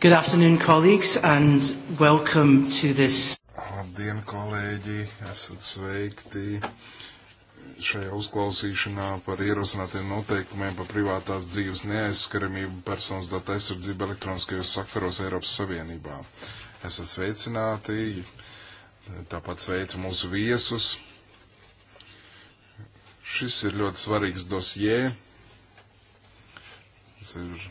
Good afternoon, colleagues, and welcome to this. Labdien, kolēģi! Esat sveikti šajā uzklausīšanā par ierosinātiem noteikumiem par privātās dzīves neaizskaramību personas datu aizsardzību elektroniskajos sakaros Eiropas Savienībā. Esat sveicināti, tāpat sveicu mūsu viesus. Šis ir ļoti svarīgs dosjē. Tas ir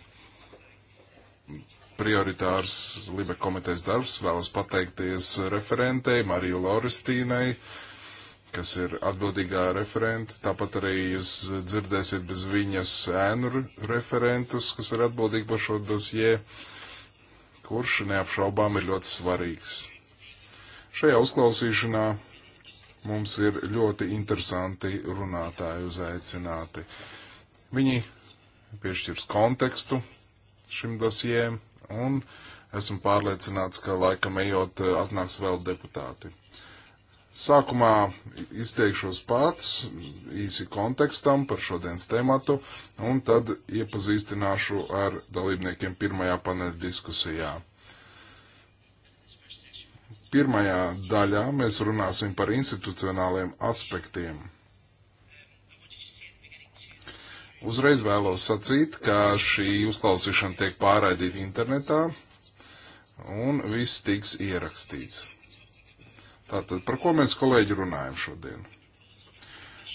prioritārs Libe komitejas darbs. Vēlos pateikties referentei Mariju Lauristīnai, kas ir atbildīgā referente. Tāpat arī jūs dzirdēsiet bez viņas ēnu referentus, kas ir atbildīgi par šo dosjē, kurš neapšaubām ir ļoti svarīgs. Šajā uzklausīšanā mums ir ļoti interesanti runātāji uzaicināti. Viņi piešķirs kontekstu šim dosijēm, un esmu pārliecināts, ka laikam ejot eh, atnāks vēl deputāti. Sākumā izteikšos pats īsi kontekstam par šodienas tematu, un tad iepazīstināšu ar dalībniekiem pirmajā paneļa diskusijā. Pirmajā daļā mēs runāsim par institucionāliem aspektiem Uzreiz vēlos sacīt, ka šī uzklausīšana tiek pārraidīta internetā un viss tiks ierakstīts. Tātad, par ko mēs kolēģi runājam šodien?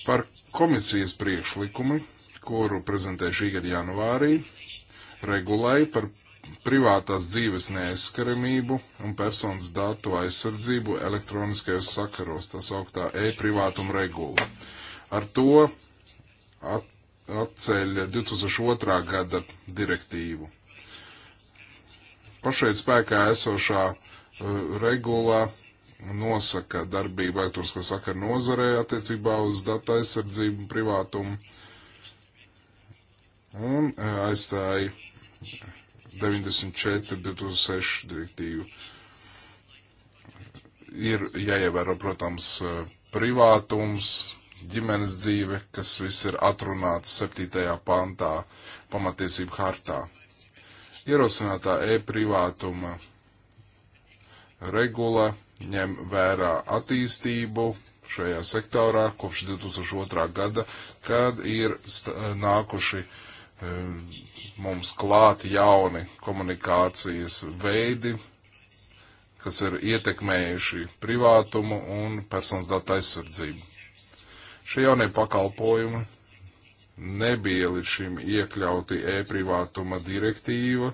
Par komisijas priekšlikumu, kuru prezentēju šī gada janvārī, regulēja par privātās dzīves neaizskaramību un personas datu aizsardzību elektroniskajos sakaros, tā sauktā e-privātuma regula. Ar to at, atceļ 2002. gada direktīvu. Pašai spēkā esošā uh, regula nosaka darbību vēsturiskā sakara nozarē attiecībā uz datu aizsardzību un privātumu un uh, aizstāja 94.2006 direktīvu. Ir jāievēro, protams, uh, privātums, ģimenes dzīve, kas viss ir atrunāts 7. pantā pamatiesību hartā. Ierosinātā e-privātuma regula ņem vērā attīstību šajā sektorā kopš 2002. gada, kad ir nākuši eh, mums klāt jauni komunikācijas veidi, kas ir ietekmējuši privātumu un personas datu aizsardzību. Šie jaunie pakalpojumi nebija līdz šim iekļauti e-privātuma direktīva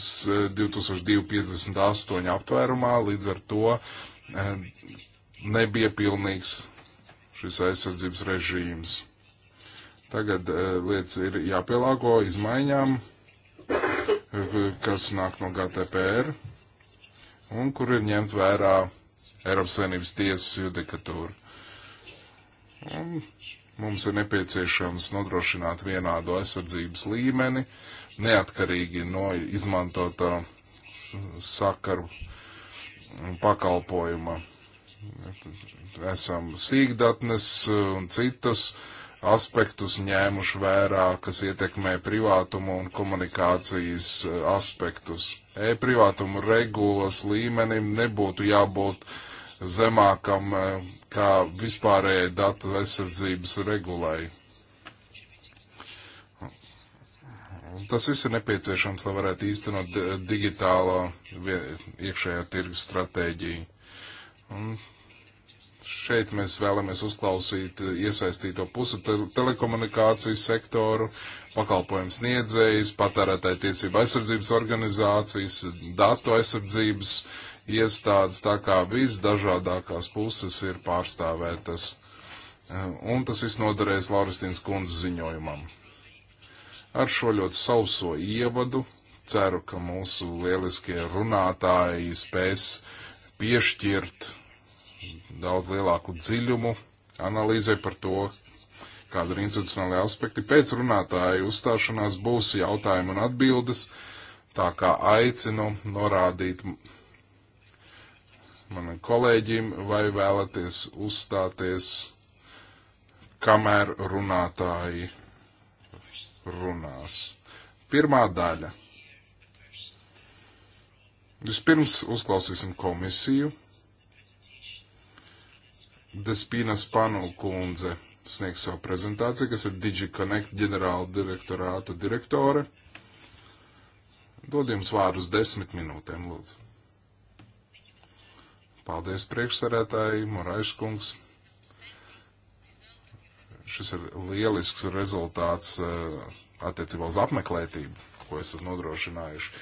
2258 aptvērumā, līdz ar to eh, nebija pilnīgs šis aizsardzības režīms. Tagad eh, lietas ir jāpielāgo izmaiņām, kas nāk no GTPR un kur ir ņemt vērā Eiropas Savienības tiesas judikatūra. Mums ir nepieciešams nodrošināt vienādu aizsardzības līmeni, neatkarīgi no izmantotā sakaru pakalpojuma. Esam sīkdatnes un citas aspektus ņēmuši vērā, kas ietekmē privātumu un komunikācijas aspektus. E-privātumu regulas līmenim nebūtu jābūt uh, zemākam eh, kā vispārējai datu aizsardzības regulai. Tas viss ir nepieciešams, lai varētu īstenot digitālo iekšējā tirgus stratēģiju. Un šeit mēs vēlamies uzklausīt eh, iesaistīto pusu te telekomunikāciju sektoru, pakalpojumu sniedzējus, patērētāju tiesību aizsardzības organizācijas, datu aizsardzības uh, iestādes, tā kā visdažādākās puses ir pārstāvētas. Ehm, un tas viss noderēs Lauristīnas kundzes ziņojumam. Ar šo ļoti sauso ievadu ceru, ka mūsu lieliskie runātāji spēs piešķirt daudz lielāku dziļumu analīzē par to, kāda ir institucionālajā aspekti. Pēc runātāju uzstāšanās būs jautājumi un atbildes, tā kā aicinu norādīt manam kolēģim, vai vēlaties uzstāties, kamēr runātāji runās. Pirmā daļa. Vispirms uzklausīsim komisiju. Despīnas Panu kundze sniegs savu prezentāciju, kas ir DigiConnect ģenerāla direktorāta direktore. Dod jums vārdu uz desmit minūtēm, lūdzu. Paldies priekšsarētāji, Morais kungs. Šis ir lielisks rezultāts uh, attiecībā uz apmeklētību, ko esat nodrošinājuši.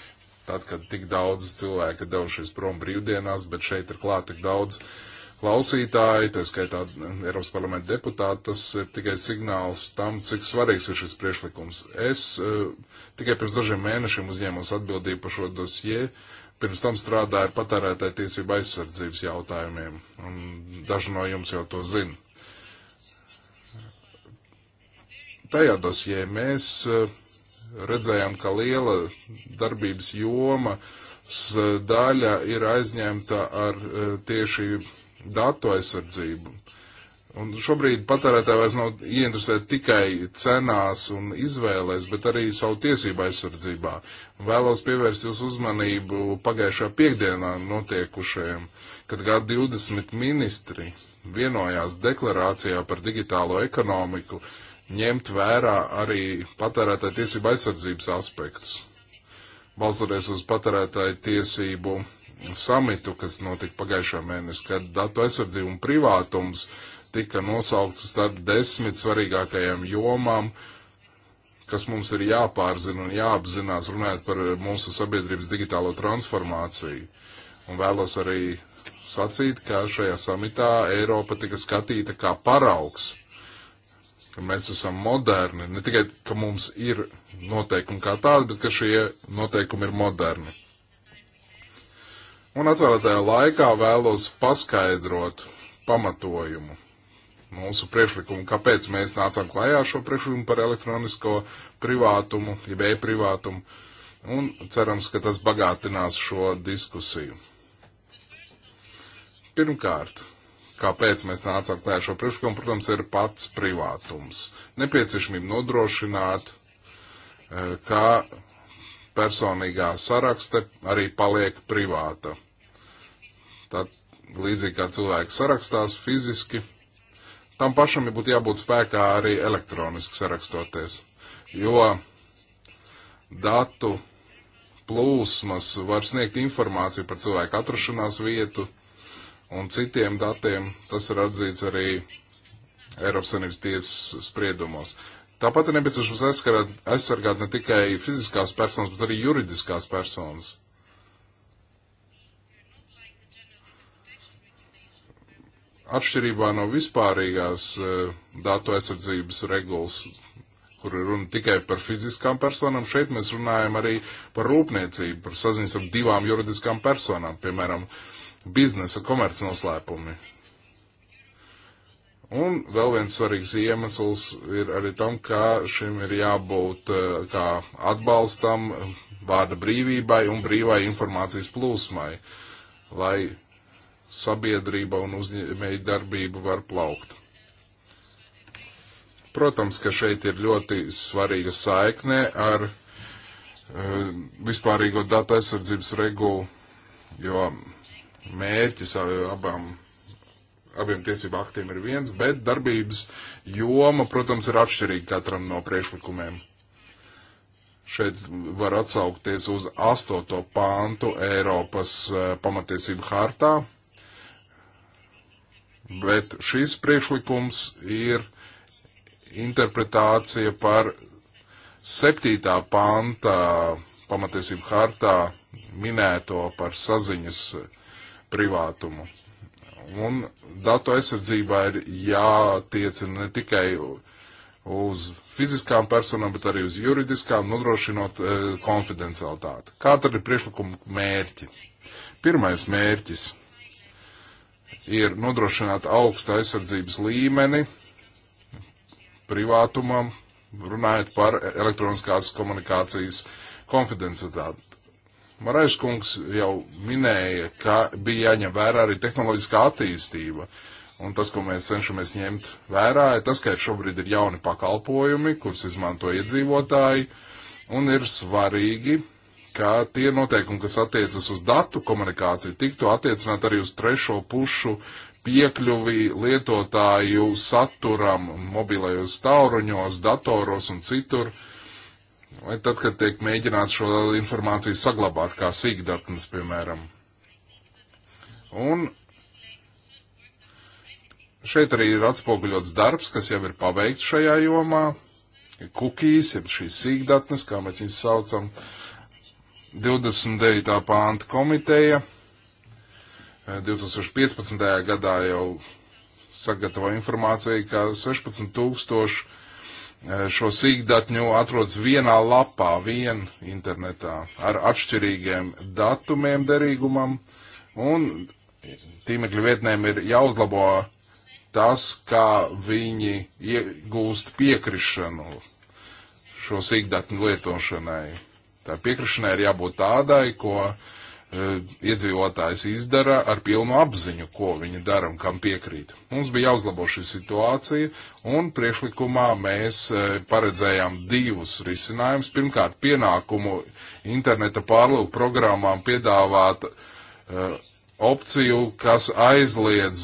Tad, kad tik daudz cilvēku ir devušies prom brīvdienās, bet šeit ir klāt tik daudz klausītāji, tā skaitā Eiropas parlamenta deputāti, tas ir tikai signāls tam, cik svarīgs ir šis priešlikums. Es uh, tikai pirms dažiem mēnešiem uzņēmos atbildību par šo dosie, Pirms tam strādāju patērētāju tiesību aizsardzības jautājumiem, un daži no jums jau to zina. Tajā dosjē mēs eh, redzējām, ka liela darbības joma eh, daļa ir aizņemta ar eh, tieši datu aizsardzību Un šobrīd patērētāji vairs nav ieinteresēti tikai cenās un izvēlēs, bet arī savu tiesību aizsardzībā. Vēlos pievērst jūsu uzmanību pagājušā piekdienā notiekušajam, kad G20 ministri vienojās deklarācijā par digitālo ekonomiku ņemt vērā arī patērētāju tiesību aizsardzības aspektus. Balstoties uz patērētāju tiesību samitu, kas notika pagājušā mēnesī, kad datu aizsardzība un privātums uh, tika nosauktas starp desmit svarīgākajām jomām, kas mums ir jāpārzina un jāapzinās, runājot par mūsu sabiedrības digitālo transformāciju. Un vēlos arī sacīt, ka šajā samitā Eiropa tika skatīta kā paraugs, ka mēs esam moderni, ne tikai, ka mums ir noteikumi kā tādi, bet ka šie noteikumi ir moderni. Un atvēlētajā laikā vēlos paskaidrot pamatojumu mūsu priekšlikumu, kāpēc mēs nācām klajā šo priekšlikumu par elektronisko privātumu, jeb e-privātumu, un cerams, ka tas bagātinās šo diskusiju. Pirmkārt, kāpēc mēs nācām klajā šo priekšlikumu, protams, ir pats privātums. Nepieciešamība nodrošināt, e, ka personīgā sarakste arī paliek privāta. Tad, līdzīgi kā cilvēks sarakstās fiziski, tam pašam būtu jābūt spēkā arī elektroniski sarakstoties, jo datu plūsmas var sniegt informāciju par cilvēku atrašanās vietu un citiem datiem. Tas ir atzīts arī Eiropas Savienības tiesas spriedumos. Tāpat ir nepieciešams aizsargāt ne tikai fiziskās personas, bet arī juridiskās personas. atšķirībā no vispārīgās eh, datu aizsardzības regulas, kur ir runa tikai par fiziskām personām, šeit mēs runājam arī par rūpniecību, par saziņas ar divām juridiskām personām, piemēram, biznesa komercnoslēpumi. Un vēl viens svarīgs iemesls ir arī tam, ka šim ir jābūt eh, kā atbalstam eh, vārda brīvībai un brīvai informācijas plūsmai, lai sabiedrība un uzņēmēja darbība var plaukt. Protams, ka šeit ir ļoti svarīga saikne ar uh, vispārīgo datu aizsardzības regulu, jo mērķis eh, abām, abiem tiesību aktiem ir viens, bet darbības joma, protams, ir atšķirīga katram no priekšlikumiem. Šeit var atsaukties uz 8. pāntu Eiropas uh, pamatiesību hartā, Bet šis priekšlikums ir interpretācija par 7. pāntā pamatiesību hartā minēto par saziņas privātumu. Un datu aizsardzībā ir jātiecina ne tikai uz fiziskām personām, bet arī uz juridiskām, nodrošinot e, konfidencialitāti. Kā tad ir priekšlikuma mērķi? Pirmais mērķis ir nodrošināt augstu aizsardzības līmeni privātumam, runājot par elektroniskās komunikācijas konfidencialitāti. Marais kungs jau minēja, ka bija jāņem vērā arī tehnoloģiskā attīstība. Un tas, ko mēs cenšamies ņemt vērā, ir tas, ka šobrīd ir jauni pakalpojumi, kurus izmanto iedzīvotāji, un ir svarīgi ka tie noteikumi, kas attiecas uz datu komunikāciju, tiktu attiecināt arī uz trešo pušu piekļuvi lietotāju saturam mobilajos tauruņos, datoros un citur. Vai tad, kad tiek mēģināts šo informāciju saglabāt, kā sīkdatnes, piemēram. Un šeit arī ir atspoguļots darbs, kas jau ir paveikts šajā jomā. Ir kukīs, ir šīs sīkdatnes, kā mēs viņus saucam. Uh, 29. pānta komiteja 2015. Eh, gadā jau sagatavoja informāciju, ka 16 tūkstoši eh, šo sīkdatņu atrodas vienā lapā, vien internetā, ar atšķirīgiem datumiem derīgumam, un tīmekļa vietnēm ir jāuzlabo tas, kā viņi iegūst piekrišanu šo sīkdatņu lietošanai Tā piekrišanai ir jābūt tādai, ko uh, iedzīvotājs izdara ar pilnu apziņu, ko viņi dara un kam piekrīt. Mums bija jāuzlabo šī situācija, un priekšlikumā mēs uh, paredzējām divus risinājumus. Pirmkārt, pienākumu interneta pārlūku programmām piedāvāt uh, opciju, kas aizliedz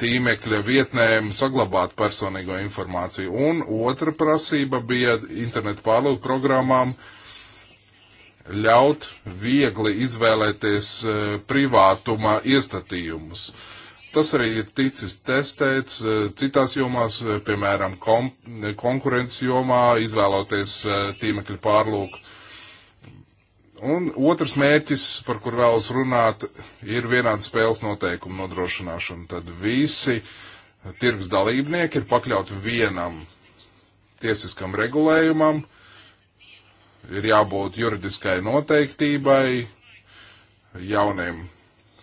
tīmekļa vietnēm saglabāt personīgo informāciju. Un otra prasība bija internetu pārlūku programmām uh, ļaut viegli izvēlēties e, privātuma iestatījumus. Tas arī ir ticis testēts e, citās jomās, e, piemēram, kom, konkurences jomā, izvēloties tīmekļa pārlūku. Un otrs mērķis, par kur vēlas runāt, ir vienāda spēles noteikuma nodrošināšana. Tad visi tirgus dalībnieki ir pakļauti vienam tiesiskam regulējumam, uh, ir jābūt juridiskai noteiktībai, jauniem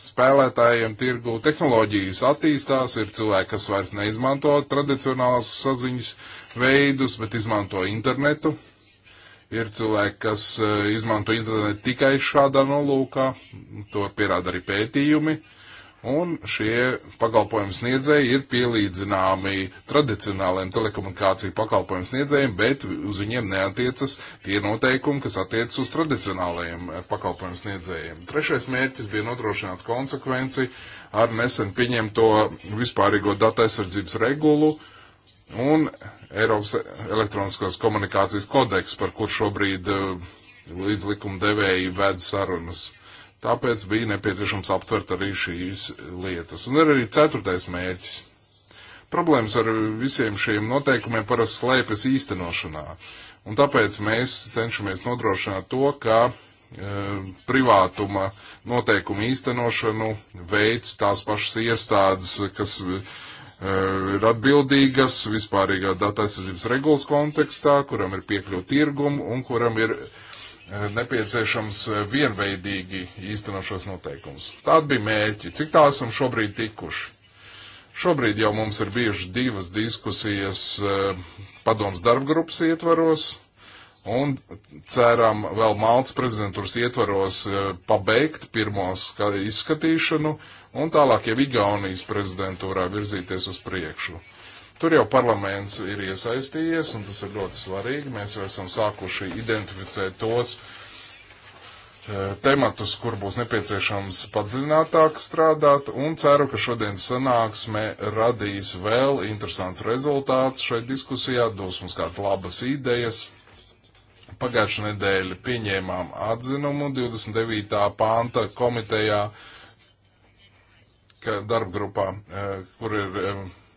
spēlētājiem tirgu. Tehnoloģijas attīstās, ir cilvēki, kas vairs neizmanto tradicionālās saziņas veidus, bet izmanto internetu. Ir cilvēki, kas eh, izmanto internetu tikai šādā nolūkā, to pierāda arī pētījumi. Uh, un šie pakalpojumu sniedzēji ir pielīdzināmi tradicionālajiem telekomunikāciju pakalpojumu sniedzējiem, bet uz viņiem neatiecas tie noteikumi, kas attiecas uz tradicionālajiem eh, pakalpojumu sniedzējiem. Trešais mērķis bija nodrošināt konsekvenci ar nesen pieņemto vispārīgo datu aizsardzības regulu un Eiropas elektroniskās komunikācijas kodeks, par kur šobrīd eh, līdzlikuma devēji ved sarunas. Uh, Tāpēc bija nepieciešams aptvert arī šīs lietas. Un ir arī ceturtais mērķis. Problēmas ar visiem šiem noteikumiem parasti slēpjas īstenošanā. Un tāpēc mēs cenšamies nodrošināt to, ka e, privātuma noteikumu īstenošanu veids tās pašas iestādes, kas uh, ir atbildīgas vispārīgā data aizsardzības regulas kontekstā, kuram ir piekļuva tirgumu un kuram ir Eh, nepieciešams eh, vienveidīgi īstenot šos noteikumus. Tāda bija mērķi. Cik tā esam šobrīd tikuši? Šobrīd jau mums ir bijušas divas diskusijas eh, padoms darbgrupas ietvaros, un ceram vēl Maltas prezidentūras ietvaros pabeigt pirmos izskatīšanu, un tālāk jau Igaunijas prezidentūrā virzīties uz priekšu. Tur jau parlaments ir iesaistījies, un tas ir ļoti svarīgi. Mēs jau esam sākuši identificēt tos e, tematus, kur būs nepieciešams padziļinātāk strādāt, un ceru, ka šodien sanāksme radīs vēl interesants rezultāts šai diskusijā, dos mums kādas labas idejas. Pagājušajā nedēļā pieņēmām atzinumu 29. panta komitejā, darba grupā, e, kur ir e,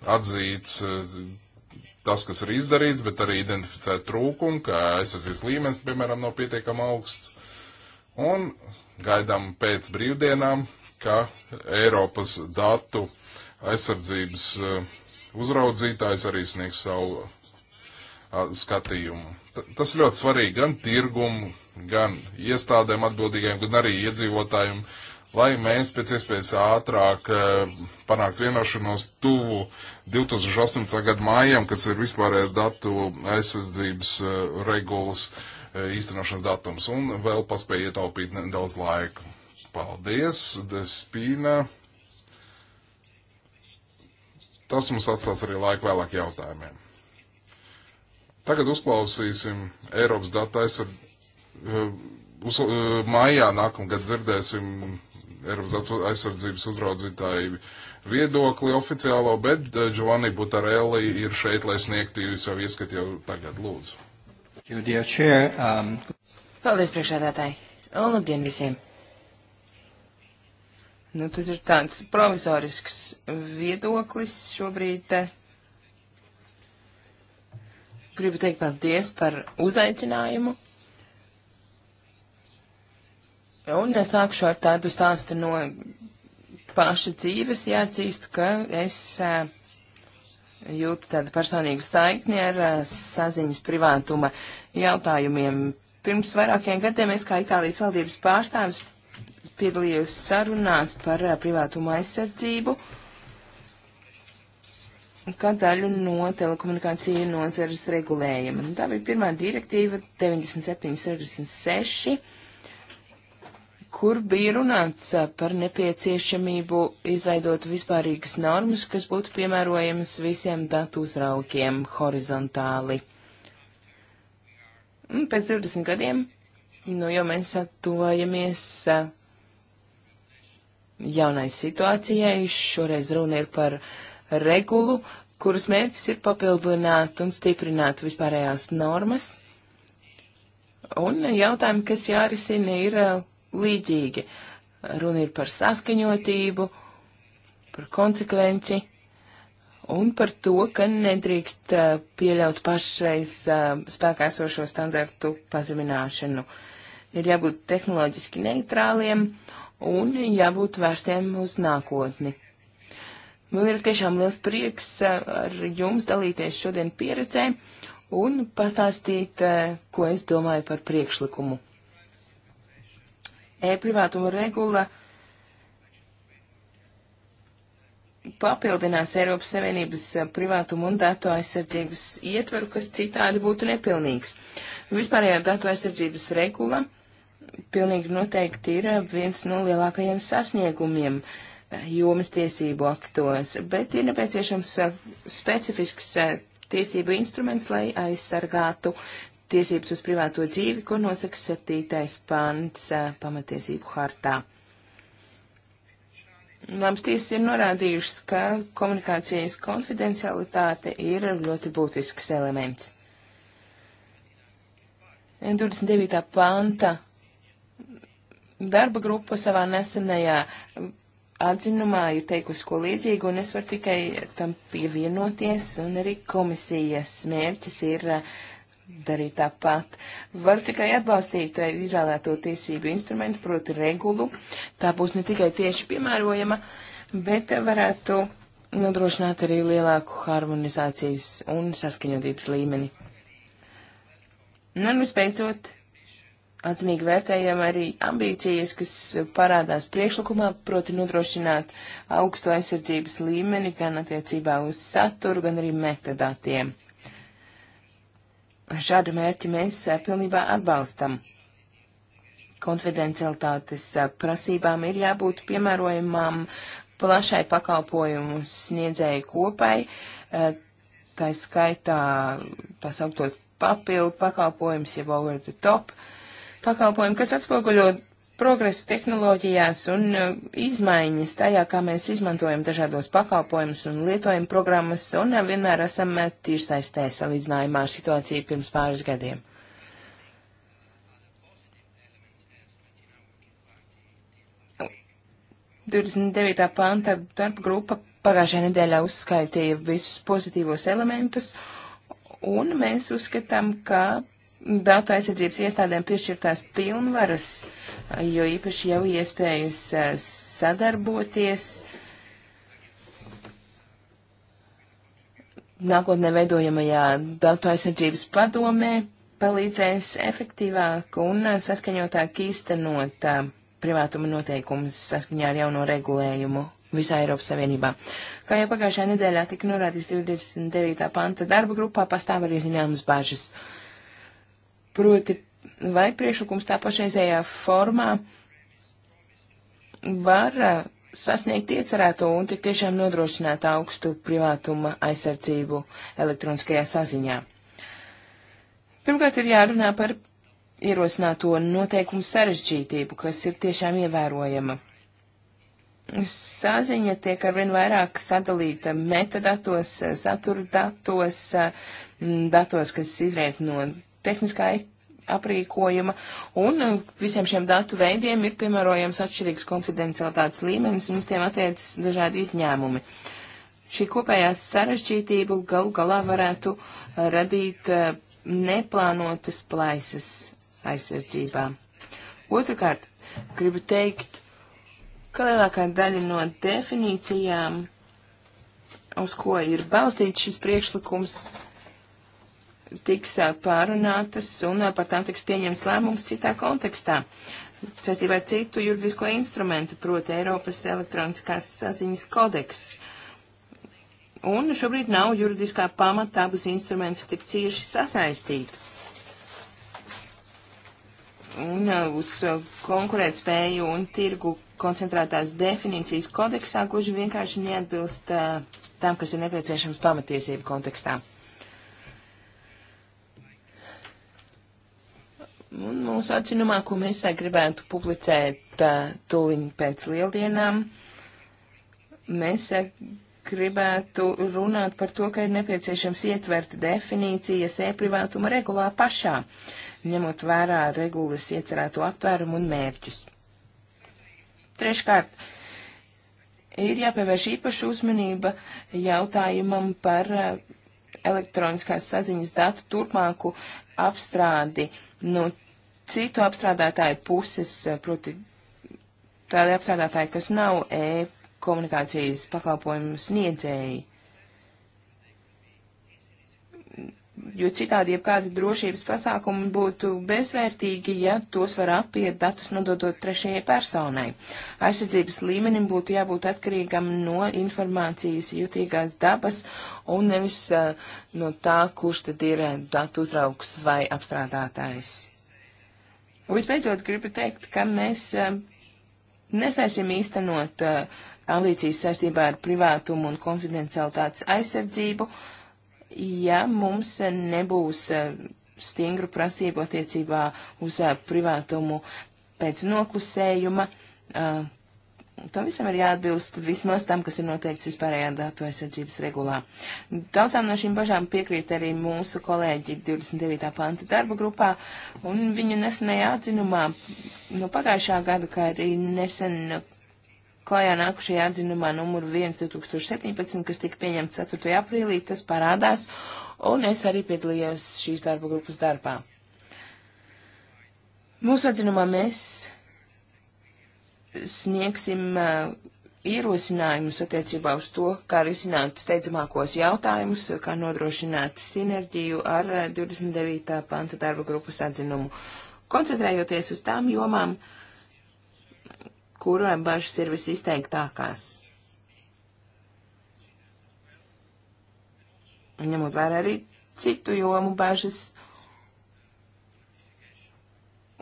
atzīts eh, tas, kas ir izdarīts, bet arī identificēt trūkumu, ka aizsardzības līmenis, piemēram, nav pietiekami augsts. Un gaidām pēc brīvdienām, ka Eiropas datu aizsardzības eh, uzraudzītājs arī sniegs savu skatījumu. T tas ļoti svarīgi gan tirgumu, gan iestādēm atbildīgajiem, gan arī iedzīvotājiem, uh, lai mēs pēc iespējas ātrāk eh, panāktu vienošanos tuvu 2018. gadu mājām, kas ir vispārējais datu aizsardzības eh, regulas eh, īstenošanas datums, un vēl paspēja ietaupīt nedaudz laika. Paldies, Despīna. Tas mums atstās arī laiku vēlāk jautājumiem. Tagad uzklausīsim Eiropas datu aizsardzību. Uz, uh, maijā nākamgad dzirdēsim Eiropas aizsardzības uzraudzītāju viedokli oficiālo, bet eh, Giovanni Butarelli ir šeit, lai sniegtu savu ieskatu jau tagad, lūdzu. Um, paldies, priekšādātāji, un labdien visiem! Nu, tas ir tāds provizorisks viedoklis šobrīd. Te. Gribu teikt paldies par uzaicinājumu. Un es sākšu ar tādu stāstu no paša dzīves, jāatzīst, ka es eh, jūtu tādu personīgu saikni ar eh, saziņas privātuma jautājumiem. Pirms vairākiem gadiem es kā Itālijas valdības pārstāvis piedalījos sarunās par eh, privātuma aizsardzību, kā daļu no telekomunikāciju nozares regulējuma. Tā bija pirmā direktīva 9766 kur bija runāts par nepieciešamību izveidot vispārīgas normas, kas būtu piemērojamas visiem datu uzraugiem horizontāli. Un pēc 20 gadiem, nu jau mēs attojamies jaunai situācijai, šoreiz runa ir par regulu, kuras mērķis ir papildināt un stiprināt vispārējās normas. Un jautājumi, kas jārisina, ir līdzīgi. Runa ir par saskaņotību, par konsekvenci un par to, ka nedrīkst eh, pieļaut pašreiz eh, spēkā esošo standartu pazemināšanu. Ir jābūt tehnoloģiski neitrāliem un jābūt vērstiem uz nākotni. Man ir tiešām liels prieks eh, ar jums dalīties šodien pieredzē un pastāstīt, ko es domāju par priekšlikumu e-privātuma regula papildinās Eiropas Savienības eh, privātumu un datu aizsardzības ietvaru, kas citādi būtu nepilnīgs. Vispārējā datu aizsardzības regula pilnīgi noteikti ir eh, viens no lielākajiem sasniegumiem eh, jomas tiesību aktos, bet ir nepieciešams specifisks tiesību instruments, lai aizsargātu tiesības uz privāto dzīvi, ko nosaka 7. pants eh, pamatiesību hartā. Lams tiesas ir norādījušas, ka komunikācijas konfidencialitāte ir ļoti būtisks elements. 29. panta darba grupa savā nesenajā atzinumā ir teikusi ko līdzīgu, un es varu tikai tam pievienoties, un arī komisijas mērķis ir uh, darīt tāpat. Var tikai atbalstīt eh, izvēlēto tiesību instrumentu, proti regulu. Tā būs ne tikai tieši piemērojama, bet eh, varētu nodrošināt arī lielāku harmonizācijas un saskaņotības līmeni. Nu, un visbeidzot, atzinīgi vērtējam arī ambīcijas, kas parādās priekšlikumā, proti nodrošināt augstu aizsardzības līmeni gan attiecībā uz saturu, gan arī metadatiem. Šādu mērķi mēs pilnībā atbalstam. Konfidencialitātes prasībām ir jābūt piemērojamām plašai pakalpojumu sniedzēju kopai, tā skaitā tas augtos papildu pakalpojums, jeb over the top pakalpojumu, kas atspoguļo progresu tehnoloģijās un uh, izmaiņas tajā, kā mēs izmantojam dažādos pakalpojumus un lietojam programmas, un uh, vienmēr esam uh, tīrsaistē salīdzinājumā ar situāciju pirms pāris gadiem. U, 29. panta darba grupa pagājušajā nedēļā uzskaitīja visus pozitīvos elementus, un mēs uzskatām, ka datu aizsardzības iestādēm piešķirtās pilnvaras, jo īpaši jau iespējas eh, sadarboties. Nākotnē veidojamajā datu aizsardzības padomē palīdzēs efektīvāk un saskaņotāk īstenot eh, privātuma noteikumus saskaņā ar jauno regulējumu visā Eiropas Savienībā. Kā jau pagājušajā nedēļā tika norādīts 29. panta darba grupā, pastāv arī zināmas bažas. Uh, Proti, vai priekšlikums tā pašreizējā formā var uh, sasniegt iecerēto un tik tiešām nodrošināt augstu privātuma aizsardzību elektroniskajā saziņā. Pirmkārt, ir jārunā par ierosināto noteikumu sarežģītību, kas ir tiešām ievērojama. Saziņa tiek arvien vairāk sadalīta metadatos, satura datos, datos, kas izriet no tehniskā aprīkojuma, un uh, visiem šiem datu veidiem ir piemērojams atšķirīgs konfidencialitātes līmenis, un uz tiem attiecas dažādi izņēmumi. Šī kopējā sarežģītība galu galā varētu uh, radīt uh, neplānotas plaisas aizsardzībā. Otrakārt, gribu teikt, ka lielākā daļa no definīcijām, uz ko ir balstīts šis priekšlikums, tiks pārunātas un par tām tiks pieņems lēmums citā kontekstā. Sastībā ar citu juridisko instrumentu, proti Eiropas elektroniskās saziņas kodeks. Un šobrīd nav juridiskā pamata abus instrumentus tik cieši sasaistīt. Un uz konkurētspēju un tirgu koncentrētās definīcijas kodeksā gluži vienkārši neatbilst uh, tam, kas ir nepieciešams pamatiesību kontekstā. Un mūsu nu, atzinumā, ko mēs gribētu publicēt tuliņ pēc lieldienām, mēs gribētu runāt par to, ka ir nepieciešams ietvert definīcijas e-privātuma regulā pašā, ņemot vērā regulas iecerēto aptvērumu un mērķus. Treškārt, ir jāpievērš īpaša uzmanība jautājumam par elektroniskās saziņas datu turpmāku apstrādi no nu, citu apstrādātāju puses, eh, proti tādi apstrādātāji, kas nav e-komunikācijas pakalpojumu sniedzēji. Jo citādi jebkādi drošības pasākumi būtu bezvērtīgi, ja tos var apiet datus nododot trešajai personai. Aizsardzības līmenim būtu jābūt atkarīgam no informācijas jutīgās dabas un nevis uh, no tā, kurš tad ir datu uzraugs vai apstrādātājs. Un visbeidzot, gribu teikt, ka mēs eh, nespēsim īstenot eh, ambīcijas saistībā ar privātumu un konfidencialitātes aizsardzību, ja mums nebūs eh, stingru prasību attiecībā uz privātumu pēc noklusējuma, Tam visam ir jāatbilst vismaz tam, kas ir noteikts vispārējā datu aizsardzības regulā. Daudzām no šīm bažām piekrīt arī mūsu kolēģi 29. panta darba grupā, un viņu nesenajā atzinumā no pagājušā gada, kā arī nesen klajā nākušajā atzinumā numur 1 2017, kas tika pieņemts 4. aprīlī, tas parādās, un es arī piedalījos šīs darba grupas darbā. Mūsu atzinumā mēs sniegsim eh, ierosinājumus attiecībā uz to, kā risināt steidzamākos jautājumus, kā nodrošināt sinerģiju ar 29. Eh, panta darba grupas atzinumu, koncentrējoties uz tām jomām, kurām bažas ir visizteiktākās. Ņemot vērā arī citu jomu bažas,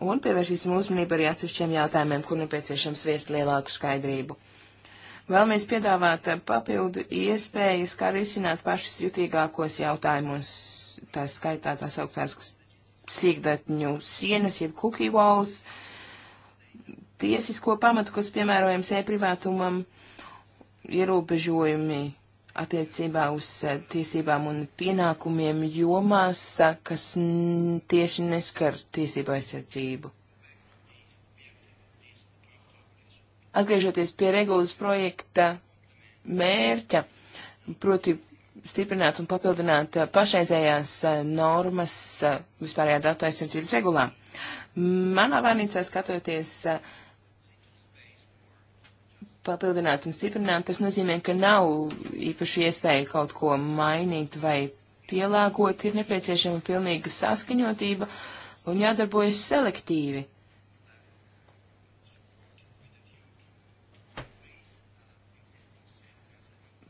un pievērsīsim uzmanību arī atsevišķiem jautājumiem, kur nepieciešams viest lielāku skaidrību. Vēlamies piedāvāt papildu iespējas, kā risināt pašus jutīgākos jautājumus, tā skaitā tās augtās sīkdatņu sienas, jeb cookie walls, tiesisko pamatu, kas piemērojams e-privātumam, ierobežojumi attiecībā uz eh, tiesībām un pienākumiem jomās, eh, kas tieši neskar tiesību aizsardzību. Atgriežoties pie regulas projekta mērķa, proti stiprināt un papildināt eh, pašreizējās normas vispārējā datu aizsardzības regulā. Manā vārnīcā skatoties uh, papildināt un stiprināt, tas nozīmē, ka nav īpaši iespēja kaut ko mainīt vai pielāgot, ir nepieciešama pilnīga saskaņotība un jādarbojas selektīvi.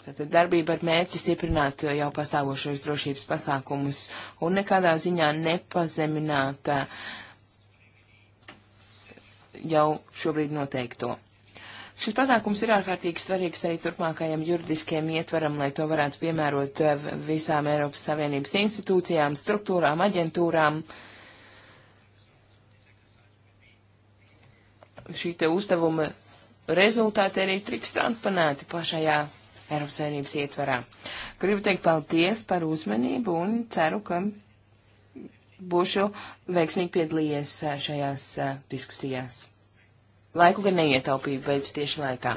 Tātad darbība ar mērķi stiprināt jau pastāvošos drošības pasākumus un nekādā ziņā nepazemināt jau šobrīd noteikto. Šis pasākums ir ārkārtīgi svarīgs arī turpmākajam juridiskajam ietvaram, lai to varētu piemērot eh, visām Eiropas Savienības institūcijām, struktūrām, aģentūrām. Šī te uzdevuma rezultāti arī tiks transponēti plašajā Eiropas Savienības ietvarā. Gribu teikt paldies par uzmanību un ceru, ka būšu veiksmīgi piedalījies eh, šajās eh, diskusijās. Laiku gan neietaupīju, beidz tieši laikā.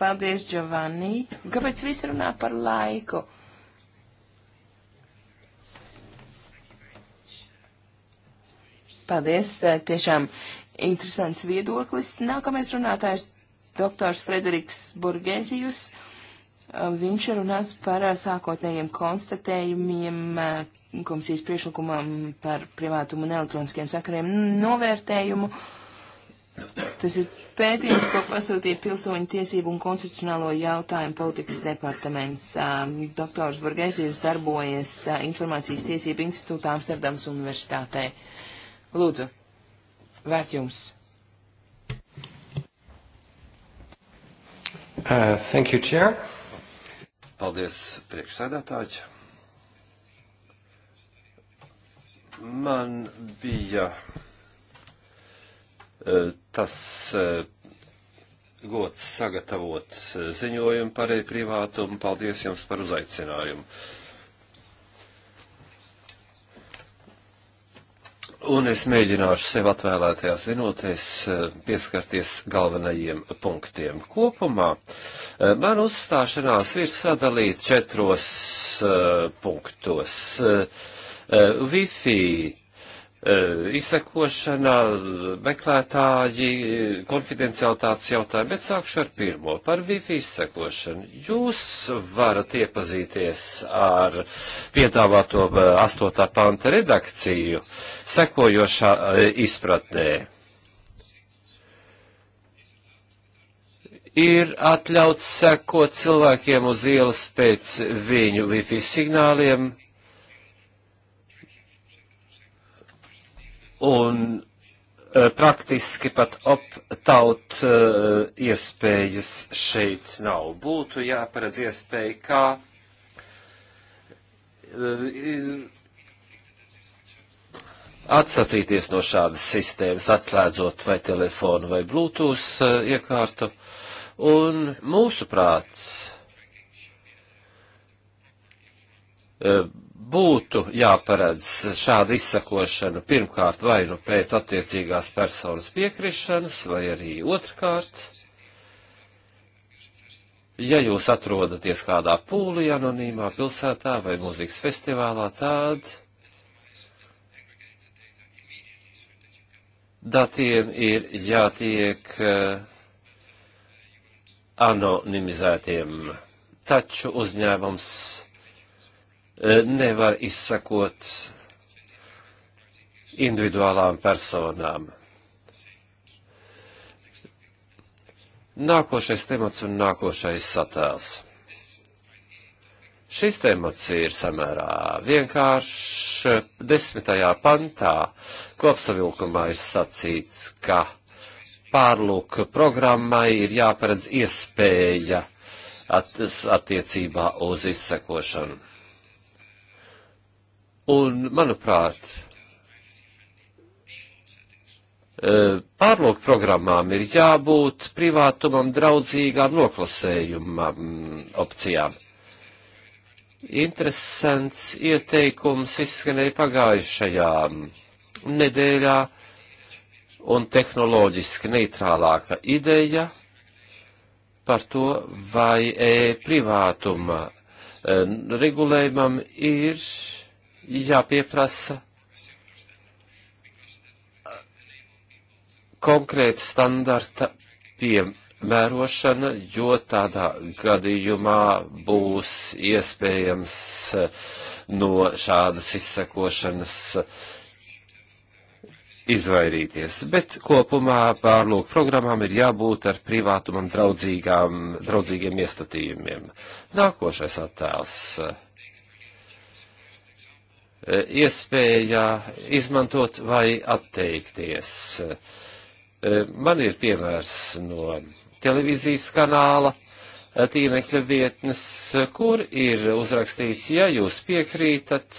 Paldies, Giovanni. Kāpēc visi runā par laiku? Paldies, eh, tiešām interesants viedoklis. Nākamais runātājs doktors Frederiks Burgēzijus. Eh, viņš runās par eh, sākotnējiem konstatējumiem komisijas priešlikumam par privātumu un elektroniskiem sakariem novērtējumu. Uh, Tas ir pētījums, ko pasūtīja Pilsoņu tiesību un konstitucionālo jautājumu politikas departaments. Um, doktors Borgēzijas darbojas uh, Informācijas tiesību institūtā Amsterdams universitātē. Lūdzu, vērts jums. Uh, thank you, Chair. Paldies, priekšsēdētāji. Man bija uh, tas eh, gods sagatavot eh, ziņojumu par e-privātumu. Paldies jums par uzaicinājumu. Un es mēģināšu sev atvēlētajās minūtēs eh, pieskarties galvenajiem punktiem. Kopumā man uzstāšanās ir sadalīta četros punktos. Wi-Fi E, izsekošana, meklētāji, konfidencialitātes jautājumi, bet sākšu ar pirmo, par Wi-Fi izsekošanu. Jūs varat iepazīties ar piedāvāto 8. E, panta redakciju sekojošā e, izpratnē. ir atļauts sekot cilvēkiem uz ielas pēc viņu Wi-Fi signāliem, un e, praktiski pat optaut e, iespējas šeit nav. Būtu jāparedz iespēja, kā e, atsacīties no šādas sistēmas, atslēdzot vai telefonu vai Bluetooth iekārtu. Un mūsu prāts būtu jāparedz šāda izsakošana pirmkārt vai nu pēc attiecīgās personas piekrišanas, vai arī otrkārt, ja jūs atrodaties kādā pūlī anonīmā pilsētā vai mūzikas festivālā, tad datiem ir jātiek eh, anonimizētiem, taču uzņēmums E, nevar izsakot individuālām personām. Nākošais temats un nākošais satēls. Šis temats ir samērā vienkāršs. Desmitajā pantā kopsavilkumā ir sacīts, ka pārlūk programmai ir jāparedz iespēja at attiecībā uz izsekošanu. Un, manuprāt, e, pārlūk programmām ir jābūt privātumam draudzīgām noklasējumam opcijām. Interesants ieteikums izskanēja pagājušajā nedēļā un tehnoloģiski neitrālāka ideja par to, vai e privātuma regulējumam ir jāpieprasa konkrēta standarta piemērošana, jo tādā gadījumā būs iespējams no šādas izsekošanas izvairīties. Bet kopumā pārlūk programmām ir jābūt ar privātumam draudzīgiem iestatījumiem. Nākošais attēls. Eh, iespējā izmantot vai atteikties. Eh, man ir piemērs no televīzijas kanāla eh, tīmekļa vietnes, kur ir uzrakstīts, ja jūs piekrītat,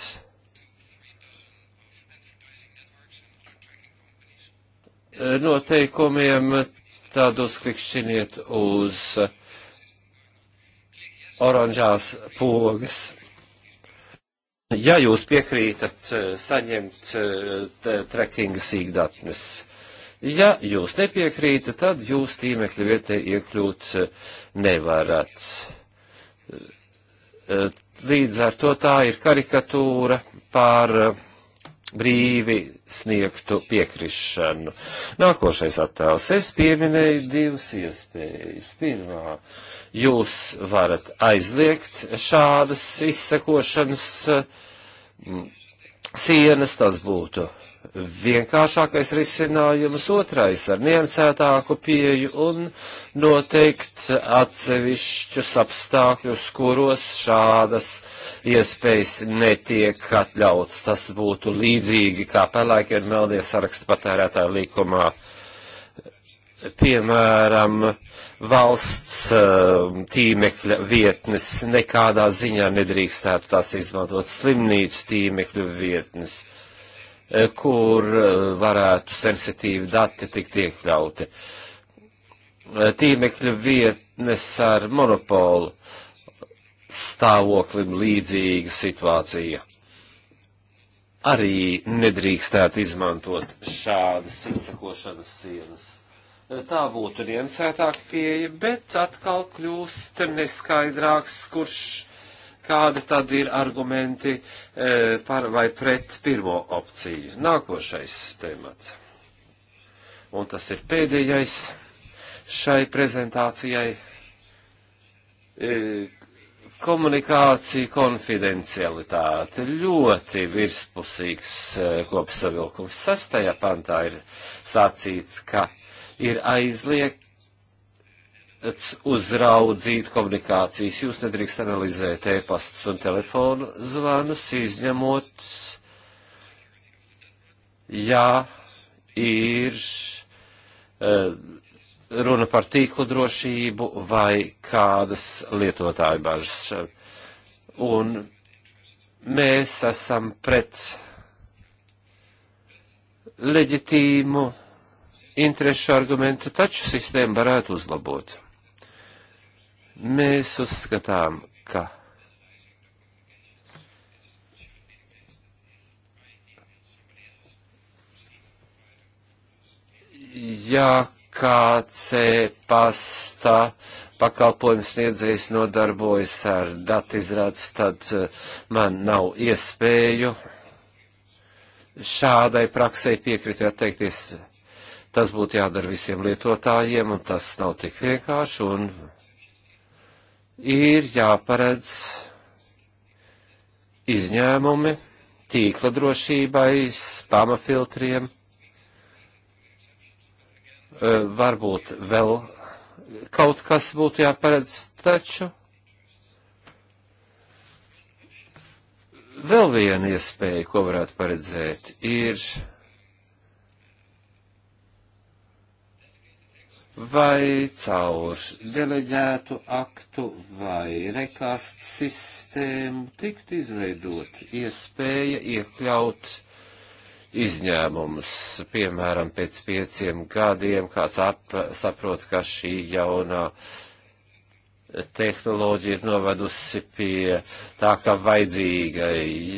noteikumiem, tad uzklikšķiniet uz oranžās pogas Ja jūs piekrītat eh, saņemt eh, trekkinga sīkdatnes, ja jūs nepiekrītat, tad jūs tīmekļa vietē iekļūt eh, nevarat. Līdz ar to tā ir karikatūra pār brīvi sniegtu piekrišanu. Nākošais attēls. Es pieminēju divas iespējas. Pirmā, jūs varat aizliegt šādas izsekošanas mm, sienas, tas būtu vienkāršākais risinājums, otrais ar niansētāku pieju un noteikts atsevišķus apstākļus, kuros šādas iespējas netiek atļauts. Tas būtu līdzīgi kā pelēkie un meldie saraksta patērētāju likumā. Piemēram, valsts um, tīmekļa vietnes nekādā ziņā nedrīkstētu tās izmantot slimnīcu tīmekļu vietnes. Uh, E, kur e, varētu sensitīvi dati tikt iekļauti. E, tīmekļa vietnes ar monopolu stāvoklim līdzīga situācija. Arī nedrīkstētu izmantot šādas izsakošanas sienas. Tā būtu niansētāk pieeja, bet atkal kļūst neskaidrāks, kurš kādi tad ir argumenti e, par vai pret pirmo opciju. Nākošais temats. Un tas ir pēdējais šai prezentācijai. E, komunikācija, konfidencialitāte, ļoti virspusīgs e, kopsavilkums. Sastajā pantā ir sacīts, ka ir aizliegt uzraudzīt komunikācijas. Jūs nedrīkst analizēt e-pastus un telefonu zvanus, izņemot, ja ir e, runa par tīklu drošību vai kādas lietotāju bažas. Un mēs esam pret leģitīmu interešu argumentu, taču sistēmu varētu uzlabot. Mēs uzskatām, ka ja kāds pasta pakalpojums sniedzējs nodarbojas ar datizrādes, tad eh, man nav iespēju šādai praksē piekrīt vai atteikties. Tas būtu jādara visiem lietotājiem, un tas nav tik vienkārši, un ir jāparedz izņēmumi tīkla drošībai, spama filtriem, e, varbūt vēl kaut kas būtu jāparedz, taču vēl viena iespēja, ko varētu paredzēt, ir vai caur deleģētu aktu vai rekāstu sistēmu tiktu izveidot iespēja iekļaut izņēmumus, piemēram, pēc pieciem gadiem, kāds ap, saprot, ka šī jaunā uh, tehnoloģija ir novedusi pie tā, ka vajadzīga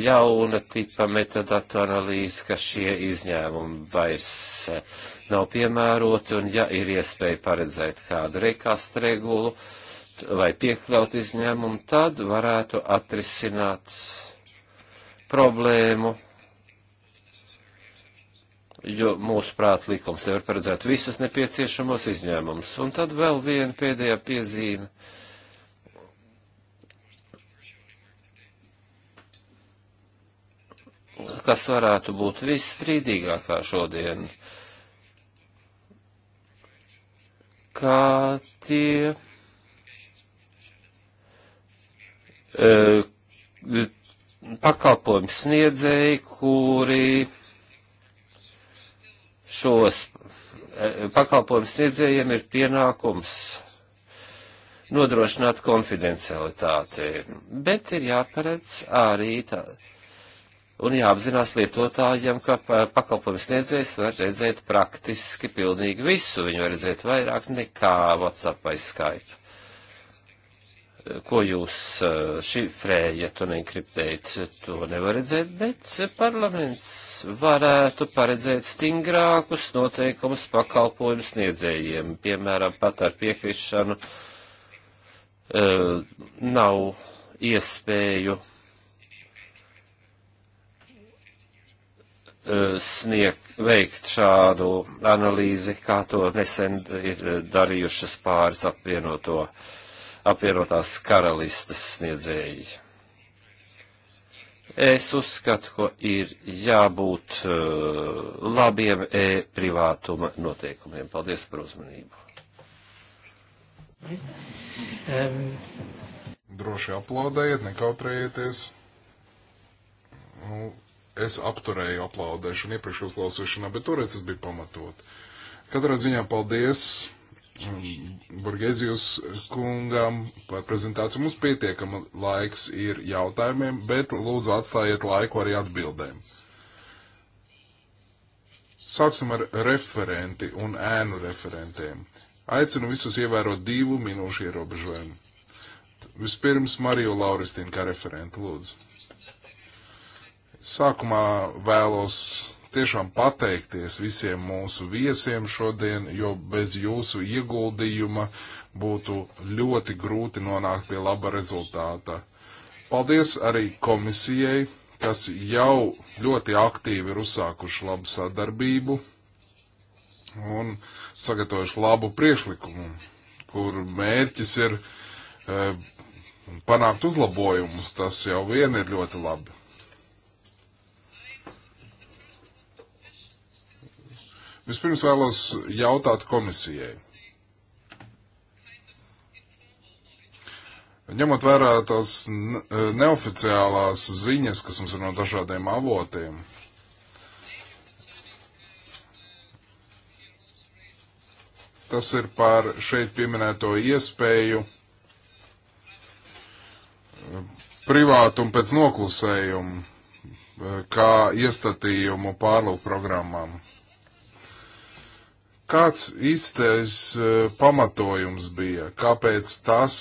jauna tipa metadatu analīze, ka šie izņēmumi vairs eh, nav piemēroti, un ja ir iespēja paredzēt kādu rekastregulu vai piekļaut izņēmumu, tad varētu atrisināt problēmu jo mūsu prāt likums nevar paredzēt visus nepieciešamos izņēmumus. Un tad vēl viena pēdējā piezīme. Uh, kas varētu būt visstrīdīgākā šodien, kā tie, e, pakalpojumu sniedzēji, kuri šos e, pakalpojumu sniedzējiem ir pienākums nodrošināt konfidencialitāti, bet ir jāparedz arī tā, Un jāapzinās lietotājiem, ka pakalpojums sniedzējs var redzēt praktiski pilnīgi visu. Viņu var redzēt vairāk nekā WhatsApp vai Skype. Ko jūs eh, šifrējat un enkriptējat, to nevar redzēt, bet parlaments varētu paredzēt stingrākus noteikumus pakalpojumu sniedzējiem. Piemēram, pat ar piekrišanu uh, nav iespēju Eh, sniegt, veikt šādu analīzi, kā to nesen ir darījušas pāris apvienoto, apvienotās karalistes sniedzēji. Es uzskatu, ka ir jābūt eh, labiem e-privātuma noteikumiem. Paldies par uzmanību. Um. Droši aplaudējiet, nekautrējieties es apturēju aplaudēšanu iepriekš uzklausīšanā, bet toreiz tas bija pamatot. Katrā ziņā paldies mm, Burgēzijus kungam par prezentāciju. Mums pietiekama laiks ir jautājumiem, bet lūdzu atstājiet laiku arī atbildēm. Sāksim ar referenti un ēnu referentiem. Aicinu visus ievērot divu minūšu ierobežojumu. Vispirms Mariju Lauristīnu kā referentu lūdzu. Sākumā vēlos tiešām pateikties visiem mūsu viesiem šodien, jo bez jūsu ieguldījuma būtu ļoti grūti nonākt pie laba rezultāta. Paldies arī komisijai, kas jau ļoti aktīvi ir uzsākuši labu sadarbību un sagatavojuši labu priekšlikumu, kur mērķis ir e, panākt uzlabojumus. Tas jau vien ir ļoti labi. Vispirms vēlos jautāt komisijai. Ņemot vērā tās eh, neoficiālās ziņas, kas mums ir no dažādiem avotiem, tas ir par šeit pieminēto iespēju eh, privātumu pēc noklusējumu eh, kā iestatījumu pārlūk programmām. Kāds īstais eh, pamatojums bija? Kāpēc tas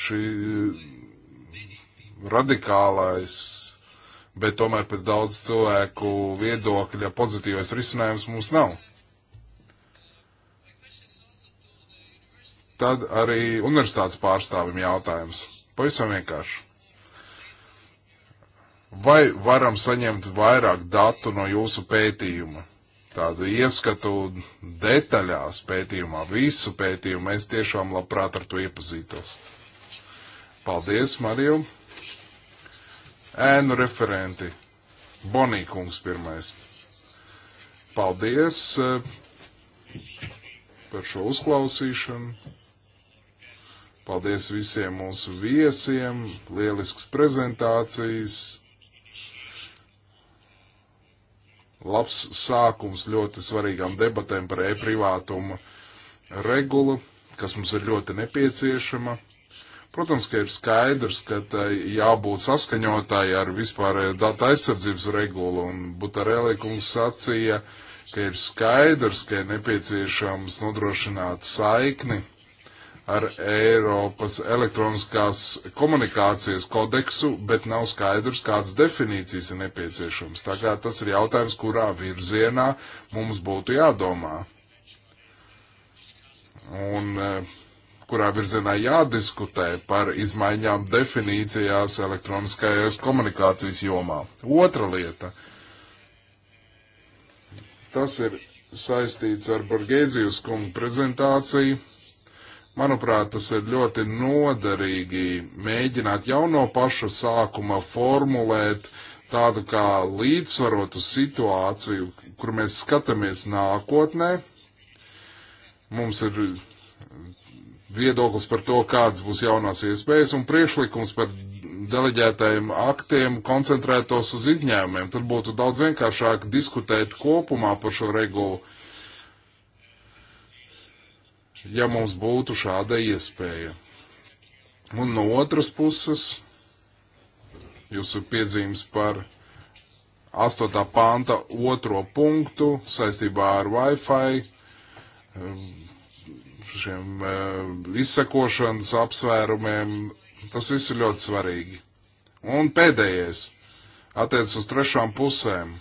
šī eh, radikālais, bet tomēr pēc daudz cilvēku viedokļa pozitīvais risinājums mums nav? Tad arī universitātes pārstāvim jautājums. Pavisam vienkārši. Vai varam saņemt vairāk datu no jūsu pētījuma? tādu ieskatu detaļās pētījumā, visu pētījumu, mēs tiešām labprāt ar to iepazītos. Paldies, Mariju. Ēnu referenti. Bonīkungs pirmais. Paldies eh, par šo uzklausīšanu. Paldies visiem mūsu viesiem, lielisks prezentācijas, labs sākums ļoti svarīgām debatēm par e-privātumu regulu, kas mums ir ļoti nepieciešama. Protams, ka ir skaidrs, ka tai jābūt saskaņotāji ar vispārējo datu aizsardzības regulu, un Butarēlī kungs sacīja, ka ir skaidrs, ka ir nepieciešams nodrošināt saikni ar Eiropas elektroniskās komunikācijas kodeksu, bet nav skaidrs, kādas definīcijas ir nepieciešams. Tā kā tas ir jautājums, kurā virzienā mums būtu jādomā. Un e, kurā virzienā jādiskutē par izmaiņām definīcijās elektroniskajās komunikācijas jomā. Otra lieta. Tas ir saistīts ar Borgēzijas kungu prezentāciju Manuprāt, tas ir ļoti noderīgi mēģināt jau no paša sākuma formulēt tādu kā līdzsvarotu situāciju, kur mēs skatāmies nākotnē. Mums ir viedoklis par to, kādas būs jaunās iespējas un priešlikums par deleģētajiem aktiem koncentrētos uz izņēmumiem. Tad būtu daudz vienkāršāk diskutēt kopumā par šo regulu ja mums būtu šāda iespēja. Un no otras puses, jūsu piedzīmes par 8. panta otro punktu saistībā ar Wi-Fi, um, šiem uh, izsekošanas apsvērumiem, tas viss ir ļoti svarīgi. Un pēdējais attiec uz trešām pusēm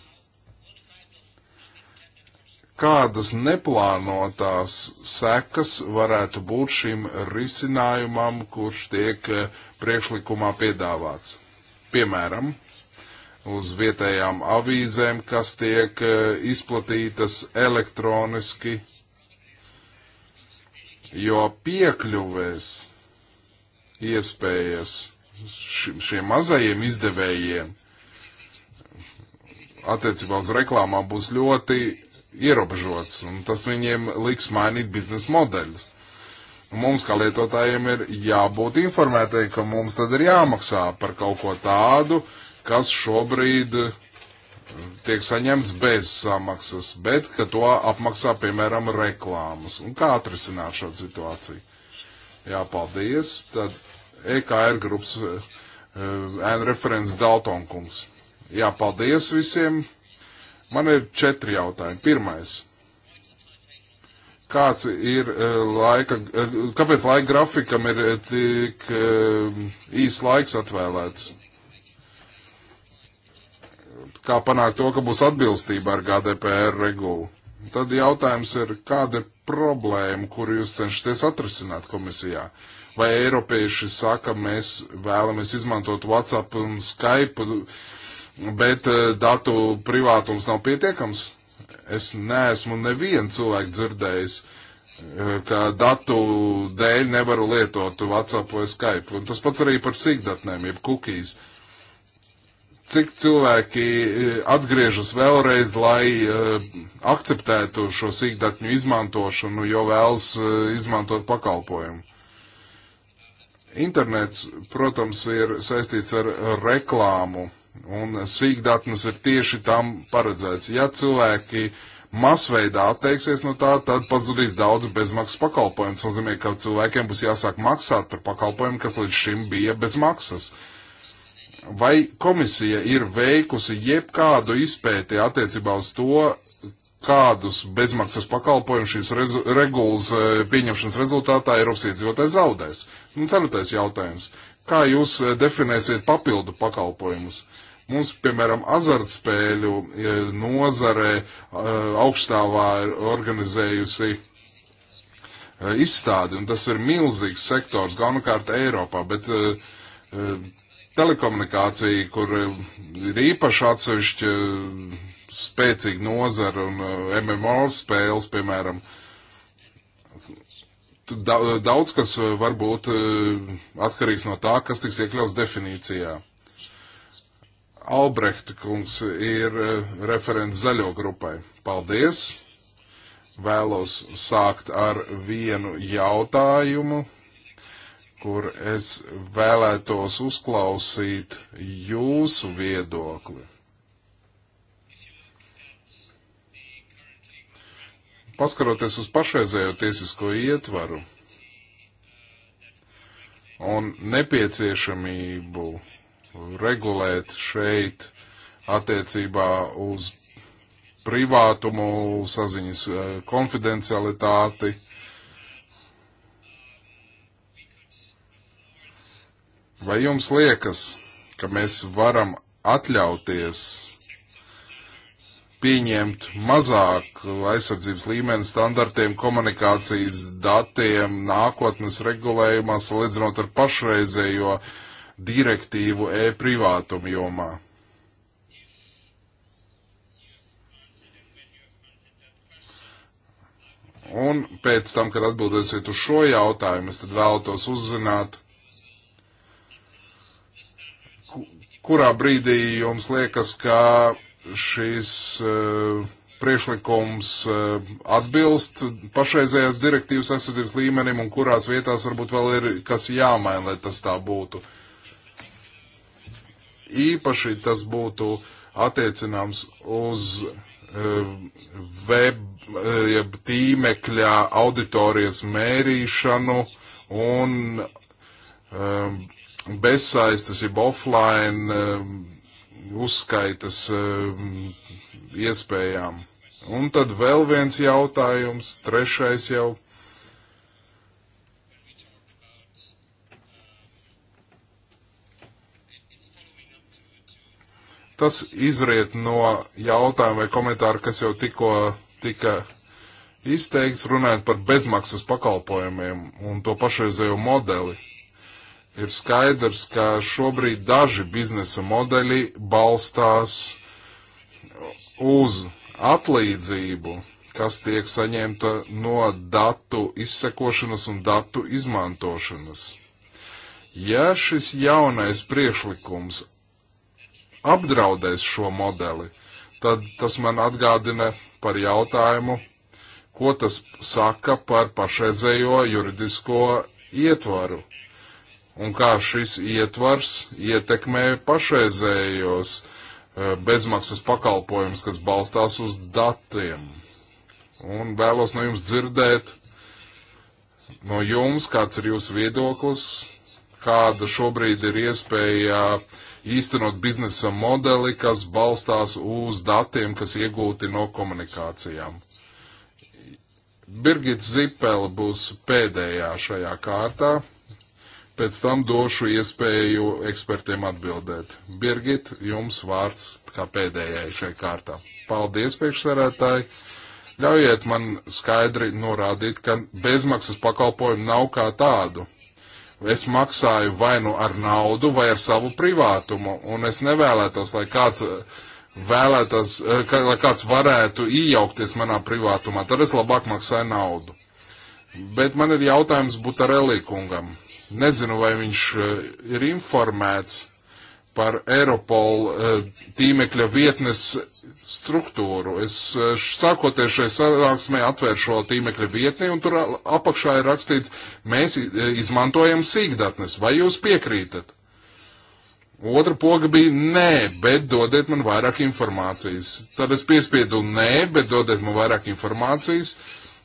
kādas neplānotās sekas varētu būt šim risinājumam, kurš tiek eh, priekšlikumā piedāvāts. Piemēram, uz vietējām avīzēm, kas tiek eh, izplatītas elektroniski, jo piekļuvēs iespējas šiem, šiem mazajiem izdevējiem attiecībā uz reklāmām būs ļoti ierobežots, un tas viņiem liks mainīt biznesa modeļus. Mums, kā lietotājiem, ir jābūt informētai, ka mums tad ir jāmaksā par kaut ko tādu, kas šobrīd eh, tiek saņemts bez samaksas, bet ka to apmaksā, piemēram, reklāmas. Un kā atrisināt šo situāciju? Jā, paldies. Tad EKR grupas eh, eh, ēna uh, referents Daltonkungs. Jā, paldies visiem. Man ir četri jautājumi. Pirmais. Kāds ir e, laika, e, kāpēc laika grafikam ir e, tik īs laiks atvēlēts? Kā panākt to, ka būs atbilstība ar GDPR regulu? Tad jautājums ir, kāda ir problēma, kuru jūs cenšaties atrisināt komisijā? Vai eiropieši saka, mēs vēlamies izmantot WhatsApp un Skype? Un bet eh, datu privātums nav pietiekams. Es neesmu nevienu cilvēku dzirdējis, eh, ka datu dēļ nevaru lietot WhatsApp vai Skype. Un tas pats arī par sigdatnēm, jeb cookies. Cik cilvēki eh, atgriežas vēlreiz, lai uh, akceptētu šo sīkdatņu izmantošanu, jo vēlas uh, izmantot pakalpojumu? Internets, protams, ir saistīts ar reklāmu Un sīkdatnes ir tieši tam paredzēts. Ja cilvēki masveidā atteiksies no tā, tad pazudīs daudz bezmaksas pakalpojumu. Tas nozīmē, ka cilvēkiem būs jāsāk maksāt par pakalpojumu, kas līdz šim bija bez maksas. Vai komisija ir veikusi jebkādu izpēti attiecībā uz to, kādus bezmaksas pakalpojumus šīs rezu, regulas e, pieņemšanas rezultātā Eiropas iedzīvotājs zaudēs? Un nu, ceturtais jautājums. Kā jūs e, definēsiet papildu pakalpojumus? Mums, piemēram, azartspēļu nozare augstāvā ir organizējusi izstādi, un tas ir milzīgs sektors, galvenokārt Eiropā, bet telekomunikācija, kur ir īpaši atsevišķi spēcīga nozara un MMO spēles, piemēram, daudz kas varbūt atkarīgs no tā, kas tiks iekļauts definīcijā. Albrehta kungs ir eh, referents zaļo grupai. Paldies! Vēlos sākt ar vienu jautājumu, kur es vēlētos uzklausīt jūsu viedokli. Paskaroties uz pašreizējo tiesisko ietvaru un nepieciešamību regulēt šeit attiecībā uz privātumu, saziņas eh, konfidencialitāti. Vai jums liekas, ka mēs varam atļauties pieņemt mazāk aizsardzības līmeni standartiem komunikācijas datiem nākotnes regulējumā, salīdzinot ar pašreizējo uh, direktīvu e-privātumu jomā. Un pēc tam, kad atbildēsiet uz šo jautājumu, es tad vēlētos uzzināt, kurā brīdī jums liekas, ka šis uh, priekšlikums uh, atbilst pašreizējās direktīvas aizsardzības līmenim un kurās vietās varbūt vēl ir kas jāmaina, lai tas tā būtu. Uh, Īpaši tas būtu attiecināms uz e, web, e, jeb tīmekļa auditorijas mērīšanu un um, bezsaistes, jeb offline um, uzskaitas um, iespējām. Un tad vēl viens jautājums, trešais jau Tas izriet no jautājuma vai komentāra, kas jau tikko tika izteikts, runājot par bezmaksas pakalpojumiem un to pašreizējo modeli. Ir skaidrs, ka šobrīd daži biznesa modeļi balstās uz atlīdzību, kas tiek saņemta no datu izsekošanas un datu izmantošanas. Ja šis jaunais priekšlikums apdraudēs šo modeli, tad tas man atgādina par jautājumu, ko tas saka par pašreizējo juridisko ietvaru un kā šis ietvars ietekmē pašreizējos eh, bezmaksas pakalpojums, kas balstās uz datiem. Un vēlos no jums dzirdēt, no jums, kāds ir jūsu viedoklis, kāda šobrīd ir iespēja uh, īstenot biznesa modeli, kas balstās uz datiem, kas iegūti no komunikācijām. Birgits Zipela būs pēdējā šajā kārtā. Pēc tam došu iespēju ekspertiem atbildēt. Birgit, jums vārds kā pēdējai šajā kārtā. Paldies, priekšsarētāji! Ļaujiet man skaidri norādīt, ka bezmaksas pakalpojumu nav kā tādu. Es maksāju vai nu ar naudu, vai ar savu privātumu, un es nevēlētos, lai kāds eh, vēlētos, eh, ka, lai kāds varētu iejaukties manā privātumā, tad es labāk maksāju naudu. Bet man ir jautājums Butarelī kungam. Nezinu, vai viņš eh, ir informēts par Eiropol eh, tīmekļa vietnes struktūru. Es eh, sākoties šai sanāksmē atvēru šo tīmekļa vietni un tur apakšā ir rakstīts, mēs eh, izmantojam sīkdatnes, vai jūs piekrītat? Otra poga bija nē, bet dodiet man vairāk informācijas. Tad es piespiedu nē, bet dodiet man vairāk informācijas.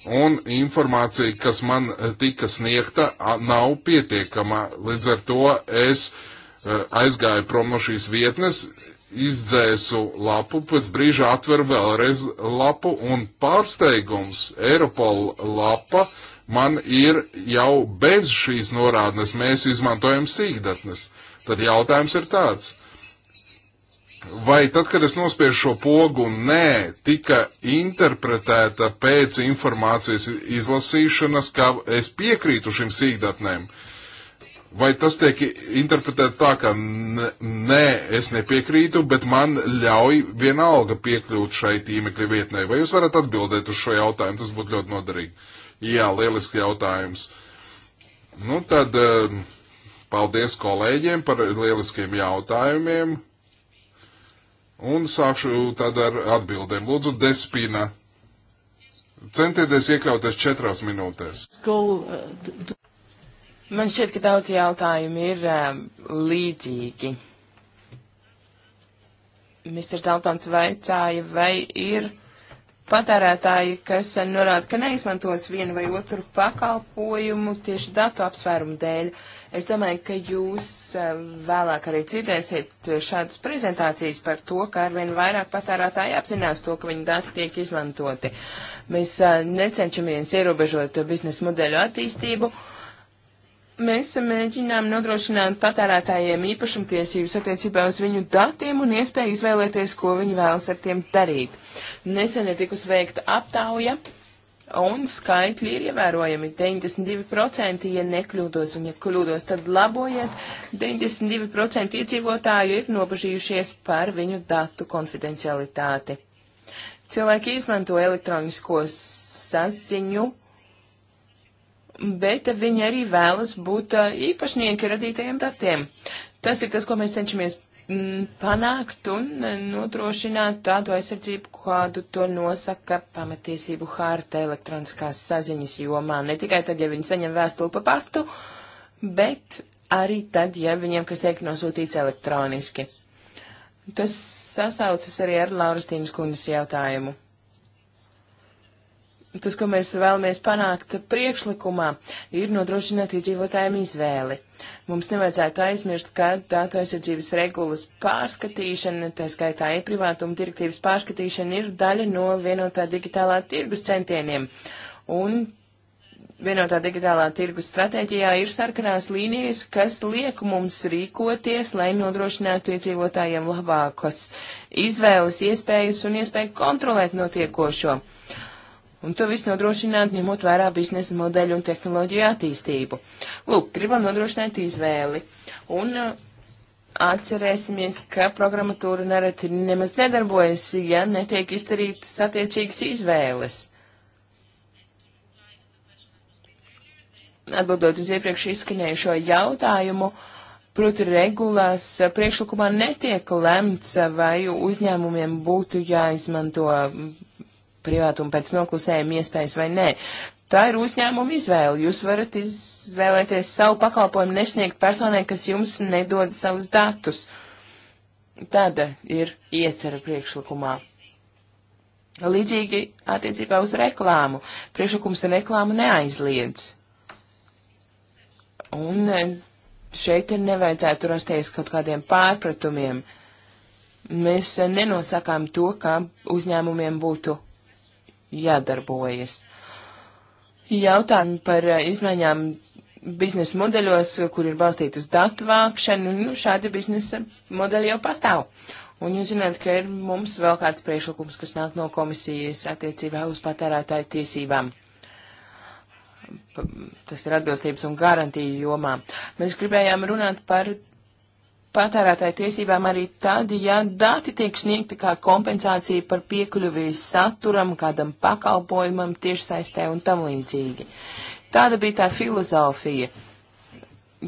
Un informācija, kas man tika sniegta, nav pietiekama. Līdz ar to es uh, Eh, aizgāju prom no šīs vietnes, izdzēsu lapu, pēc brīža atveru vēlreiz lapu un pārsteigums Eiropola lapa man ir jau bez šīs norādnes, mēs izmantojam sīkdatnes. Tad jautājums ir tāds. Vai tad, kad es nospiežu šo pogu, nē, tika interpretēta pēc informācijas izlasīšanas, ka es piekrītu šim sīkdatnēm? Uh, Vai tas tiek interpretēts tā, ka nē, es nepiekrītu, bet man ļauj vienalga piekļūt šai tīmekļa vietnē? Vai jūs varat atbildēt uz šo jautājumu? Tas būtu ļoti noderīgi. Jā, lieliski jautājums. Nu tad eh, paldies kolēģiem par lieliskiem jautājumiem. Un sākšu tad ar atbildēm. Lūdzu, Despina. Centieties iekļauties četrās minūtēs. Go, uh, eh, Man šķiet, ka daudz jautājumu ir um, līdzīgi. Mr. Daltons vaicāja, vai ir patērētāji, kas norāda, ka neizmantos vienu vai otru pakalpojumu tieši datu apsvērumu dēļ. Es domāju, ka jūs um, vēlāk arī citēsiet šādas prezentācijas par to, ka arvien vairāk patērētāji apzinās to, ka viņu dati tiek izmantoti. Mēs uh, necenšamies ierobežot biznesa modeļu attīstību. Uh, Mēs mēģinām nodrošināt patērētājiem īpašumtiesības attiecībā uz viņu datiem un iespēju izvēlēties, ko viņi vēlas ar tiem darīt. Nesen ir tikus veikta aptauja, un skaitļi ir ievērojami. 92%, ja nekļūdos, un ja kļūdos, tad labojiet, 92% iedzīvotāju ir nobežījušies par viņu datu konfidencialitāti. Cilvēki izmanto elektroniskos saziņu bet viņi arī vēlas būt uh, īpašnieki radītajiem datiem. Tas ir tas, ko mēs cenšamies mm, panākt un uh, nodrošināt tādu aizsardzību, kādu to nosaka pamatiesību hārta elektroniskās saziņas jomā. Ne tikai tad, ja viņi saņem vēstuli pa pastu, bet arī tad, ja viņiem kas tiek nosūtīts elektroniski. Tas sasaucas arī ar Lauristīnas kundas jautājumu tas, ko mēs vēlamies panākt priekšlikumā, ir nodrošināt iedzīvotājiem izvēli. Mums nevajadzētu aizmirst, ka datu aizsardzības regulas pārskatīšana, tā skaitā e-privātuma direktīvas pārskatīšana, ir daļa no vienotā digitālā tirgus centieniem. Un vienotā digitālā tirgus stratēģijā ir sarkanās līnijas, kas liek mums rīkoties, lai nodrošinātu iedzīvotājiem labākas izvēles iespējas un iespēju kontrolēt notiekošo. Un to visu nodrošināt, ņemot vērā biznesa modeļu un tehnoloģiju attīstību. Lūk, gribam nodrošināt izvēli. Un uh, atcerēsimies, ka programmatūra nereti nemaz nedarbojas, ja netiek izdarītas attiecīgas izvēles. Atbildot uz iepriekš izskanējušo jautājumu, proti regulās priekšlikumā netiek lemts, vai uzņēmumiem būtu jāizmanto privātumu pēc noklusējuma iespējas vai nē. Tā ir uzņēmuma izvēle. Jūs varat izvēlēties savu pakalpojumu nesniegt personai, kas jums nedod savus datus. Tāda ir iecera priekšlikumā. Līdzīgi attiecībā uz reklāmu. Priekšlikums reklāmu neaizliedz. Un e, šeit ir nevajadzētu rasties kaut kādiem pārpratumiem. Mēs e, nenosakām to, ka uzņēmumiem būtu jādarbojas. Jautājumi par eh, izmaiņām biznesa modeļos, kur ir balstīti uz datu vākšanu, nu, šādi biznesa modeļi jau pastāv. Un jūs zināt, ka ir mums vēl kāds priešlikums, kas nāk no komisijas attiecībā uz patērētāju tiesībām. P tas ir atbilstības un garantiju jomā. Mēs gribējām runāt par patērētāja tiesībām arī tad, ja dati tiek sniegti kā kompensācija par piekļuvīs saturam, kādam pakalpojumam, tiešsaistē un tam līdzīgi. Tāda bija tā filozofija.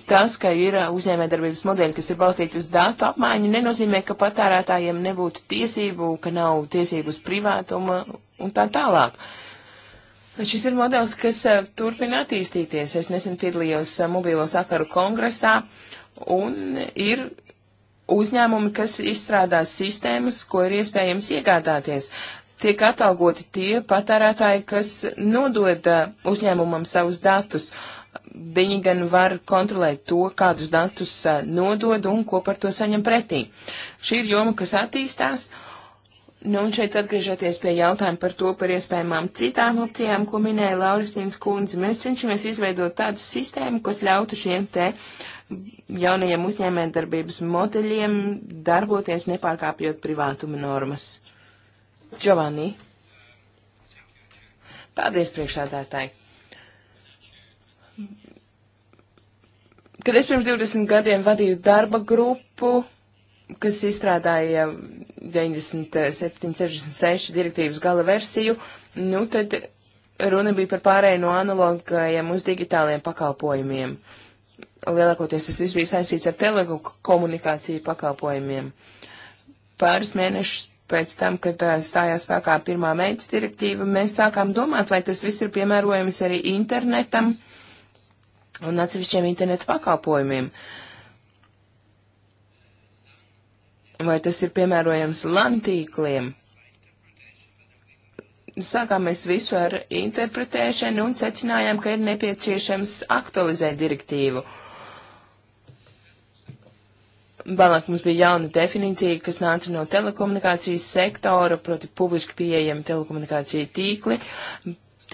Tas, ka ir uzņēmējdarbības modeļi, kas ir balstīti uz datu apmaiņu, nenozīmē, ka patērētājiem nebūtu tiesību, ka nav tiesību uz privātumu un tā tālāk. Šis ir modelis, kas eh, turpina attīstīties. Es nesen piedalījos eh, mobīlo sakaru kongresā, uh, Un ir uzņēmumi, kas izstrādā sistēmas, ko ir iespējams iegādāties. Tiek atalgoti tie patērētāji, kas nodod uh, uzņēmumam savus datus. Viņi gan var kontrolēt to, kādus datus uh, nodod un ko par to saņem pretī. Šī ir joma, kas attīstās. Nu, un šeit atgriežoties pie jautājuma par to, par iespējamām citām opcijām, ko minēja Lauristīnas kundze, mēs cenšamies izveidot tādu sistēmu, kas ļautu šiem te uh, jaunajiem uzņēmējdarbības modeļiem darboties nepārkāpjot privātuma normas. Giovanni. Paldies, priekšādātāji. Kad es pirms 20 gadiem vadīju darba grupu, kas izstrādāja 97-66 direktīvas gala versiju, nu tad runa bija par pārēju no analogajiem uz digitāliem pakalpojumiem. Uh, lielākoties tas viss bija saistīts ar telekomunikāciju pakalpojumiem. Pāris mēnešus pēc tam, kad uh, stājās spēkā pirmā meitas direktīva, mēs sākām domāt, vai tas viss ir piemērojams arī internetam un atsevišķiem internetu pakalpojumiem. Vai tas ir piemērojams lantīkliem? Nu, sākām mēs visu ar interpretēšanu un secinājām, ka ir nepieciešams aktualizēt direktīvu. Uh, Vēlāk mums bija jauna definīcija, kas nāca no telekomunikācijas sektora, proti publiski pieejami telekomunikācija tīkli,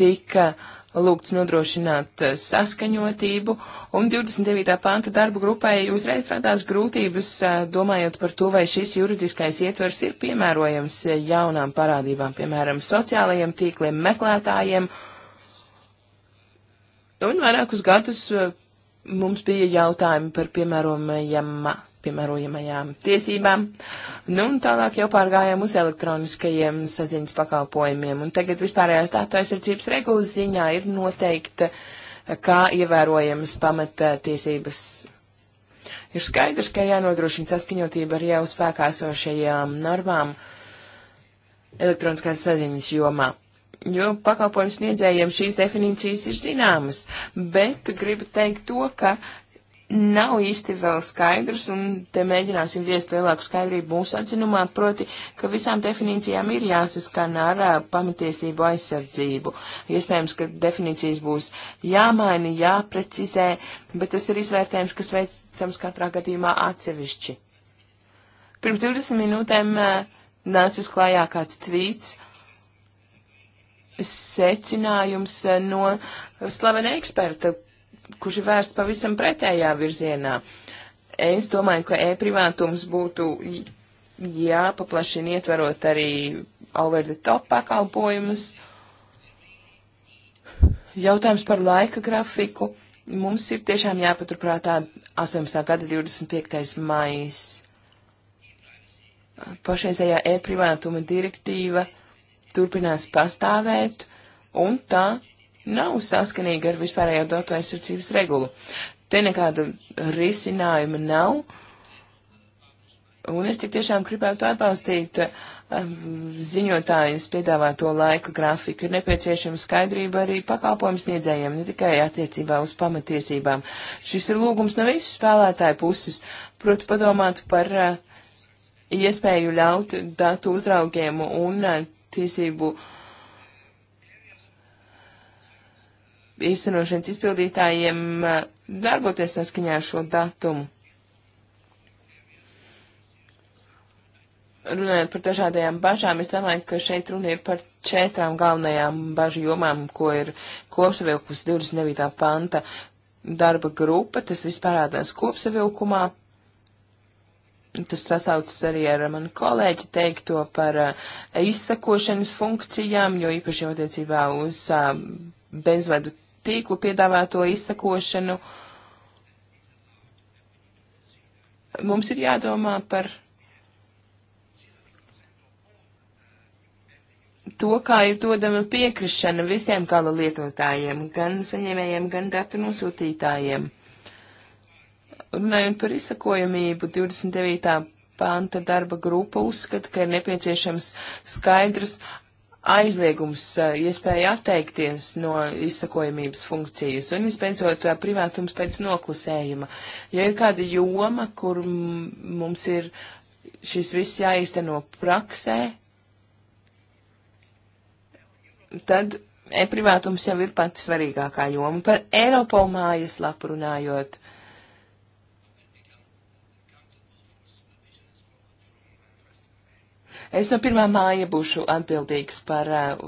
tika lūgts nodrošināt eh, saskaņotību, un 29. panta darba grupai uzreiz radās grūtības, eh, domājot par to, vai šis juridiskais ietvers ir piemērojams eh, jaunām parādībām, piemēram, sociālajiem tīkliem, meklētājiem, un vairākus gadus mums bija jautājumi par piemērojamā piemērojamajām tiesībām. Nu, un tālāk jau pārgājām uz elektroniskajiem saziņas pakalpojumiem. Un tagad vispārējās datu aizsardzības regulas ziņā ir noteikta, kā ievērojamas pamattiesības. Ir skaidrs, ka jānodrošina saskaņotība ar jau spēkā esošajām normām elektroniskās saziņas jomā jo pakalpojumu sniedzējiem šīs definīcijas ir zināmas, bet gribu teikt to, ka nav īsti vēl skaidrs, un te mēģināsim viest lielāku skaidrību mūsu atzinumā, proti, ka visām definīcijām ir jāsaskana ar pamatiesību aizsardzību. Iespējams, ka definīcijas būs jāmaina, jāprecizē, bet tas ir izvērtējums, kas veicams katrā gadījumā atsevišķi. Pirms 20 minūtēm nācis klājā kāds tvīts secinājums no slavena eksperta, kurš ir vērsts pavisam pretējā virzienā. Es domāju, ka e-privātums būtu jāpaplašina ietverot arī Alverdi top pakalpojumus. Jautājums par laika grafiku. Mums ir tiešām jāpaturprātā 18. gada 25. maijas. Pašreizējā e-privātuma direktīva turpinās pastāvēt, un tā nav saskanīga ar vispārējo datu aizsardzības regulu. Te nekāda risinājuma nav. Un es tik tiešām gribētu atbalstīt um, ziņotājas piedāvāto laika grafiku. Ir nepieciešama skaidrība arī pakalpojumu sniedzējiem, ne tikai attiecībā uz pamatiesībām. Šis ir lūgums no visu spēlētāju puses. Proti padomāt par uh, iespēju ļaut datu uzraugiem un uh, tiesību uh, īstenošanas izpildītājiem eh, darboties saskaņā ar šo datumu. Runājot par dažādajām bažām, es domāju, ka šeit runa ir par četrām galvenajām bažu jomām, ko ir kopsavilkus 29. panta darba grupa. Tas viss parādās kopsavilkumā. Tas sasaucas arī ar manu kolēģi teikto par uh, izsakošanas funkcijām, jo īpaši attiecībā uz uh, bezvadu tīklu piedāvāto izsakošanu. Mums ir jādomā par to, kā ir dodama piekrišana visiem gala lietotājiem, gan saņēmējiem, gan datu nosūtītājiem. Runājot par izsakojamību, 29. panta darba grupa uzskata, ka ir nepieciešams skaidrs aizliegums, eh, iespēja atteikties no izsakojamības funkcijas un, vispēcot, eh, privātums pēc noklusējuma. Ja ir kāda joma, kur mums ir šis viss jāizteno praksē, tad e-privātums jau ir pati svarīgākā joma. Par Eiropolu mājaslapu runājot Es no pirmā māja būšu atbildīgs par eh,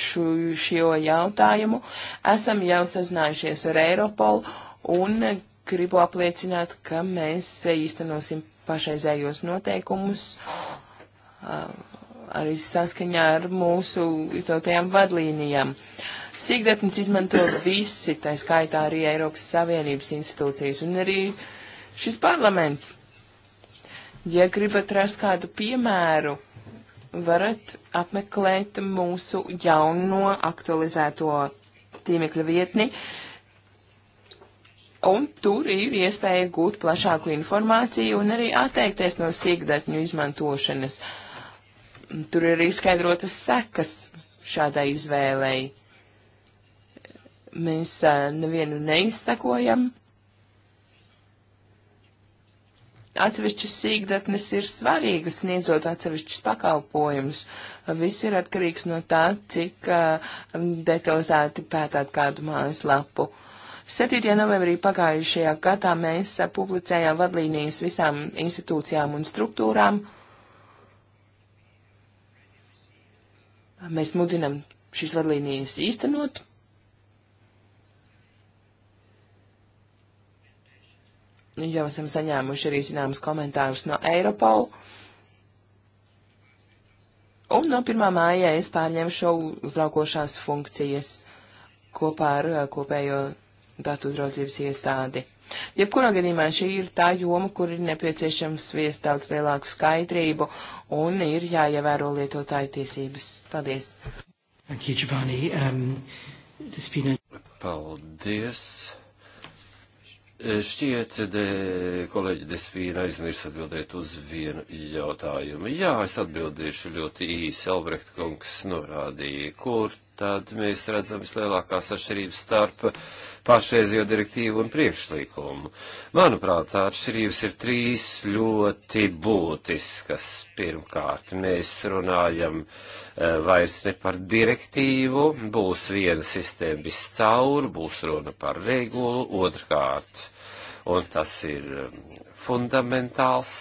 šo, šo jautājumu. Esam jau sazinājušies ar Eiropolu un gribu apliecināt, ka mēs īstenosim pašreizējos noteikumus eh, arī saskaņā ar mūsu izdotajām vadlīnijām. Sīkdatnes izmanto visi, tā skaitā arī Eiropas Savienības institūcijas un arī šis parlaments. Ja gribat rast kādu piemēru, varat apmeklēt mūsu jauno aktualizēto tīmekļa vietni. Un tur ir iespēja gūt plašāku informāciju un arī atteikties no sīkdatņu izmantošanas. Tur ir izskaidrotas sekas šādai izvēlei. Mēs nevienu neizsakojam, Atsevišķas sīkdatnes ir svarīgas sniedzot atsevišķus pakalpojumus. Viss ir atkarīgs no tā, cik uh, detalizēti pētāt kādu mājaslapu. 7. novembrī pagājušajā gadā mēs uh, publicējām vadlīnijas visām institūcijām un struktūrām. Mēs mudinam šīs vadlīnijas īstenot. Jau esam saņēmuši arī zināmas komentārus no Eiropola. Un no 1. māja es pārņemšu uzraukošās funkcijas kopā ar uh, kopējo datu uzraudzības iestādi. Jebkurā gadījumā šī ir tā joma, kur ir nepieciešams viest daudz lielāku skaidrību un ir jāievēro lietotāju tiesības. Paldies! Thank you, Giovanni. Um, been... Paldies! Šķiet, de, kolēģi Despīna aizmirs atbildēt uz vienu jautājumu. Jā, es atbildēšu ļoti īsi. Albrecht kungs norādīja, kur tad mēs redzam vislielākās atšķirības starp pašreizējo direktīvu un priekšlikumu. Manuprāt, tā atšķirības ir trīs ļoti būtiskas. Pirmkārt, mēs runājam eh, vairs ne par direktīvu, būs viena sistēma viscaur, būs runa par regulu, otrkārt, un tas ir eh, fundamentāls.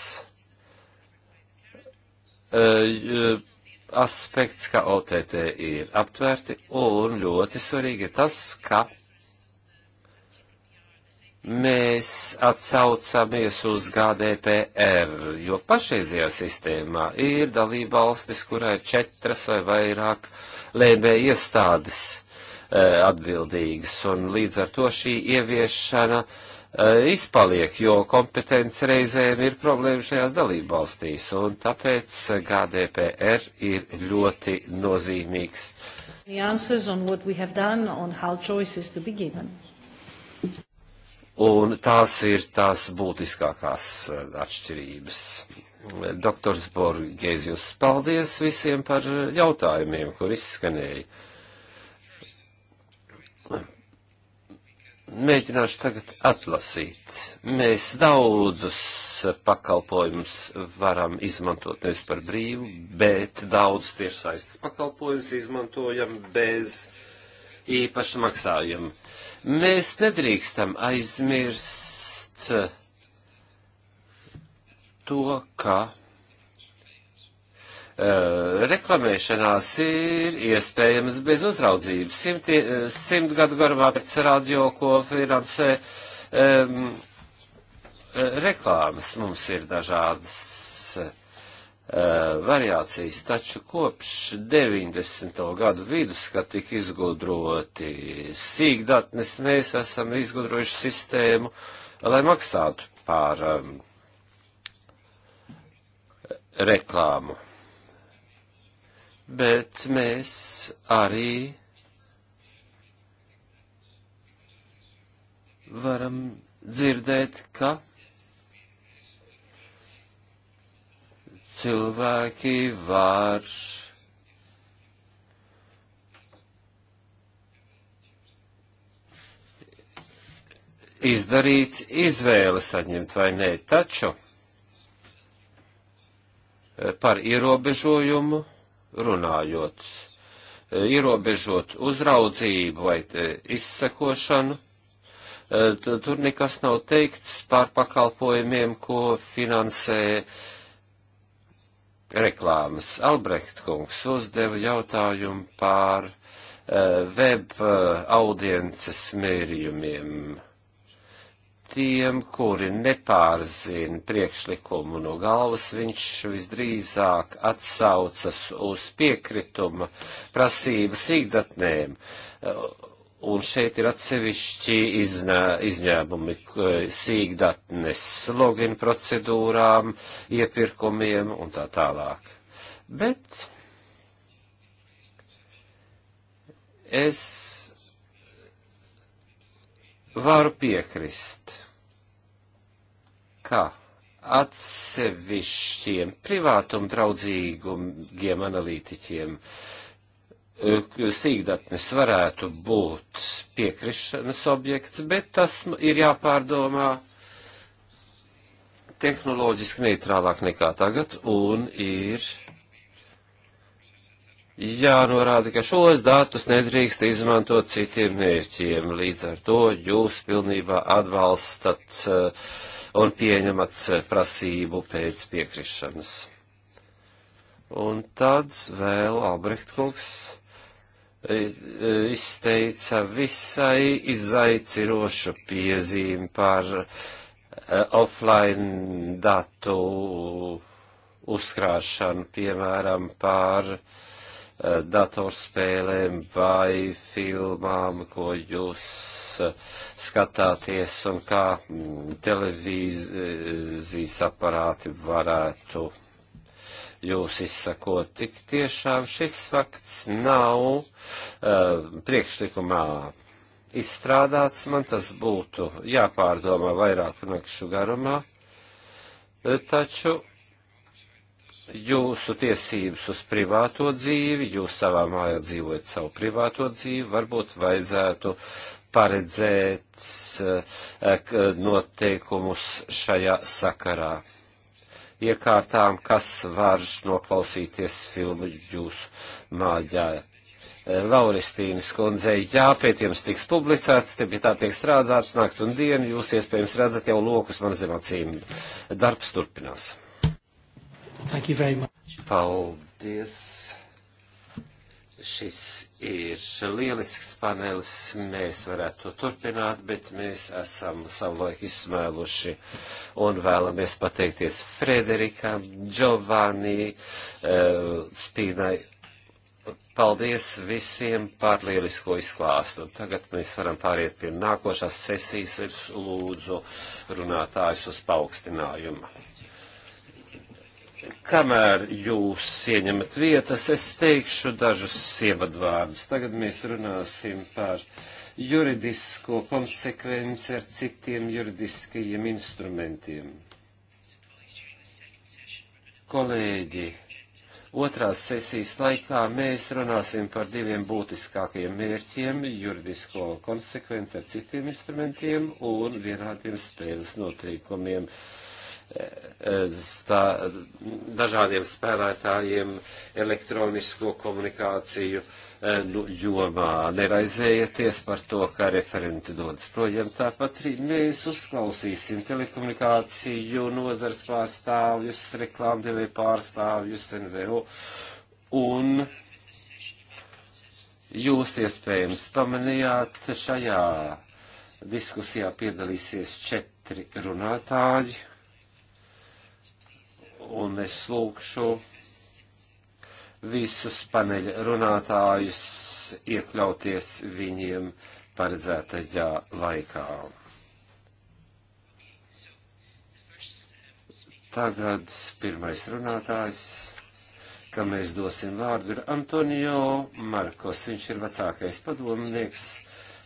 Uh, aspekts, ka OTT ir aptvērti, un ļoti svarīgi ir tas, ka mēs atsaucamies uz GDPR, jo pašreizajā sistēmā ir dalība valstis, kurā ir četras vai vairāk lēmē iestādes e, atbildīgas, un līdz ar to šī ieviešana uh, Eh, izpaliek, jo kompetence reizēm ir problēma šajās dalībvalstīs, un tāpēc eh, GDPR ir ļoti nozīmīgs. Un tās ir tās būtiskākās eh, atšķirības. Doktors Borgēzijus, paldies visiem par jautājumiem, kur izskanēja. Mēģināšu tagad atlasīt. Mēs daudzus pakalpojumus varam izmantot nevis par brīvu, bet daudz tiešsaistes pakalpojumus izmantojam bez īpaša maksājuma. Mēs nedrīkstam aizmirst to, ka Eh, reklamēšanās ir iespējams bez uzraudzības. Simt, eh, simt gadu garumā pēc radio, ko finansē um, reklāmas, mums ir dažādas uh, variācijas, taču kopš 90. gadu vidus, kad tika izgudroti sīkdatnes, mēs esam izgudrojuši sistēmu, lai maksātu par um, reklāmu bet mēs arī varam dzirdēt, ka cilvēki var izdarīt izvēli saņemt vai nē, taču par ierobežojumu runājot, e, ierobežot uzraudzību vai e, izsekošanu, e, tur nekas nav teikts par pakalpojumiem, ko finansē reklāmas. Albrecht kungs uzdeva jautājumu par web audiences mērījumiem tiem, kuri nepārzina priekšlikumu no galvas, viņš visdrīzāk atsaucas uz piekrituma prasības īkdatnēm. Un šeit ir atsevišķi iznā, izņēmumi sīkdatnes login procedūrām, iepirkumiem un tā tālāk. Bet es varu piekrist, ka atsevišķiem privātum draudzīgiem analītiķiem e, sīkdatnes varētu būt piekrišanas objekts, bet tas ir jāpārdomā tehnoloģiski neitrālāk nekā tagad un ir jānorāda, ka šos datus nedrīkst izmantot citiem mērķiem. Līdz ar to jūs pilnībā atbalstat eh, un pieņemat eh, prasību pēc piekrišanas. Un tad vēl Albrecht kungs eh, izteica visai izaicirošu piezīmi par offline datu uzkrāšanu, piemēram, par uh, Eh, datorspēlēm vai filmām, ko jūs eh, skatāties un kā mm, televīzijas aparāti varētu jūs izsakot. Tik tiešām šis fakts nav uh, priekšlikumā izstrādāts, man tas būtu jāpārdomā vairāku nakšu garumā, taču jūsu tiesības uz privāto dzīvi, jūs savā mājā dzīvojat savu privāto dzīvi, varbūt vajadzētu paredzēt eh, noteikumus šajā sakarā. Iekārtām, kas var noklausīties filmu jūsu mājā. Eh, Lauristīnas kundze, jā, pētījums tiks publicēts, te pie tā tiek strādāts nakt un dienu, jūs iespējams redzat jau lokus man zem acīm. Darbs turpinās. Thank you very much. Paldies. Šis ir lielisks panelis. Mēs varētu to turpināt, bet mēs esam savu laiku izsmēluši un vēlamies pateikties Frederikam, Giovanni, eh, Spīnai Paldies visiem par lielisko izklāstu. Tagad mēs varam pāriet pie nākošās sesijas, ir lūdzu runātājus uz paaugstinājumu. Kamēr jūs ieņemat vietas, es teikšu dažus ievadvārdus. Tagad mēs runāsim par juridisko konsekvenci ar citiem juridiskajiem instrumentiem. Kolēģi, Otrās sesijas laikā mēs runāsim par diviem būtiskākajiem mērķiem - juridisko konsekvenci ar citiem instrumentiem un vienādiem spēles noteikumiem stā, dažādiem spēlētājiem elektronisko komunikāciju e, nu, jomā. Neraizējieties par to, ka referenti dodas projām. Tāpat arī mēs uzklausīsim telekomunikāciju nozars pārstāvjus, reklāmdevēju pārstāvjus, NVO. Un jūs iespējams pamanījāt, šajā diskusijā piedalīsies četri runātāji un es lūkšu visus paneļa runātājus iekļauties viņiem paredzētajā laikā. Tagad pirmais runātājs, kam mēs dosim vārdu, ir Antonio Markos. Viņš ir vecākais padomnieks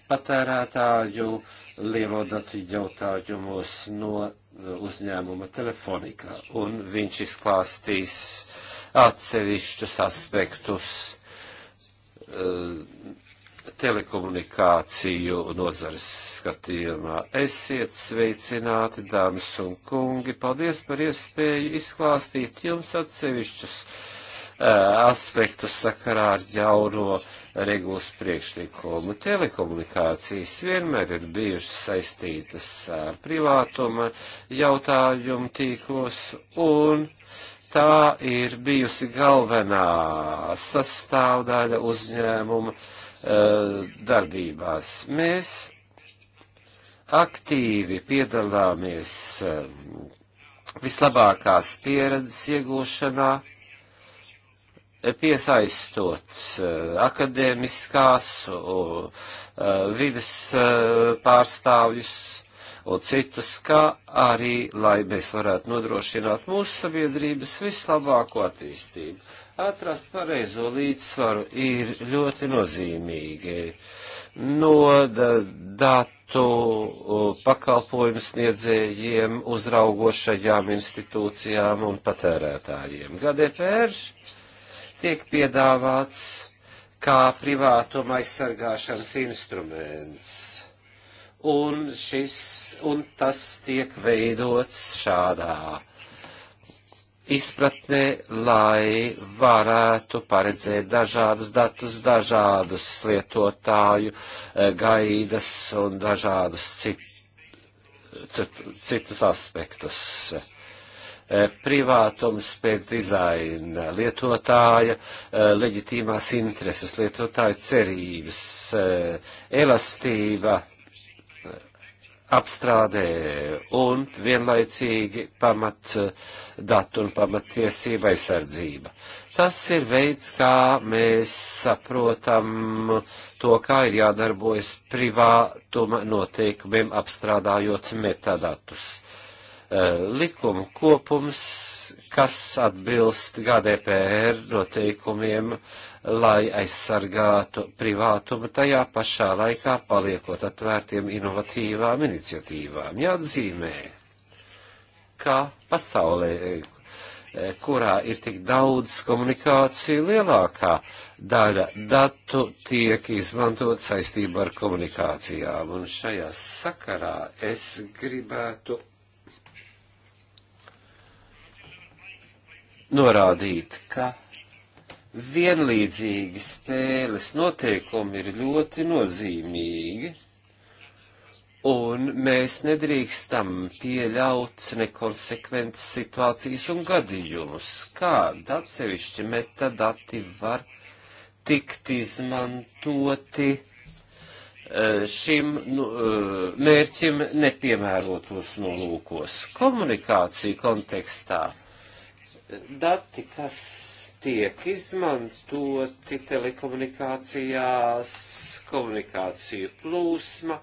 patērētāju lielo datu jautājumos no Eh, uzņēmuma telefonikā, un viņš izklāstīs atsevišķus aspektus eh, telekomunikāciju nozares skatījumā. Esiet sveicināti, dāmas un kungi, paldies par iespēju izklāstīt jums atsevišķus aspektus aspektu sakarā ar jauno regulas priekšlikumu. Telekomunikācijas vienmēr ir bijušas saistītas ar privātuma jautājumu tīklos, un tā ir bijusi galvenā sastāvdaļa uzņēmuma darbībās. Mēs aktīvi piedalāmies vislabākās pieredzes iegūšanā, piesaistot eh, akadēmiskās eh, vidas eh, pārstāvjus un citus, kā arī, lai mēs varētu nodrošināt mūsu sabiedrības vislabāko attīstību. Atrast pareizo līdzsvaru ir ļoti nozīmīgi. No datu pakalpojumu sniedzējiem, uzraugošajām institūcijām un patērētājiem. GDPR tiek piedāvāts kā privātuma aizsargāšanas instruments. Un, šis, un tas tiek veidots šādā izpratnē, lai varētu paredzēt dažādus datus, dažādus lietotāju eh, gaidas un dažādus cit, cit, citus aspektus. Eh, privātums pēc dizaina lietotāja, eh, leģitīmās intereses lietotāja cerības, eh, elastība apstrādē un vienlaicīgi pamat datu un pamatiesība aizsardzība. Tas ir veids, kā mēs saprotam to, kā ir jādarbojas privātuma noteikumiem apstrādājot metadatus. Eh, likumu kopums, kas atbilst GDPR noteikumiem, lai aizsargātu privātumu tajā pašā laikā paliekot atvērtiem inovatīvām iniciatīvām. Jāatzīmē, ka pasaulē, eh, kurā ir tik daudz komunikāciju, lielākā daļa datu tiek izmantot saistībā ar komunikācijām. Un šajā sakarā es gribētu norādīt, ka vienlīdzīgi spēles noteikumi ir ļoti nozīmīgi, un mēs nedrīkstam pieļaut nekonsekventas situācijas un gadījumus, kād atsevišķi metadati var tikt izmantoti e, šim nu, e, mērķim nepiemērotos nolūkos. Komunikācija kontekstā dati, kas tiek izmantoti telekomunikācijās, komunikāciju plūsma,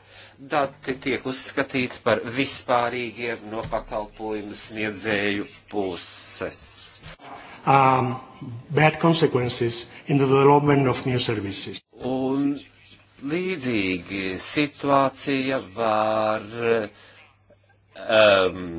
dati tiek uzskatīti par vispārīgiem no pakalpojumu sniedzēju puses. Um, bad consequences in the development of new services. Un līdzīgi situācija var um,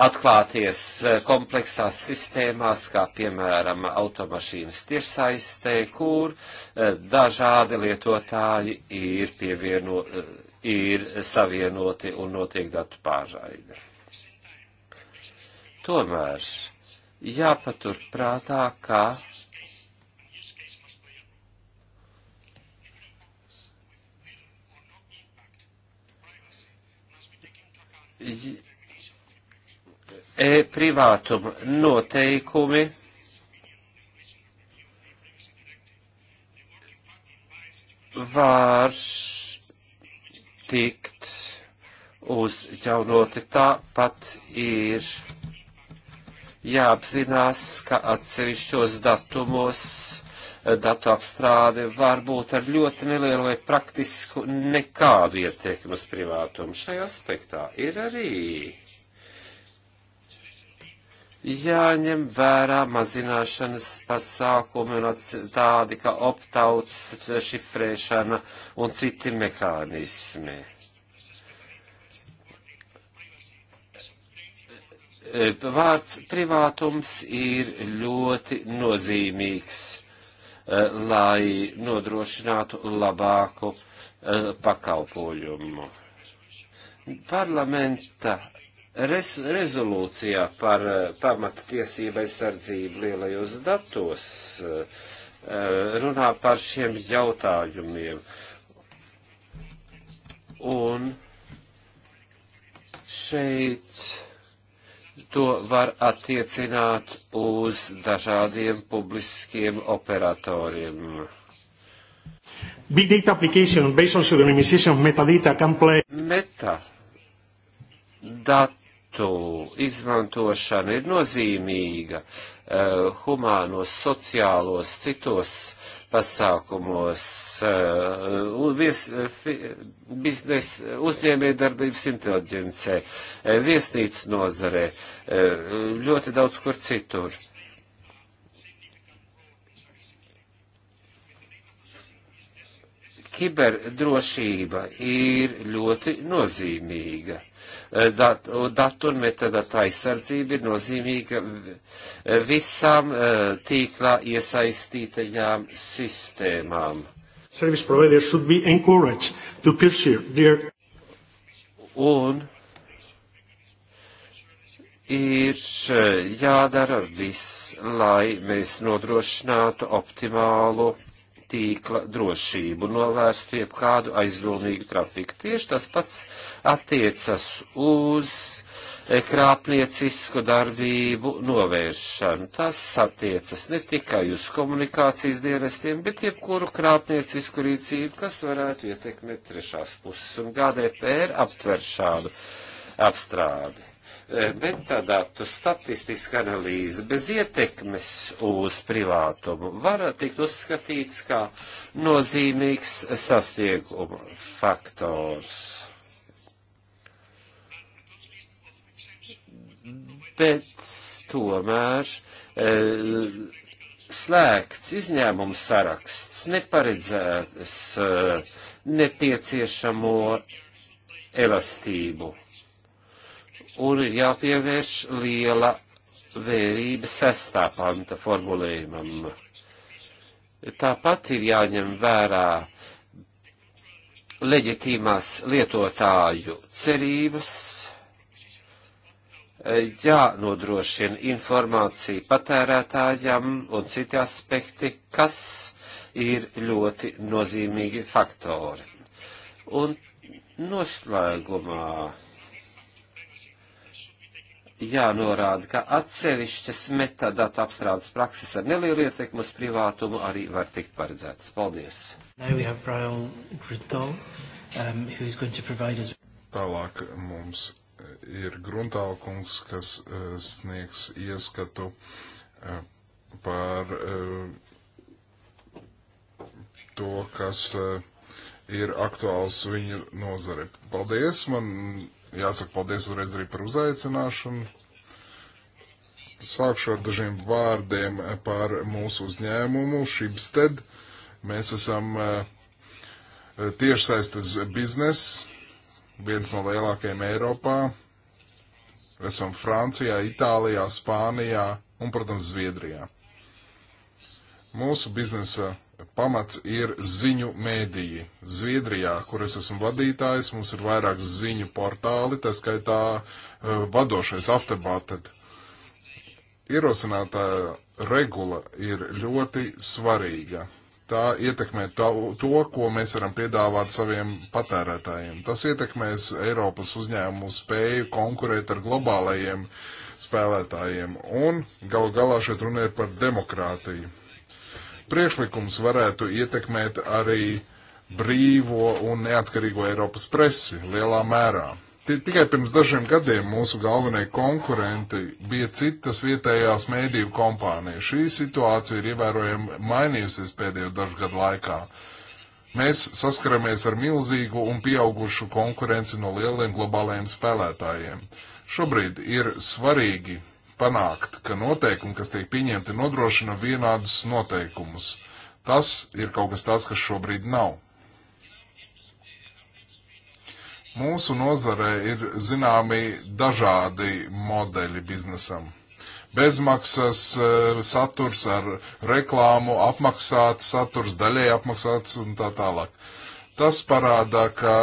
atklāties eh, kompleksās sistēmās, kā piemēram automašīnas tiešsaistē, kur eh, dažādi lietotāji ir, pievieno, eh, ir savienoti un notiek datu pārraide. Tomēr jāpatur prātā, ka Ja, e privātuma noteikumi var tikt uzķaunoti tāpat ir jāapzinās, ka atsevišķos datumos datu apstrāde var būt ar ļoti nelielu vai praktisku nekādu ietekmi uz privātumu. Šajā aspektā ir arī jāņem vērā mazināšanas pasākumi un tādi kā optauts, šifrēšana un citi mehānismi. E, vārds privātums ir ļoti nozīmīgs, e, lai nodrošinātu labāku e, pakalpojumu. Parlamenta Res, rezolūcijā par eh, pamattiesībai sardzību lielajos datos eh, runā par šiem jautājumiem. Un šeit to var attiecināt uz dažādiem publiskiem operatoriem. Big data application based on pseudonymization of metadata can play. Meta. Dat datu izmantošana ir nozīmīga uh, humānos, sociālos, citos pasākumos, uh, vies, eh, biznes, uzņēmējdarbības inteliģencē, viesnīcas nozarē, ļoti daudz kur citur Kiberdrošība ir ļoti nozīmīga. Eh, dat, datu un metadatu aizsardzība ir nozīmīga visām eh, tīklā iesaistītajām sistēmām. Service providers should be encouraged to pursue their un ir eh, jādara viss, lai mēs nodrošinātu optimālu tīkla drošību, novērstu jebkādu aizdomīgu trafiku. Tieši tas pats attiecas uz krāpniecisku darbību novēršanu. Tas attiecas ne tikai uz komunikācijas dienestiem, bet jebkuru krāpniecisku rīcību, kas varētu ietekmēt trešās puses, un GDPR aptver šādu apstrādi metadatu eh, statistiska analīze bez ietekmes uz privātumu var tikt uzskatīts kā nozīmīgs sastieguma faktors. Bet tomēr e, slēgts izņēmumu saraksts neparedzēts e, eh, nepieciešamo elastību un ir jāpievērš liela vērība sestā panta formulējumam. Tāpat ir jāņem vērā leģitīmās lietotāju cerības, jānodrošina informācija patērētājam un citi aspekti, kas ir ļoti nozīmīgi faktori. Un noslēgumā jānorāda, ka atsevišķas metadata apstrādes prakses ar nelielu ietekmu uz privātumu arī var tikt paredzētas. Paldies! Gruntal, um, us... Tālāk mums eh, ir Gruntālkungs, kas uh, sniegs ieskatu uh, par uh, to, kas uh, ir aktuāls viņa nozare. Paldies! Man Jāsaka paldies uzreiz arī par uzaicināšanu. Sākšu ar dažiem vārdiem par mūsu uzņēmumu Šibsted. Mēs esam eh, tiešsaistes bizness, viens no lielākajiem Eiropā. Esam Francijā, Itālijā, Spānijā un, protams, Zviedrijā. Mūsu biznesa pamats ir ziņu mēdīji. Zviedrijā, kur es esmu vadītājs, mums ir vairāk ziņu portāli, tā skaitā eh, vadošais afterbatted. Ierosinātā regula ir ļoti svarīga. Tā ietekmē to, ko mēs varam piedāvāt saviem patērētājiem. Tas ietekmēs Eiropas uzņēmumu spēju konkurēt ar globālajiem spēlētājiem. Un gal galā šeit runa ir par demokrātiju priekšlikums varētu ietekmēt arī brīvo un neatkarīgo Eiropas presi lielā mērā. Tikai pirms dažiem gadiem mūsu galvenie konkurenti bija citas vietējās mēdīju kompānijas. Šī situācija ir ievērojami mainījusies pēdējo dažu gadu laikā. Mēs saskaramies ar milzīgu un pieaugušu konkurenci no lieliem globālajiem spēlētājiem. Šobrīd ir svarīgi panākt, ka noteikumi, kas tiek pieņemti, nodrošina vienādus noteikumus. Tas ir kaut kas tāds, kas šobrīd nav. Mūsu nozarē ir zināmi dažādi modeļi biznesam. Bezmaksas eh, saturs ar reklāmu, apmaksāts saturs, daļēji apmaksāts un tā tālāk. Tas parāda, ka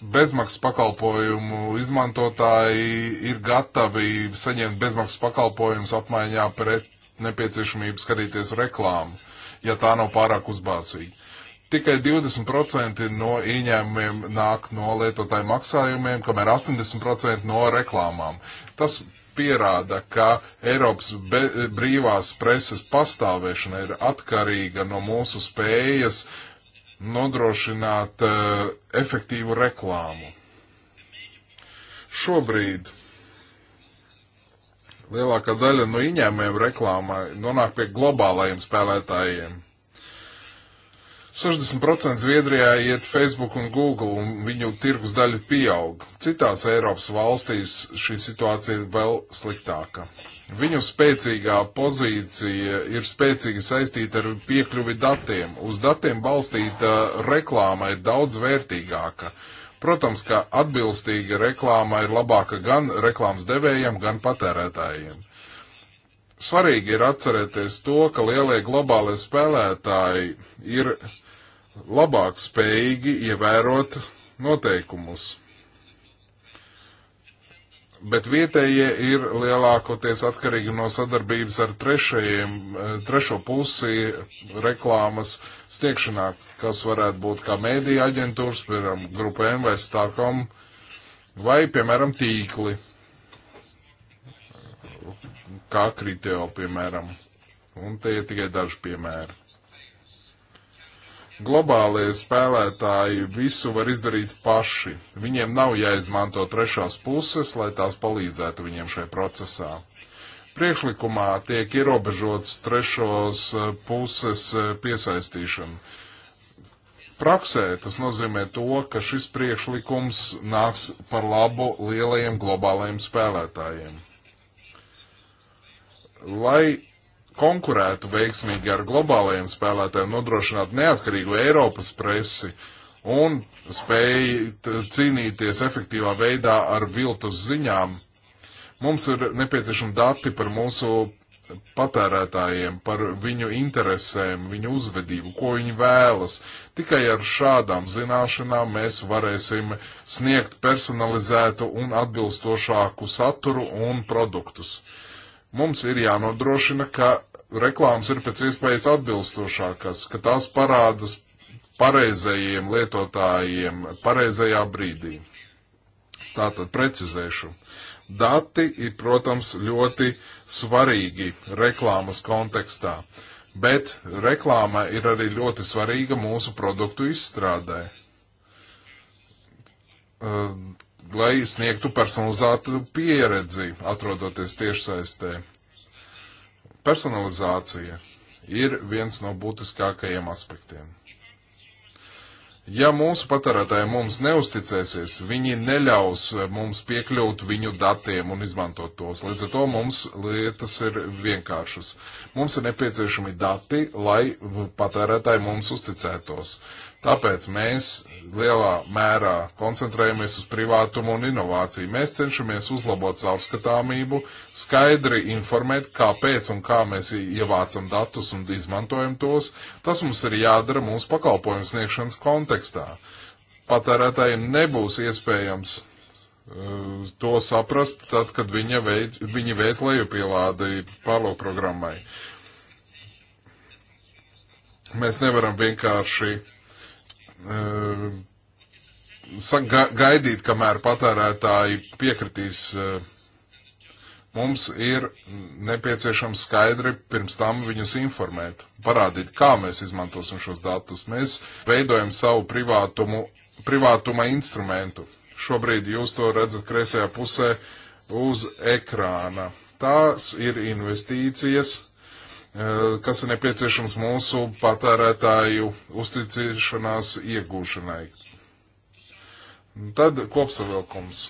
bezmaksas pakalpojumu izmantotāji ir gatavi saņemt bezmaksas pakalpojumus apmaiņā pret nepieciešamību skatīties reklāmu, ja tā nav pārāk uzbāzīga. Tikai 20% no ieņēmumiem nāk no lietotāju maksājumiem, kamēr 80% no reklāmām. Tas pierāda, ka Eiropas be, brīvās preses pastāvēšana ir atkarīga no mūsu spējas uh, nodrošināt uh, efektīvu reklāmu. Šobrīd lielākā daļa no ieņēmējiem reklāmai nonāk pie globālajiem spēlētājiem. 60% Zviedrijā iet Facebook un Google, un viņu tirgus daļa pieaug. Citās Eiropas valstīs šī situācija ir vēl sliktāka. Viņu spēcīgā pozīcija ir spēcīgi saistīta ar piekļuvi datiem. Uz datiem balstīta reklāma ir daudz vērtīgāka. Protams, ka atbilstīga reklāma ir labāka gan reklāmas devējiem, gan patērētājiem. Svarīgi ir atcerēties to, ka lielie globālie spēlētāji ir uh, labāk spējīgi ievērot noteikumus. Bet vietējie ir lielākoties atkarīgi no sadarbības ar trešajiem, eh, trešo pusi reklāmas sniegšanā, kas varētu būt kā mēdīja aģentūras, piemēram, grupēm vai stākam, vai, piemēram, tīkli, kā kriteo, piemēram. Un tie ir tikai daži piemēri globālie spēlētāji visu var izdarīt paši. Viņiem nav jāizmanto trešās puses, lai tās palīdzētu viņiem šajā procesā. Priekšlikumā tiek ierobežots trešos eh, puses eh, piesaistīšana. Praksē tas nozīmē to, ka šis priekšlikums nāks par labu lielajiem globālajiem spēlētājiem. Lai konkurētu veiksmīgi ar globālajiem spēlētājiem, nodrošinātu neatkarīgu Eiropas presi un spēju cīnīties efektīvā veidā ar viltus ziņām. Mums ir nepieciešami dati par mūsu patērētājiem, par viņu interesēm, viņu uzvedību, ko viņi vēlas. Tikai ar šādām zināšanām mēs varēsim sniegt personalizētu un atbilstošāku saturu un produktus. Mums ir jānodrošina, ka reklāmas ir pēc iespējas atbilstošākas, ka tās parādas pareizajiem lietotājiem pareizajā brīdī. Tātad precizēšu. Dati ir, protams, ļoti svarīgi reklāmas kontekstā, bet reklāma ir arī ļoti svarīga mūsu produktu izstrādē lai sniegtu personalizētu pieredzi, atrodoties tiešsaistē. Personalizācija ir viens no būtiskākajiem aspektiem. Ja mūsu patērētāji mums neusticēsies, viņi neļaus mums piekļūt viņu datiem un izmantot tos. Līdz ar to mums lietas ir vienkāršas. Mums ir nepieciešami dati, lai patērētāji mums uzticētos. Tāpēc mēs lielā mērā koncentrējamies uz privātumu un inovāciju. Mēs cenšamies uzlabot caurskatāmību, skaidri informēt, kāpēc un kā mēs ievācam datus un izmantojam tos. Tas mums ir jādara mūsu pakalpojumu sniegšanas kontekstā. Patērētājiem nebūs iespējams uh, to saprast, tad, kad viņa veid, viņi veic lejupielādi pārlūkprogrammai. Mēs nevaram vienkārši uh, Eh, gaidīt, kamēr patērētāji piekritīs. Eh, mums ir nepieciešams skaidri pirms tam viņus informēt, parādīt, kā mēs izmantosim šos datus. Mēs veidojam savu privātumu, privātuma instrumentu. Šobrīd jūs to redzat kreisajā pusē uz ekrāna. Tās ir investīcijas, Eh, kas ir nepieciešams mūsu patērētāju uzticēšanās iegūšanai. Tad kopsavilkums.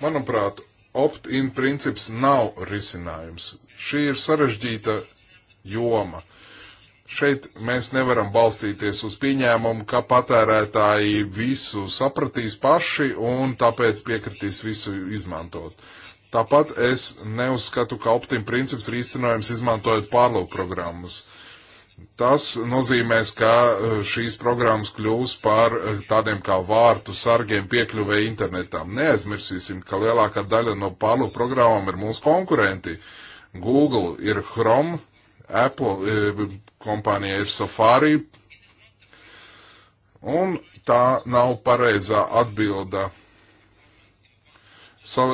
Manuprāt, opt-in princips nav risinājums. Šī ir sarežģīta joma. Šeit mēs nevaram balstīties uz pieņēmumu, ka patērētāji visu sapratīs paši un tāpēc piekritīs visu izmantot. Uh, Tāpat es neuzskatu, ka optim princips ir īstenojams izmantojot pārlūk programmas. Tas nozīmēs, ka eh, šīs programmas kļūs par eh, tādiem kā vārtu sargiem piekļuvē internetam. Neaizmirsīsim, ka lielākā daļa no pārlūk programmām ir mūsu konkurenti. Google ir Chrome, Apple eh, kompānija ir Safari, un tā nav pareizā atbilda sal,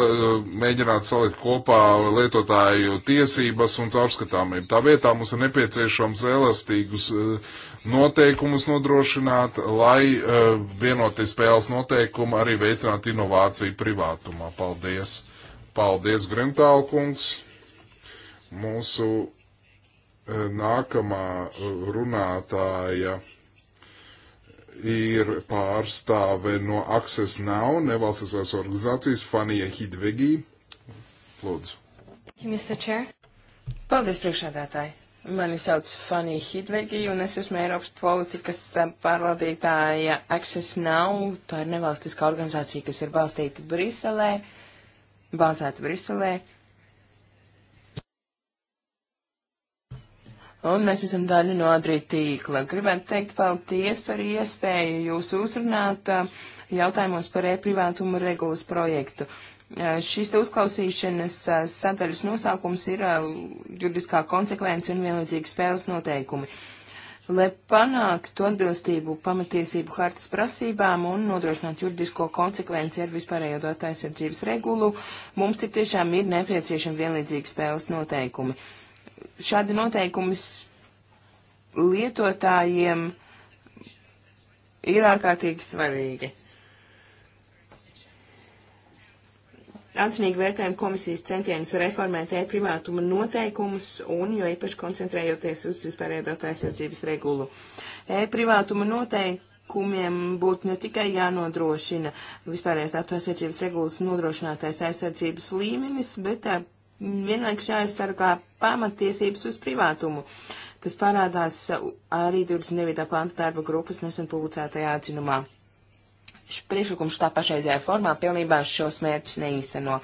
mēģināt salikt kopā lietotāju tiesības un caurskatāmību. Tā vietā mums ir nepieciešams elastīgus eh, noteikumus nodrošināt, lai eh, vienoties spēles noteikumi arī veicinātu inovāciju privātumā. Paldies! Paldies, Grimtālkungs! Mūsu eh, nākamā runātāja ir pārstāve no Access Now, nevalstiskās organizācijas Fanija Hidvegī. Lūdzu. Paldies, priekšādātāji. Mani sauc Fanija Hidvegī, un es esmu Eiropas politikas pārvaldītāja Access Now. Tā ir nevalstiskā organizācija, kas ir balstīta Briselē, bāzēta Briselē. Uh, un mēs esam daļa no Adrija tīkla. Gribētu teikt paldies par iespēju jūs uzrunāt uh, jautājumos par e-privātumu regulas projektu. Uh, Šīs uzklausīšanas uh, sadaļas nosaukums ir juridiskā konsekvence un vienlīdzīgi spēles noteikumi. Lai panāktu atbilstību pamatiesību hartas prasībām un nodrošinātu juridisko konsekvenci ar vispārējo datu aizsardzības regulu, mums tik tiešām ir nepieciešami vienlīdzīgi spēles noteikumi. Uh, šādi noteikumi lietotājiem ir ārkārtīgi svarīgi. Atzinīgi vērtējam komisijas centienus reformēt e-privātuma noteikumus un, jo īpaši koncentrējoties uz vispārējo datu aizsardzības regulu. E-privātuma noteikumiem būtu ne tikai jānodrošina vispārējās datu aizsardzības regulas nodrošinātais aizsardzības līmenis, bet vienlaikus jāaizsargā pamatiesības uz privātumu. Tas parādās arī 29. panta darba grupas nesen publicētajā atzinumā. Šis priekšlikums tā pašreizējā formā pilnībā šos mērķus neīsteno.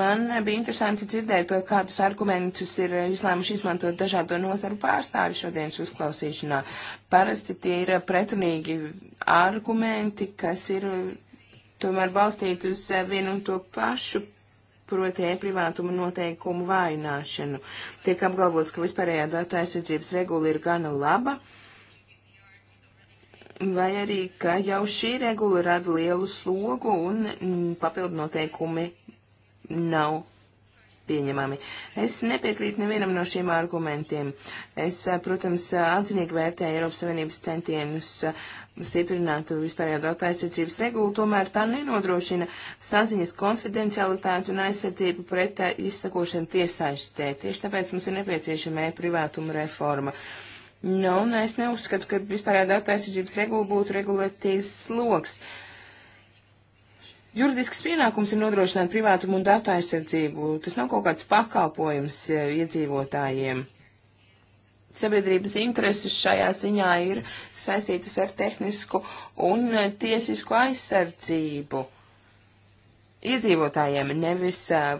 Man bija interesanti dzirdēt, kādus argumentus ir izlēmuši izmantot dažādo nozaru pārstāvi šodienas uzklausīšanā. Parasti tie ir pretrunīgi argumenti, kas ir tomēr balstīti uz vienu un to pašu proti e-privātuma noteikumu vājināšanu. Tiek apgalvots, ka vispārējā datu aizsardzības regula ir gana laba, vai arī, ka jau šī regula rada lielu slogu un m, mm, papildu noteikumi nav pieņemami. Es nepiekrītu nevienam no šiem argumentiem. Es, eh, protams, atzinīgi vērtēju Eiropas Savienības centienus eh, stiprināt vispārējo datu aizsardzības regulu, tomēr tā nenodrošina saziņas konfidencialitāti un aizsardzību pret eh, izsakošanu tiesaištē. Tieši tāpēc mums ir nepieciešama e-privātuma reforma. Nu, un es neuzskatu, ka vispārējā datu aizsardzības regula būtu regulatīvs sloks. Uh, Juridisks pienākums ir nodrošināt privātumu un datu aizsardzību. Tas nav kaut kāds pakalpojums eh, iedzīvotājiem. Sabiedrības intereses šajā ziņā ir saistītas ar tehnisku un eh, tiesisku aizsardzību iedzīvotājiem, nevis uh,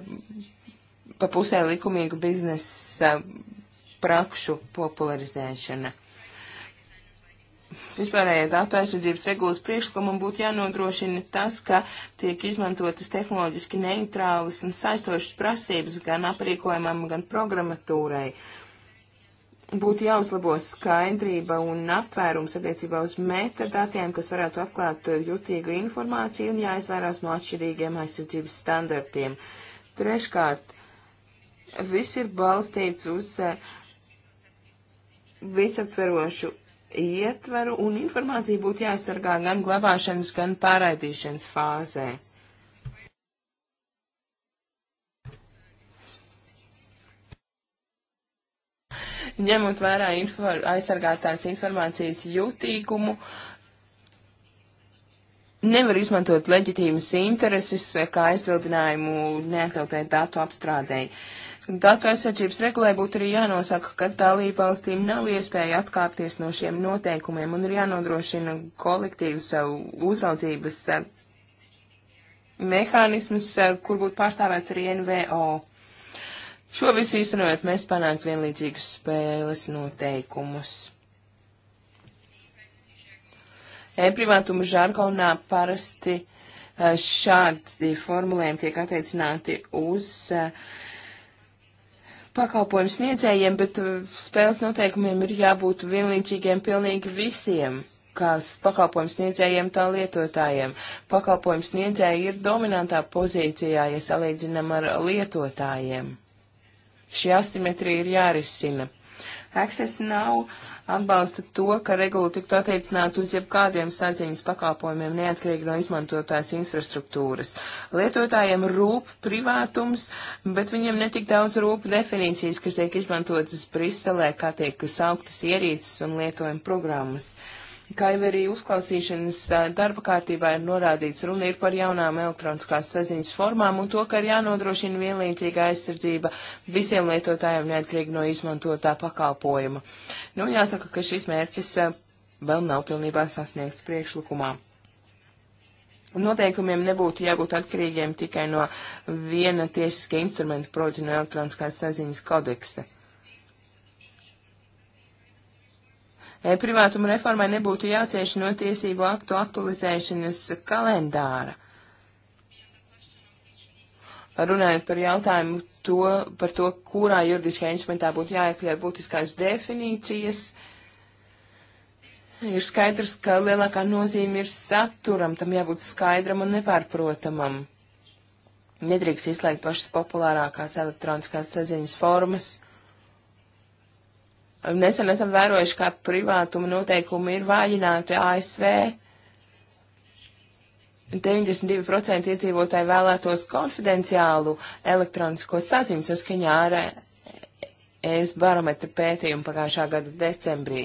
pa pusē likumīgu biznesa uh, prakšu popularizēšana vispārējai datu aizsardzības regulas priekšlikumam būtu jānodrošina tas, ka tiek izmantotas tehnoloģiski neitrālas un saistošas prasības gan aprīkojumam, gan programmatūrai. Būtu jāuzlabo skaidrība un aptvērums attiecībā uz metadatiem, kas varētu atklāt jutīgu informāciju un jāizvairās no atšķirīgiem aizsardzības standartiem. Treškārt, viss ir balstīts uz eh, visaptverošu ietveru un informācija būtu jāsargā gan glabāšanas, gan pārraidīšanas fāzē. Ņemot vērā infor aizsargātās informācijas jūtīgumu, nevar izmantot leģitīmas intereses kā aizbildinājumu neatļautai datu apstrādēji. Uh, Datu aizsardzības regulē būtu arī jānosaka, ka dalību valstīm nav iespēja atkāpties no šiem noteikumiem un ir jānodrošina kolektīvas eh, uzraudzības eh, mehānismus, eh, kur būtu pārstāvēts arī NVO. Šo visu īstenojot, mēs panāktu vienlīdzīgus spēles noteikumus. E-privātuma žargonā parasti šādi formulējumi tiek attiecināti uz uh, pakalpojumu sniedzējiem, bet uh, spēles noteikumiem ir jābūt vienlīdzīgiem pilnīgi visiem kā pakalpojumu sniedzējiem, tā lietotājiem. Pakalpojumu sniedzēji ir dominantā pozīcijā, ja salīdzinam ar lietotājiem. Šī asimetrija ir jārisina. Access nav atbalsta to, ka regula tiktu attiecināt uz jebkādiem saziņas pakalpojumiem, neatkarīgi no izmantotājas infrastruktūras. Lietotājiem rūp privātums, bet viņiem netik daudz rūp definīcijas, kas tiek izmantotas Briselē, kā tiek sauktas ierīces un lietojuma programmas. Uh, Kā jau arī uzklausīšanas darba kārtībā ir norādīts, runa ir par jaunām elektroniskās saziņas formām un to, ka ir jānodrošina vienlīdzīga aizsardzība visiem lietotājiem neatkarīgi no izmantotā pakalpojuma. Nu, jāsaka, ka šis mērķis vēl nav pilnībā sasniegts priekšlikumā. Noteikumiem nebūtu jābūt atkarīgiem tikai no viena tiesiska instrumenta, proti no elektroniskās saziņas kodeksa. E, privātuma reformai nebūtu jācieš no tiesību aktu aktualizēšanas kalendāra. Runājot par jautājumu to, par to, kurā juridiskajā instrumentā būtu jāiekļauj būtiskās definīcijas, ir skaidrs, ka lielākā nozīme ir saturam, tam jābūt skaidram un nepārprotamam. Nedrīkst izslēgt pašas populārākās elektroniskās saziņas formas Nesen esam vērojuši, kā privātuma noteikumi ir vājināti ASV. 92% iedzīvotāji vēlētos konfidenciālu elektronisko saziņu saskaņā ar ES barometra pētījumu pagājušā gada decembrī.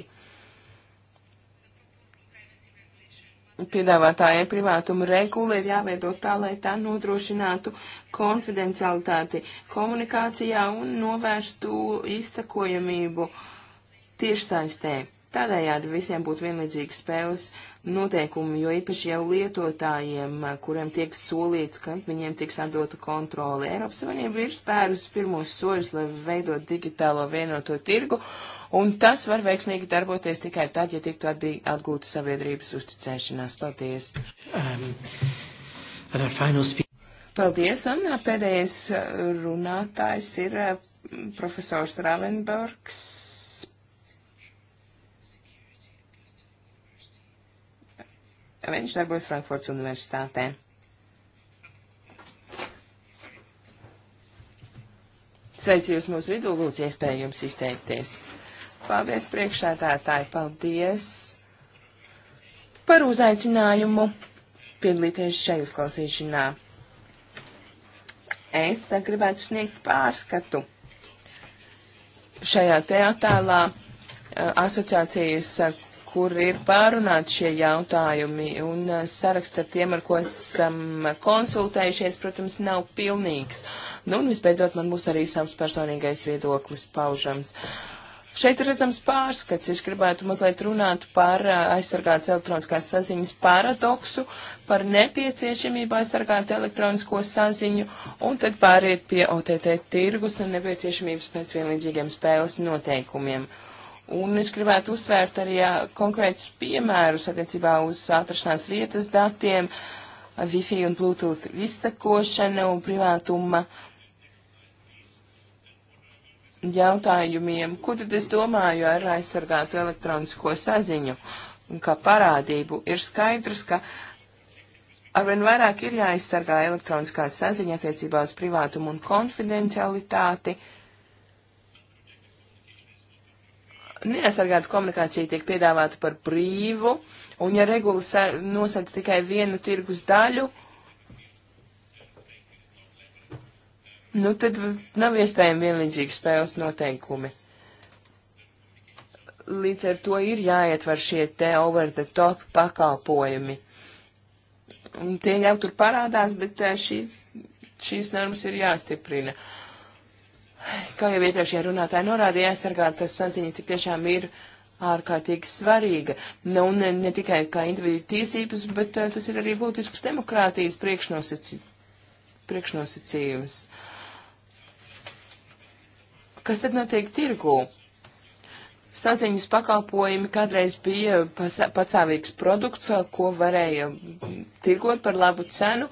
Piedāvātājai privātuma regula ir jāveido tā, lai tā nodrošinātu konfidencialitāti komunikācijā un novērstu izsakojamību. Uh, tiešsaistē. Tādējādi visiem būtu vienlīdzīgi spēles noteikumi, jo īpaši jau lietotājiem, kuriem tiek solīts, ka viņiem tiks atdota kontrole. Eiropas Savienība ir spērus pirmos soļus, lai veidot digitālo vienoto tirgu, un tas var veiksmīgi darboties tikai tad, ja tiktu atgūta sabiedrības uzticēšanās. Paldies! Um, Paldies, un pēdējais runātājs ir uh, profesors Ravenbergs. ka viņš darbojas Frankfurts universitātē. Sveicu jūs mūsu vidū, lūdzu, iespēju jums izteikties. Paldies priekšētātāji, paldies par uzaicinājumu piedalīties šai uzklausīšanā. Es tad gribētu sniegt pārskatu. Šajā te attēlā eh, asociācijas eh, kur ir pārunāti šie jautājumi, un uh, saraksts ar tiem, ar ko esam konsultējušies, protams, nav pilnīgs. Nu, un visbeidzot, man būs arī savs personīgais viedoklis paužams. Šeit redzams pārskats. Es gribētu mazliet runāt par uh, aizsargātas elektroniskās saziņas paradoksu, par nepieciešamību aizsargāt elektronisko saziņu un tad pāriet pie OTT tirgus un nepieciešamības pēc vienlīdzīgiem spēles noteikumiem. Uh, Un es gribētu uzsvērt arī konkrētus piemērus attiecībā uz atrašanās vietas datiem, Wi-Fi un Bluetooth izsekošanu un privātuma jautājumiem, ko tad es domāju ar aizsargātu elektronisko saziņu un kā parādību. Ir skaidrs, ka arvien vairāk ir jāaizsargā elektroniskā saziņa attiecībā uz privātumu un konfidencialitāti. Uh, neaizsargāta komunikācija tiek piedāvāta par brīvu, un ja regulas nosauc tikai vienu tirgus daļu, nu tad nav iespējami vienlīdzīgi spēles noteikumi. Līdz ar to ir jāietver šie te over the top pakalpojumi. Un tie jau tur parādās, bet eh, šīs, šīs normas ir jāstiprina. Uh, kā jau iepriekšējā runātāja norādīja, aizsargāta saziņa tik tiešām ir ārkārtīgi svarīga. Nu, ne, ne tikai kā individu tiesības, bet uh, tas ir arī būtisks demokrātijas priekšnosaci, priekšnosacījums. Kas tad notiek tirgū? Saziņas pakalpojumi kādreiz bija patsāvīgs produkts, ko varēja tirgot par labu cenu,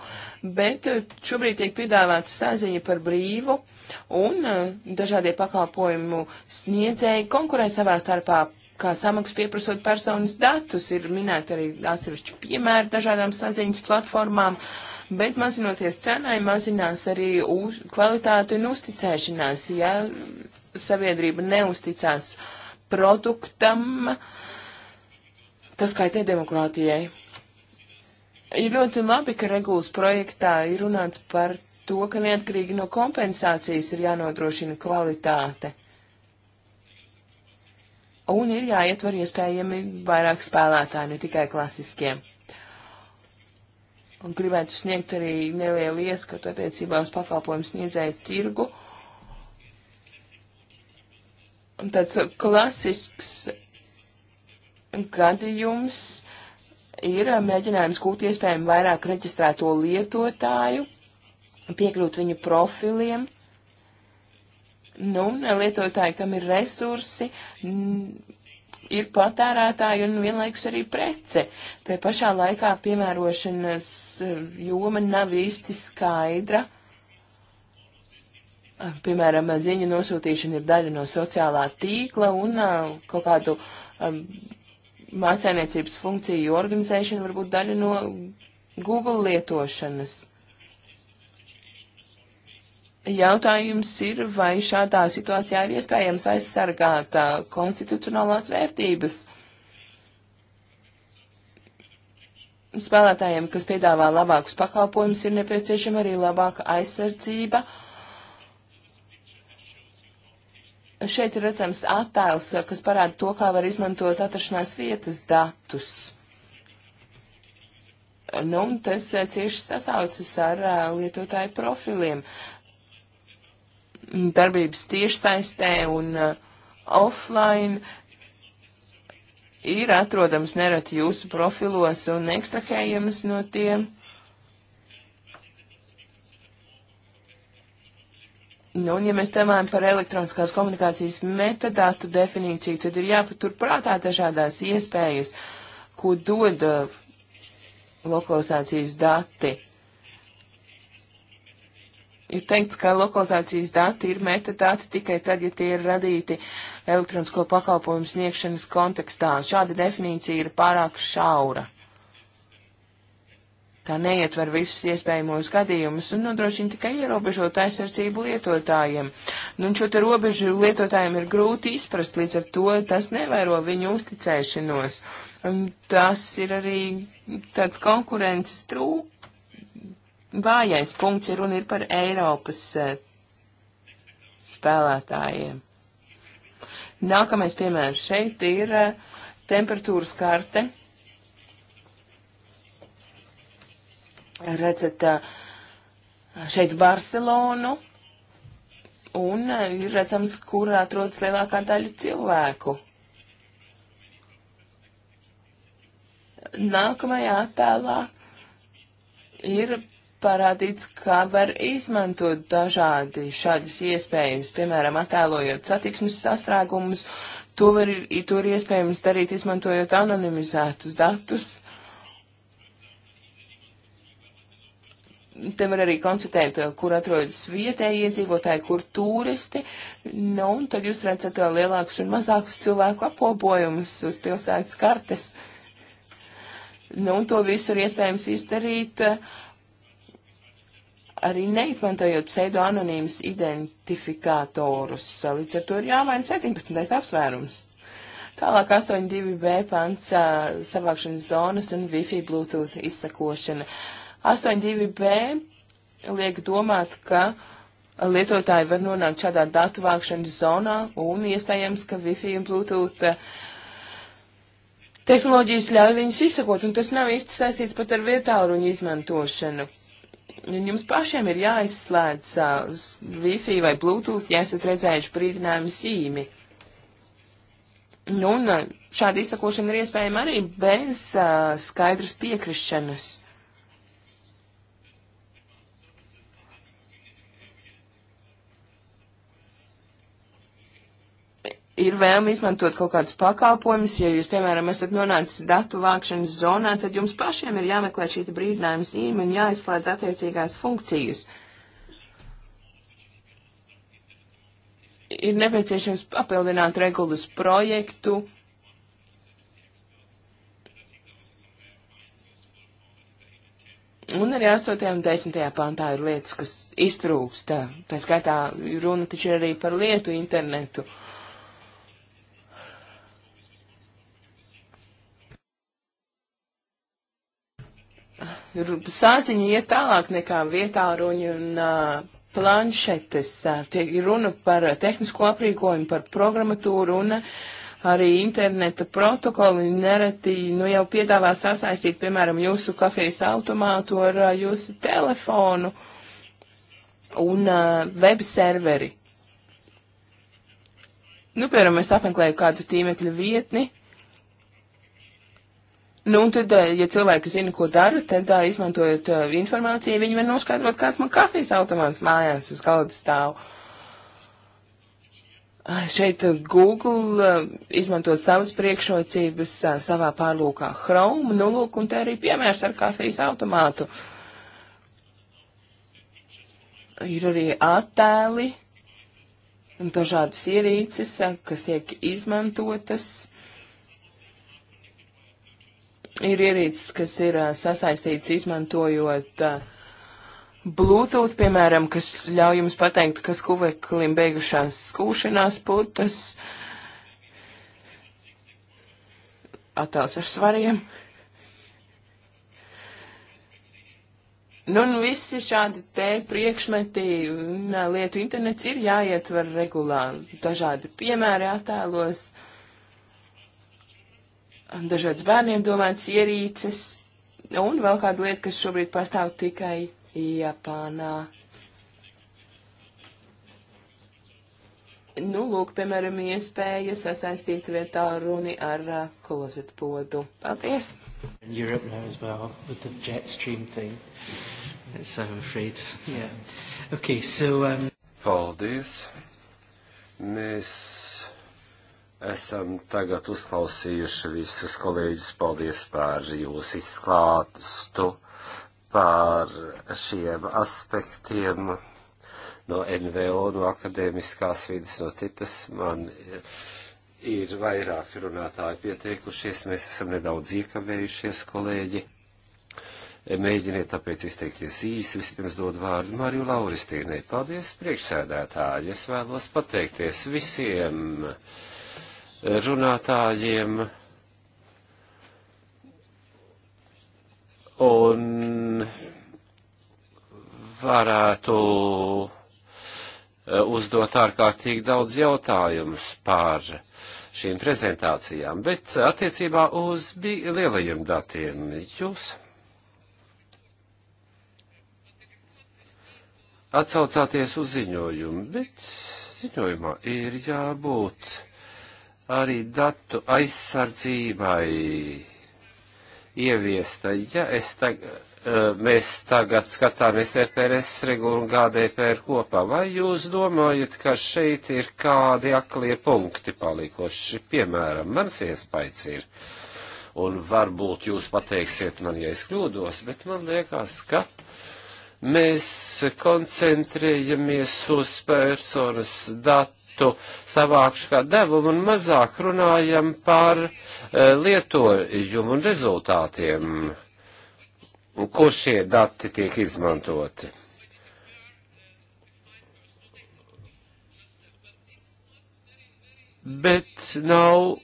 bet šobrīd tiek piedāvāts saziņa par brīvu, un dažādie pakalpojumu sniedzēji konkurē savā starpā, kā samaksu pieprasot personas datus. Ir minēti arī atsevišķi piemēri dažādām saziņas platformām bet mazinoties cenai, mazinās arī uz, kvalitāte un uzticēšanās. Ja sabiedrība neusticās produktam, tas kaitē demokrātijai. Ir ļoti labi, ka regulas projektā ir runāts par to, ka neatkarīgi no kompensācijas ir jānodrošina kvalitāte. Un ir jāietver iespējami vairāk spēlētāji, ne tikai klasiskie. Un gribētu sniegt arī nelielu ieskatu attiecībā uz pakalpojumu sniedzēju tirgu tāds klasisks gadījums ir mēģinājums gūt iespējami vairāk reģistrēto lietotāju, piekļūt viņu profiliem. Nu, lietotāji, kam ir resursi, ir patērētāji un vienlaikus arī prece. Te pašā laikā piemērošanas eh, joma nav īsti skaidra. Uh, piemēram, ziņu nosūtīšana ir daļa no sociālā tīkla un kaut kādu um, mājasainiecības funkciju organizēšana varbūt daļa no Google lietošanas. Jautājums ir, vai šādā situācijā ir iespējams aizsargāt uh, konstitucionālās vērtības spēlētājiem, kas piedāvā labākus pakalpojumus, ir nepieciešama arī labāka aizsardzība uh, Šeit ir redzams attēls, kas parāda to, kā var izmantot atrašanās vietas datus. Nu, un tas eh, cieši sasaucas ar eh, lietotāju profiliem. Darbības tiešsaistē un eh, offline ir atrodams nereti jūsu profilos un ekstrahējamas no tiem. Nu, un ja mēs domājam par elektroniskās komunikācijas metadātu definīciju, tad ir jāpaturprātā dažādās iespējas, ko dod uh, lokalizācijas dati. Ir teikts, ka lokalizācijas dati ir metadati tikai tad, ja tie ir radīti elektronisko pakalpojumu sniegšanas kontekstā. Šāda definīcija ir pārāk šaura. Tā neietver visus iespējamos gadījumus un nodrošina nu, tikai ierobežotu aizsardzību lietotājiem. Nu, un šo te robežu lietotājiem ir grūti izprast, līdz ar to tas nevairo viņu uzticēšanos. Un tas ir arī tāds konkurences trūk. Vājais punkts ir un ir par Eiropas eh, spēlētājiem. Nākamais piemērs šeit ir eh, temperatūras karte Redzat šeit Barcelonu, un ir redzams, kur atrodas lielākā daļa cilvēku. Nākamajā attēlā ir parādīts, kā var izmantot dažādi šādas iespējas, piemēram, attēlojot satiksmes sastrēgumus, to var, to ir iespējams darīt, izmantojot anonimizētus datus. te var arī konstatēt, eh, kur atrodas vietēji iedzīvotāji, kur turisti. Nu, un tad jūs redzat eh, lielākus un mazākus cilvēku apkopojumus uz pilsētas kartes. Nu, un to visu ir iespējams izdarīt eh, arī neizmantojot pseido anonīmus identifikātorus. Līdz ar to ir jāmaina 17. apsvērums. Tālāk 8.2b pants savākšanas zonas un Wi-Fi Bluetooth izsakošana. Uh, 8.2b liek domāt, ka lietotāji var nonākt šādā datu vākšanas zonā un iespējams, ka Wi-Fi un Bluetooth eh, tehnoloģijas ļauj viņus izsakot, un tas nav īsti saistīts pat ar vietālu izmantošanu. Un jums pašiem ir jāizslēdz uh, Wi-Fi vai Bluetooth, ja esat redzējuši brīdinājumu sīmi. Nu, un eh, šāda izsakošana ir iespējama arī bez uh, skaidras piekrišanas. ir vēlme izmantot kaut kādus pakalpojumus. Ja jūs, piemēram, esat nonācis datu vākšanas zonā, tad jums pašiem ir jāmeklē šī brīdinājuma zīme un jāizslēdz attiecīgās funkcijas. Ir nepieciešams papildināt regulas projektu. Un arī 8. un 10. pantā ir lietas, kas iztrūkst. Tā, tā skaitā runa taču ir arī par lietu internetu. Uh, sāziņa iet tālāk nekā vietā runa un uh, planšetes. Uh, tiek runa par tehnisko aprīkojumu, par programmatūru un arī interneta protokoli nereti, nu jau piedāvā sasaistīt, piemēram, jūsu kafijas automātu ar uh, jūsu telefonu un uh, web serveri. Nu, piemēram, es apmeklēju kādu tīmekļu vietni, Nu, un tad, eh, ja cilvēki zina, ko dara, tad tā, eh, izmantojot uh, informāciju, viņi var noskaidrot, kāds man kafijas automāts mājās uz galda stāv. Šeit Google uh, izmanto savas priekšrocības uh, savā pārlūkā Chrome, nu lūk, un te arī piemērs ar kafijas automātu. Ir arī attēli un dažādas ierīces, kas tiek izmantotas ir ierīces, kas ir uh, sasaistītas izmantojot uh, Bluetooth, piemēram, kas ļauj jums pateikt, kas kuveklim beigušās skūšanās putas, attēls ar svariem. Nu, un nu, visi šādi te priekšmeti un lietu internets ir jāietver regulāri. Dažādi piemēri attēlos. Uh, dažādas bērniem domātas ierīces un vēl kāda lieta, kas šobrīd pastāv tikai Japānā. Nu, lūk, piemēram, iespēja sasaistīt vietā runi ar uh, klozetpodu. Paldies! In Europe now as well, with the jet stream thing. It's, I'm afraid. Yeah. Okay, so... Um... Paldies! Mēs Esam tagad uzklausījuši visus kolēģus. Paldies par jūsu izklāstu, par šiem aspektiem no NVO, no akadēmiskās vidas, no citas. Man ir vairāk runātāji pieteikušies, mēs esam nedaudz iekavējušies, kolēģi. Mēģiniet tāpēc izteikties īsi, vispirms dod vārdu Mariju Lauristīnai. Paldies, priekšsēdētāji, es vēlos pateikties visiem. Uh, runātājiem. Un varētu eh, uzdot ārkārtīgi daudz jautājumus par šīm prezentācijām, bet attiecībā uz lielajiem datiem jūs atsaucāties uz ziņojumu, bet ziņojumā ir jābūt arī datu aizsardzībai ieviesta. Ja es tagad eh, mēs tagad skatāmies EPRS regulu un GDPR kopā. Vai jūs domājat, ka šeit ir kādi aklie punkti palikoši? Piemēram, mans iespējas ir, un varbūt jūs pateiksiet man, ja es kļūdos, bet man liekas, ka mēs koncentrējamies uz personas datu produktu savākšu kā devumu un mazāk runājam par e, lietojumu un rezultātiem, kur šie dati tiek izmantoti. Bet nav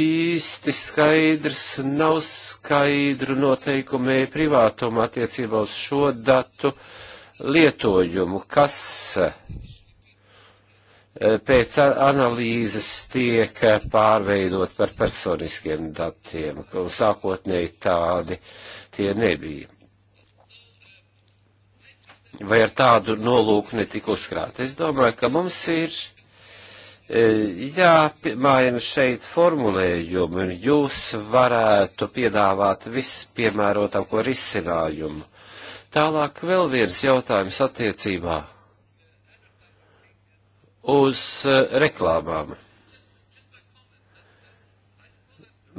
īsti skaidrs, nav skaidru noteikumu e, privātuma attiecībā uz šo datu lietojumu, kas uh, Eh, pēc analīzes tiek eh, pārveidot par personiskiem datiem, un sākotnēji tādi tie nebija. Vai ar tādu nolūku netika uzkrāt? Es domāju, ka mums ir eh, jāpiemājina šeit formulējumi, un jūs varētu piedāvāt vispiemērotāko risinājumu. Tālāk vēl viens jautājums attiecībā uz eh, reklāmām.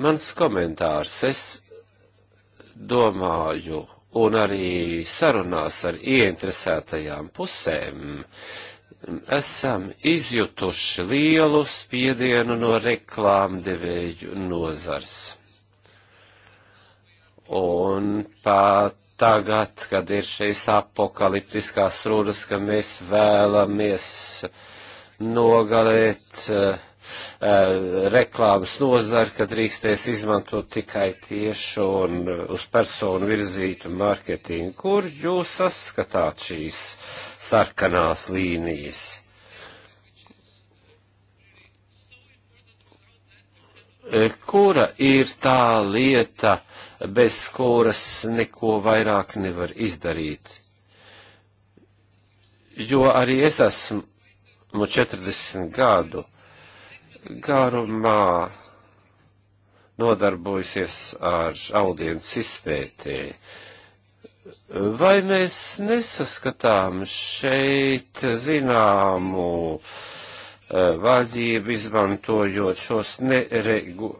Mans komentārs, es domāju, un arī sarunās ar ieinteresētajām pusēm, esam izjutuši lielu spiedienu no reklāmdevēju nozars. Un pat tagad, kad ir šīs apokaliptiskās runas, ka mēs vēlamies uh, nogalēt uh, uh, reklāmas nozari, kad drīkstēs izmantot tikai tiešu un uz personu virzītu mārketingu. Kur jūs saskatāt šīs sarkanās līnijas? Eh, kura ir tā lieta, bez kuras neko vairāk nevar izdarīt? Jo arī es esmu no 40 gadu garumā nodarbojusies ar audiences izpētē. Vai mēs nesaskatām šeit zināmu eh, vaļību izmantojot šos neregu,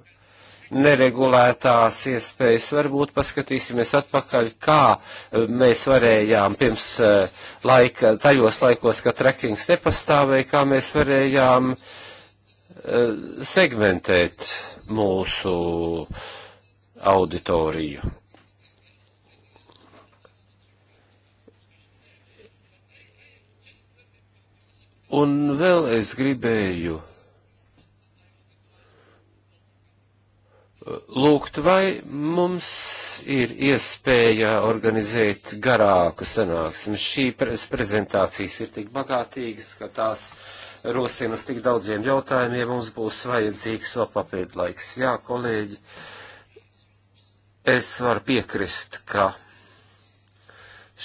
neregulētās iespējas. Varbūt paskatīsimies atpakaļ, kā eh, mēs varējām pirms eh, laika, tajos laikos, kad trackings nepastāvēja, kā mēs varējām eh, segmentēt mūsu auditoriju. Un vēl es gribēju lūgt, vai mums ir iespēja organizēt garāku sanāksmi. Šī prezentācijas ir tik bagātīgas, ka tās rosina uz tik daudziem jautājumiem, mums būs vajadzīgs vēl papildu laiks. Jā, kolēģi, es varu piekrist, ka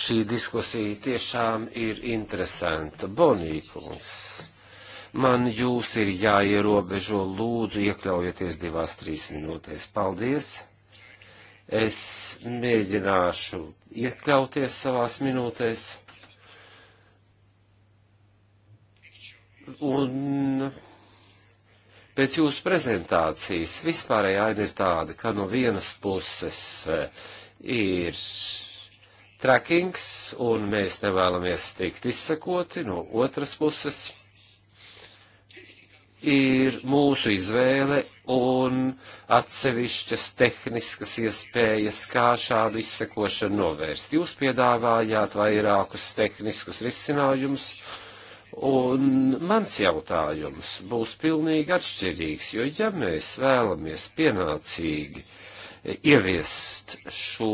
šī diskusija tiešām ir interesanta. Bonīkums man jūs ir jāierobežo, lūdzu iekļaujieties divās, trīs minūtēs. Paldies! Es mēģināšu iekļauties savās minūtēs. Un pēc jūsu prezentācijas vispārējā aina ir tāda, ka no vienas puses eh, ir trackings, un mēs nevēlamies tikt izsekoti, no otras puses ir mūsu izvēle un atsevišķas tehniskas iespējas, kā šādu izsekošanu novērst. Jūs piedāvājāt vairākus tehniskus risinājumus, un mans jautājums būs pilnīgi atšķirīgs, jo ja mēs vēlamies pienācīgi ieviest šo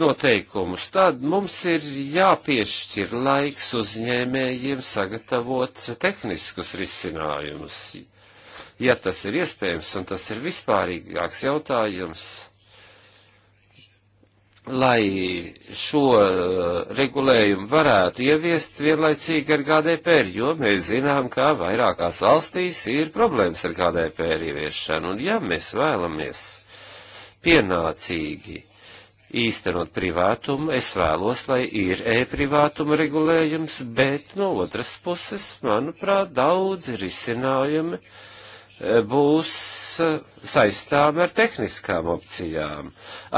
noteikumus, tad mums ir jāpiešķir laiks uzņēmējiem sagatavot tehniskus risinājumus. Ja tas ir iespējams, un tas ir vispārīgāks jautājums, lai šo eh, regulējumu varētu ieviest vienlaicīgi ar GDPR, jo mēs zinām, ka vairākās valstīs ir problēmas ar GDPR ieviešanu, un ja mēs vēlamies pienācīgi īstenot privātumu. Es vēlos, lai ir e-privātuma regulējums, bet no otras puses, manuprāt, daudzi risinājumi e, būs e, saistām ar tehniskām opcijām.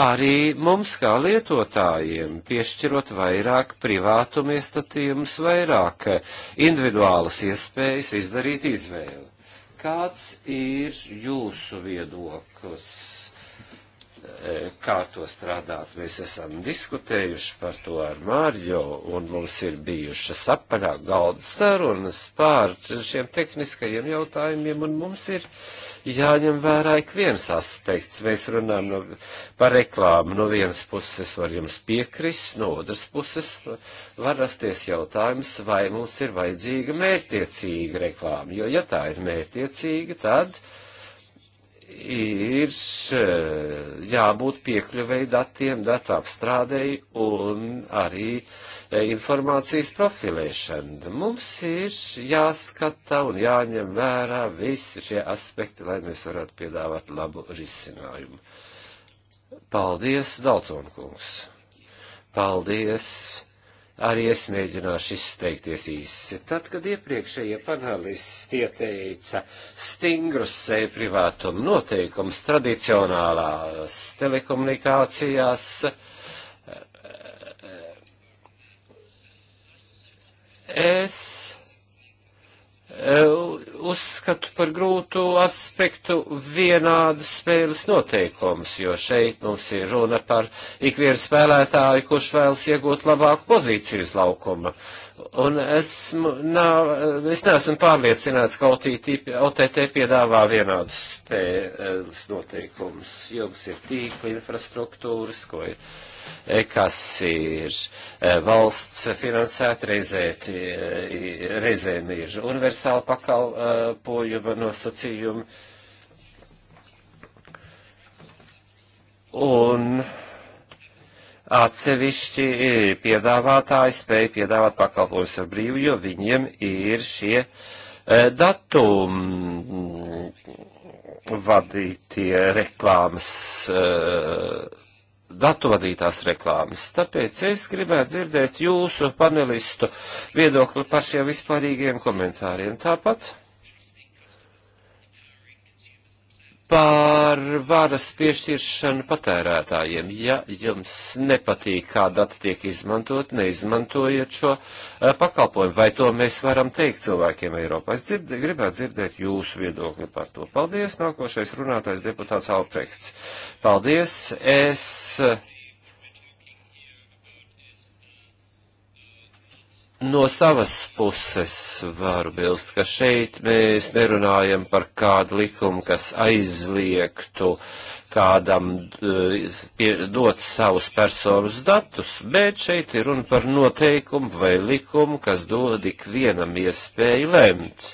Arī mums, kā lietotājiem, piešķirot vairāk privātuma iestatījumus, vairāk e, individuālas iespējas izdarīt izvēli. Kāds ir jūsu viedoklis? E, kā to strādāt. Mēs esam diskutējuši par to ar Mārjo, un mums ir bijušas apaļā galda sarunas pār šiem tehniskajiem jautājumiem, un mums ir jāņem vērā ik viens aspekts. Mēs runājam no, par reklāmu. No vienas puses var jums piekrist, no otras puses var rasties jautājums, vai mums ir vajadzīga mērtiecīga reklāma, jo ja tā ir mērtiecīga, tad ir eh, jābūt piekļuvei datiem, datu apstrādēji un arī eh, informācijas profilēšana. Mums ir jāskata un jāņem vērā visi šie aspekti, lai mēs varētu piedāvāt labu risinājumu. Paldies, Daltonkungs! Paldies! Arī es mēģināšu izteikties īsi. Tad, kad iepriekšējie panelisti ieteica stingrus privātumu noteikumus tradicionālās telekomunikācijās, es Eh, uzskatu par grūtu aspektu vienādu spēles noteikumus, jo šeit mums ir runa par ikvienu spēlētāju, kurš vēlas iegūt labāku pozīciju uz laukuma. Un esmu, nav, es neesmu pārliecināts, ka OTT, OTT piedāvā vienādus spēles noteikumus. Jums ir tīkli, infrastruktūras, ko ir E, kas ir e, valsts finansēta, reizēt, e, reizēm ir universāla pakalpojuma nosacījumi. Un atsevišķi piedāvātāji spēja piedāvāt pakalpojumus ar brīvu, jo viņiem ir šie datumi vadītie reklāmas uh, datuvadītās reklāmas. Tāpēc es gribētu dzirdēt jūsu panelistu viedokli par šiem vispārīgiem komentāriem. Tāpat par varas piešķiršanu patērētājiem. Ja jums nepatīk, kā dati tiek izmantot, neizmantojiet šo uh, pakalpojumu. Vai to mēs varam teikt cilvēkiem Eiropā? Es dzird, gribētu dzirdēt jūsu viedokli par to. Paldies, nākošais runātājs deputāts Alprekts. Paldies, es. Uh, No savas puses varu bilst, ka šeit mēs nerunājam par kādu likumu, kas aizliegtu kādam eh, dot savus personus datus, bet šeit ir runa par noteikumu vai likumu, kas dod ikvienam iespēju lemt,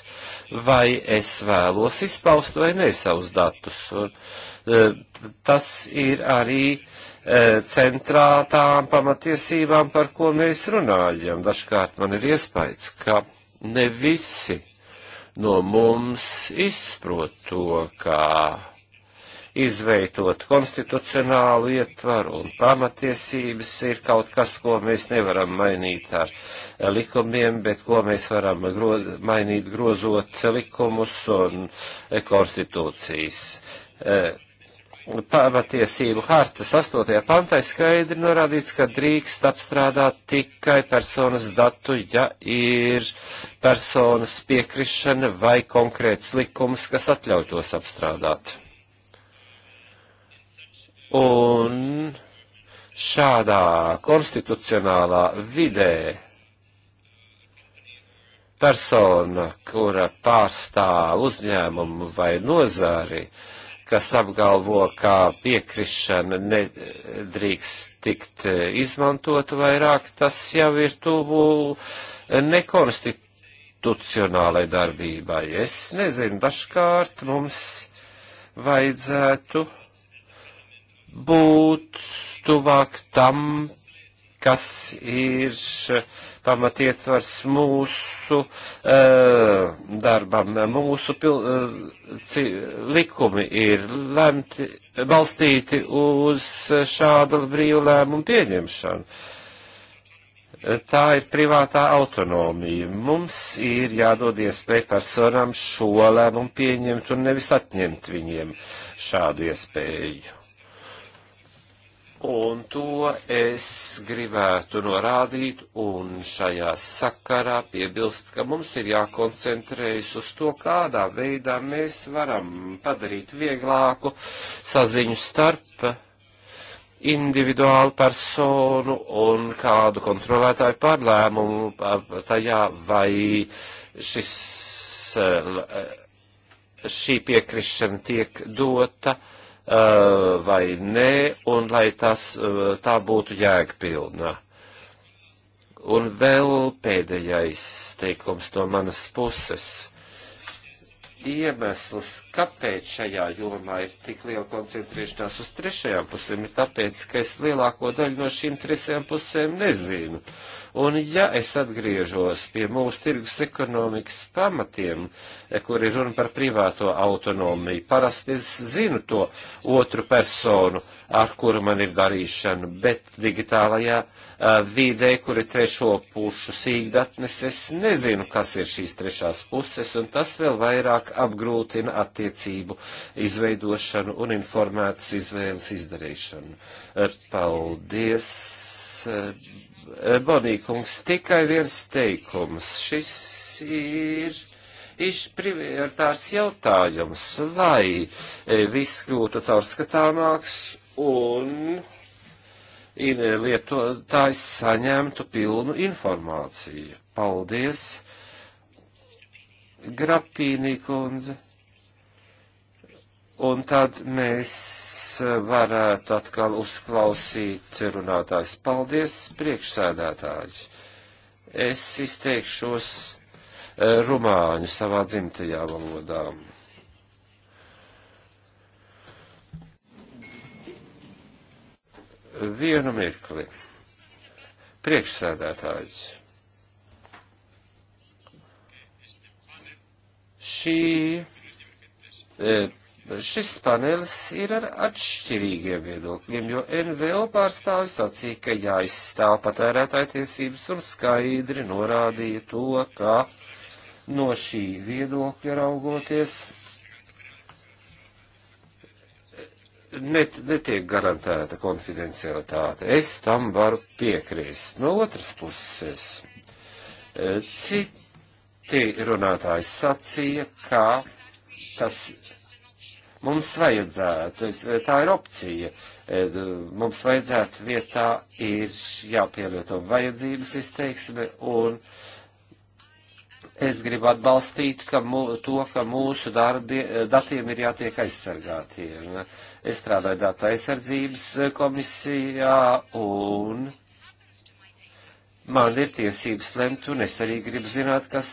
vai es vēlos izpaust vai ne savus datus. Un, eh, tas ir arī uh, E, centrātām pamatiesībām, par ko mēs runājam. Dažkārt man ir iespējas, ka ne visi no mums izprot to, kā izveidot konstitucionālu ietvaru un pamatiesības ir kaut kas, ko mēs nevaram mainīt ar likumiem, bet ko mēs varam groz, mainīt grozot likumus un konstitūcijas e, pamatiesību hartas 8. pantā skaidri norādīts, ka drīkst apstrādāt tikai personas datu, ja ir personas piekrišana vai konkrēts likums, kas atļauj tos apstrādāt. Un šādā konstitucionālā vidē persona, kura pārstāv uzņēmumu vai nozari, uh, kas apgalvo, ka piekrišana nedrīkst tikt eh, izmantot vairāk, tas jau ir tuvu nekonstitucionālai darbībai. Es nezinu, dažkārt mums vajadzētu būt tuvāk tam, kas ir uh, pamatietvarš mūsu uh, darbam. Mūsu pil, uh, ci, likumi ir lemti, balstīti uz šādu brīvu lēmumu pieņemšanu. Tā ir privātā autonomija. Mums ir jādod iespēju personām šo lēmumu pieņemt un nevis atņemt viņiem šādu iespēju Un to es gribētu norādīt un šajā sakarā piebilst, ka mums ir jākoncentrējas uz to, kādā veidā mēs varam padarīt vieglāku saziņu starp individuālu personu un kādu kontrolētāju pārlēmumu tajā, vai šis, eh, šī piekrišana tiek dota uh, Uh, vai nē, un lai tas uh, tā būtu jēgpilna. Un vēl pēdējais teikums no manas puses iemesls, kāpēc šajā jomā ir tik liela koncentrēšanās uz trešajām pusēm, ir tāpēc, ka es lielāko daļu no šīm trešajām pusēm nezinu. Un ja es atgriežos pie mūsu tirgus ekonomikas pamatiem, eh, kur ir runa par privāto autonomiju, parasti es zinu to otru personu, ar kuru man ir darīšana, bet digitālajā uh, vidē, kur ir trešo pušu sīkdatnes, es nezinu, kas ir šīs trešās puses, un tas vēl vairāk apgrūtina attiecību izveidošanu un informētas izvēles izdarīšanu. Paldies! Bonīkungs, tikai viens teikums. Šis ir izprioritārs jautājums, lai viss kļūtu caurskatāmāks un lietotājs saņemtu pilnu informāciju. Paldies, Grapīnī kundze. Un tad mēs varētu atkal uzklausīt runātājs. Paldies, priekšsēdētāji. Es izteikšos eh, rumāņu savā dzimtajā valodā. vienu mirkli. Priekšsēdētājs. Šī, e, šis panelis ir ar atšķirīgiem viedokļiem, jo NVO pārstāvis sacīja, ka jāizstāv patērētāja tiesības un skaidri norādīja to, ka no šī viedokļa raugoties net, netiek garantēta konfidencialitāte. Es tam varu piekrist. No otras puses, e, citi runātāji sacīja, ka tas mums vajadzētu, e, tā ir opcija, e, mums vajadzētu vietā ir jāpielieto vajadzības izteiksme un uh, Es gribu atbalstīt ka mū, to, ka mūsu darbi, datiem ir jātiek aizsargātiem. Es strādāju datu aizsardzības komisijā un man ir tiesības lemt, un es arī gribu zināt, kas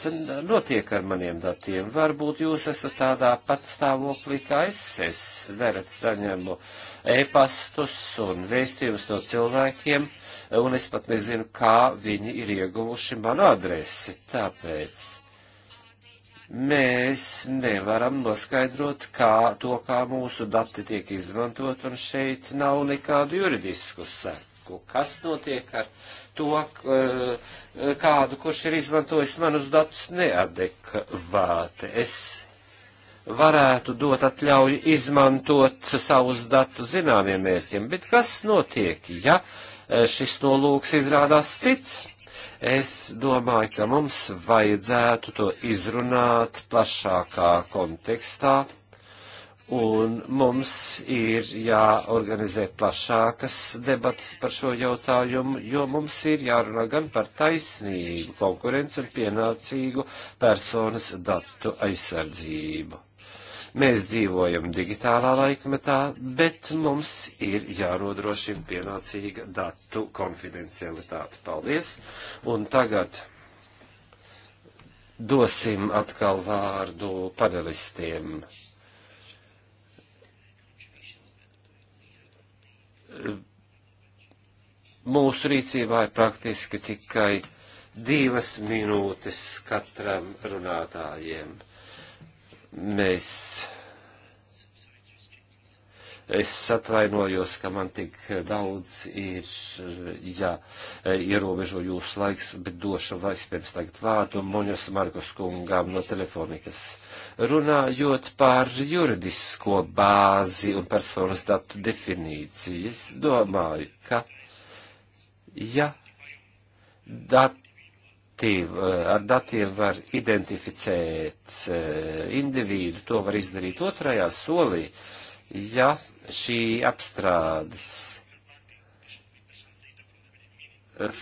notiek ar maniem datiem. Varbūt jūs esat tādā pat stāvoklī kā es. Es nerad saņemu e-pastus un vēstījumus no cilvēkiem, un es pat nezinu, kā viņi ir ieguvuši manu adresi. Tāpēc mēs nevaram noskaidrot, kā to, kā mūsu dati tiek izmantot, un šeit nav nekādu juridisku seku. Kas notiek ar to, eh, kādu, kurš ir izmantojis manus datus neadekvāti. Es varētu dot atļauju izmantot savus datus zināmiem mērķiem, bet kas notiek, ja eh, šis nolūks izrādās cits? Es domāju, ka mums vajadzētu to izrunāt plašākā kontekstā Un mums ir jāorganizē plašākas debatas par šo jautājumu, jo mums ir jārunā gan par taisnīgu konkurenci un pienācīgu personas datu aizsardzību. Mēs dzīvojam digitālā laikmetā, bet mums ir jānodrošina pienācīga datu konfidencialitāte. Paldies! Un tagad dosim atkal vārdu panelistiem. mūsu rīcībā ir praktiski tikai divas minūtes katram runātājiem. Mēs Es atvainojos, ka man tik daudz ir jā, ja, e, ierobežo jūsu laiks, bet došu vispirms tagad vārdu Moņus Markus kungām no telefonikas. Runājot par juridisko bāzi un personas datu definīciju, es domāju, ka ja dati e, ar datiem var identificēt e, individu, to var izdarīt otrajā solī, ja šī apstrādes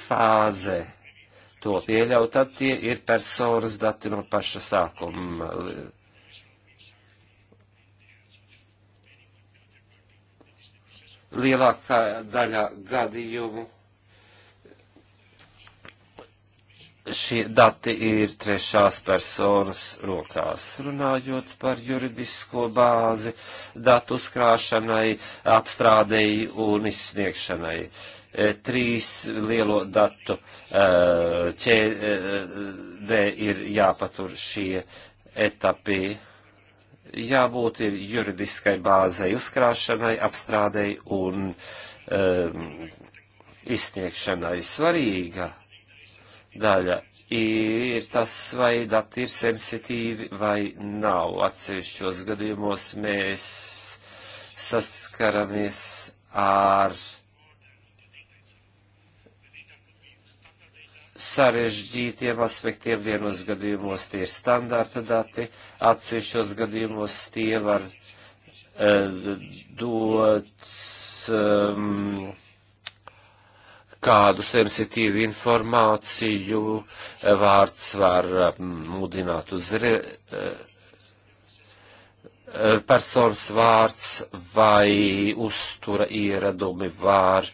fāze to pieļaut, tad tie ir personas dati no paša sākuma. Lielākā daļa gadījumu šie dati ir trešās personas rokās. Runājot par juridisko bāzi datu uzkrāšanai, apstrādēji un izsniegšanai. E, trīs lielo datu e, ķēdē e, ir jāpatur šie etapi. Jābūt ir juridiskai bāzei uzkrāšanai, apstrādēji un um, izsniegšanai svarīga daļa ir tas, vai dati ir sensitīvi vai nav. Atsevišķos gadījumos mēs saskaramies ar sarežģītiem aspektiem. Vienos gadījumos tie ir standarta dati, atsevišķos gadījumos tie var uh, dot. Um, kādu sensitīvu informāciju eh, vārds var eh, mudināt uz re, eh, personas vārds vai uztura ieradumi var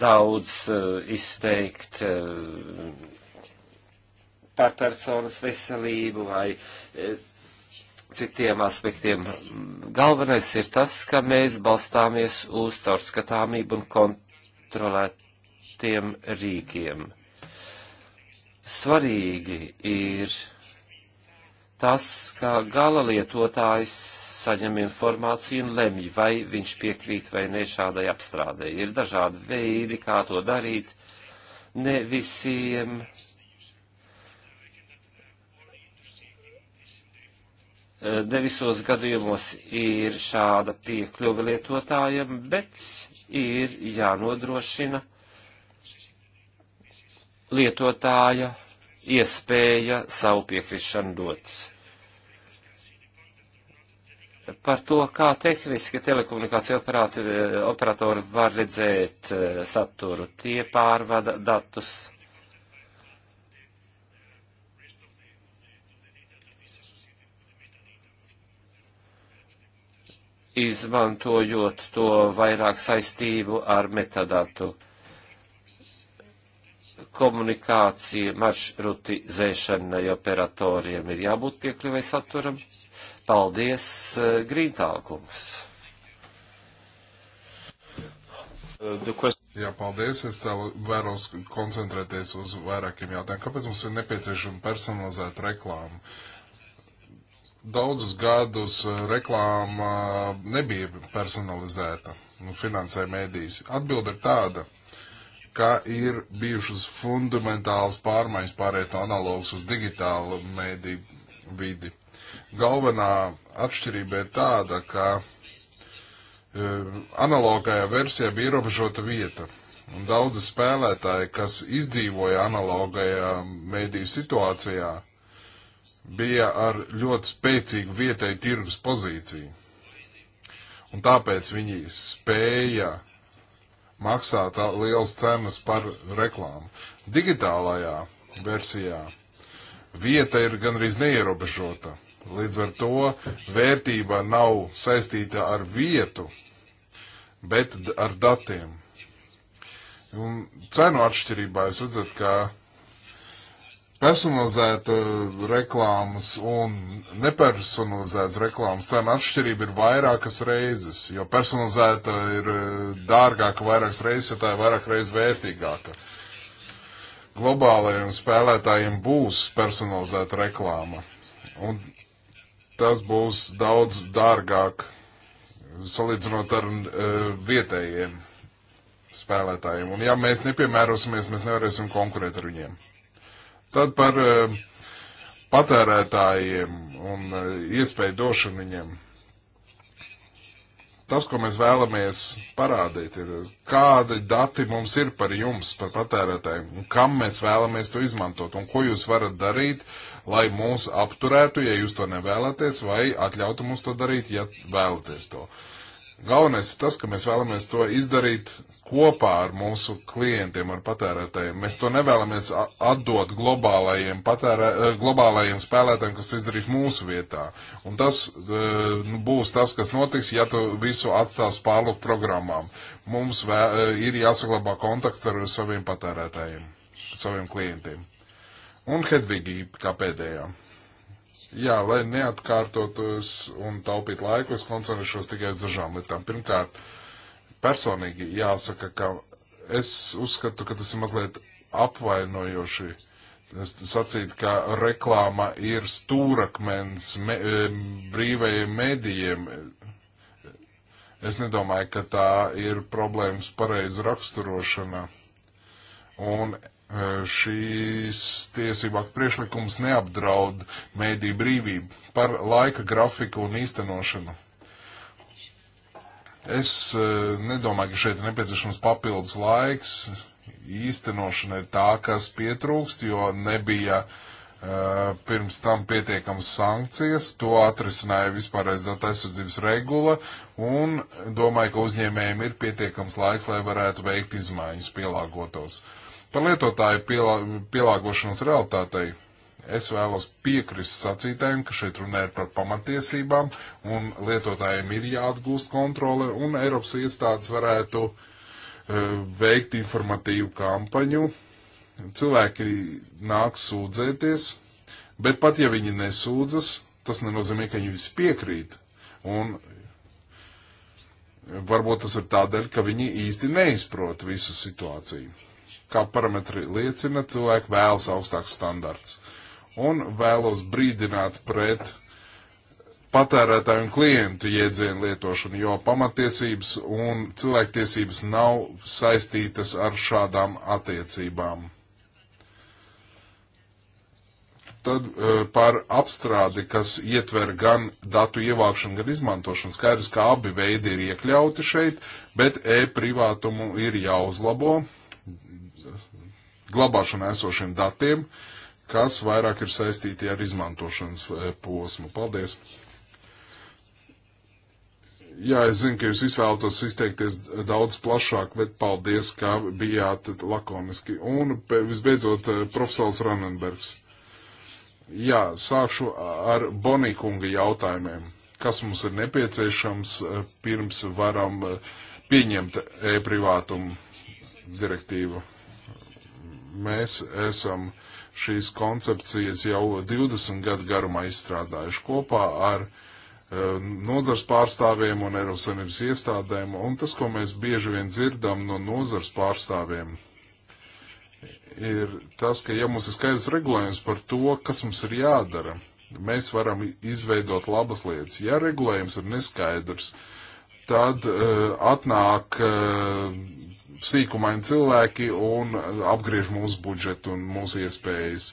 daudz izteikt par personas veselību vai citiem aspektiem. Galvenais ir tas, ka mēs balstāmies uz caurskatāmību un kontrolētu tiem rīkiem. Svarīgi ir tas, kā gala lietotājs saņem informāciju un lemj, vai viņš piekrīt vai ne šādai apstrādē. Ir dažādi veidi, kā to darīt. Ne visiem Ne visos gadījumos ir šāda piekļuva lietotājiem, bet ir jānodrošina lietotāja iespēja savu piekrišanu dot. Par to, kā tehniski telekomunikācija operatori, operatori var redzēt eh, saturu, tie pārvada datus. izmantojot to vairāk saistību ar metadatu komunikācija maršrutizēšanai operatoriem ir jābūt piekļuvai saturam. Paldies, eh, Grīntālkungs! Jā, paldies. Es vēlos koncentrēties uz vairākiem jautājumiem. Kāpēc mums ir nepieciešama personalizēta reklāma? Daudzus gadus eh, reklāma eh, nebija personalizēta, nu, finansēja mēdīs. Atbilde ir tāda ka ir bijušas fundamentālas pārmaiņas pāriet no analogas uz digitālu mediju vidi. Galvenā atšķirība ir tāda, ka e, analogajā versijā bija ierobežota vieta. Un daudzi spēlētāji, kas izdzīvoja analogajā mediju situācijā, bija ar ļoti spēcīgu vietēju tirgus pozīciju. Un tāpēc viņi spēja maksāt liels cenas par reklāmu. Digitālajā versijā vieta ir gandrīz neierobežota. Līdz ar to vērtība nav saistīta ar vietu, bet ar datiem. Un cenu atšķirībā es redzētu, ka personalizēta reklāmas un nepersonalizētas reklāmas cena atšķirība ir vairākas reizes, jo personalizēta ir e, dārgāka vairākas reizes, jo tā ir vairāk reizes vērtīgāka. Globālajiem spēlētājiem būs personalizēta reklāma, un tas būs daudz dārgāk salīdzinot ar uh, vietējiem spēlētājiem. Un ja mēs nepiemērosimies, mēs nevarēsim konkurēt ar viņiem. Tad par eh, patērētājiem un eh, iespēju došanu viņiem. Tas, ko mēs vēlamies parādīt, ir, kādi dati mums ir par jums, par patērētājiem, un kam mēs vēlamies to izmantot, un ko jūs varat darīt, lai mūs apturētu, ja jūs to nevēlaties, vai atļautu mums to darīt, ja vēlaties to. Galvenais ir tas, ka mēs vēlamies to izdarīt kopā ar mūsu klientiem, ar patērētājiem. Mēs to nevēlamies atdot globālajiem, patērē, e, globālajiem spēlētājiem, kas to izdarīs mūsu vietā. Un tas e, nu, būs tas, kas notiks, ja tu visu atstās pārlūk programmām. Mums vē, e, ir jāsaglabā kontakts ar saviem patērētājiem, saviem klientiem. Un Hedvigi kā pēdējā. Jā, lai neatkārtotos un taupītu laiku, es koncentrēšos tikai uz dažām lietām. Pirmkārt, uh, personīgi jāsaka, ka es uzskatu, ka tas ir mazliet apvainojoši. Es sacītu, ka reklāma ir stūrakmens me, e, brīvajiem medijiem. Es nedomāju, ka tā ir problēmas pareiza raksturošana. Un e, šīs tiesību aktu priešlikums neapdraud mēdī brīvību par laika grafiku un īstenošanu. Es e, nedomāju, ka šeit ir nepieciešams papildus laiks. Īstenošana ir tā, kas pietrūkst, jo nebija uh, pirms tam pietiekamas sankcijas. To atrisināja vispārējais datu aizsardzības regula un domāju, ka uzņēmējiem ir pietiekams laiks, lai varētu veikt izmaiņas, pielāgotos. Par lietotāju pielā, pielāgošanos realitātei Es vēlos piekrist sacītājiem, ka šeit runa ir par pamatiesībām, un lietotājiem ir jāatgūst kontrole, un Eiropas iestādes varētu uh, veikt informatīvu kampaņu. Cilvēki nāk sūdzēties, bet pat ja viņi nesūdzas, tas nenozīmē, ka viņi visi piekrīt. Un varbūt tas ir tādēļ, ka viņi īsti neizprot visu situāciju. Kā parametri liecina, cilvēki vēlas augstāks standarts un vēlos brīdināt pret patērētāju un klientu jēdzienu lietošanu, jo pamatiesības un cilvēktiesības nav saistītas ar šādām attiecībām. Tad e, par apstrādi, kas ietver gan datu ievākšanu, gan izmantošanu. Skaidrs, ka abi veidi ir iekļauti šeit, bet e-privātumu ir jāuzlabo glabāšana esošiem datiem. Uh, kas vairāk ir saistīti ar izmantošanas eh, posmu. Paldies! Jā, es zinu, ka jūs visi vēlatos izteikties daudz plašāk, bet paldies, ka bijāt lakoniski. Un visbeidzot, eh, profesors Ranenbergs. Jā, sākšu ar Bonikunga jautājumiem. Kas mums ir nepieciešams eh, pirms varam pieņemt e-privātumu direktīvu? Mēs esam šīs koncepcijas jau 20 gadu garumā izstrādājuši kopā ar uh, nozars pārstāvjiem un Eiropas Savienības iestādēm, un tas, ko mēs bieži vien dzirdam no nozars pārstāvjiem, ir tas, ka ja mums ir skaidrs regulējums par to, kas mums ir jādara, mēs varam izveidot labas lietas. Ja regulējums ir neskaidrs, tad uh, atnāk uh, sīkumaini cilvēki un apgriež mūsu budžetu un mūsu iespējas.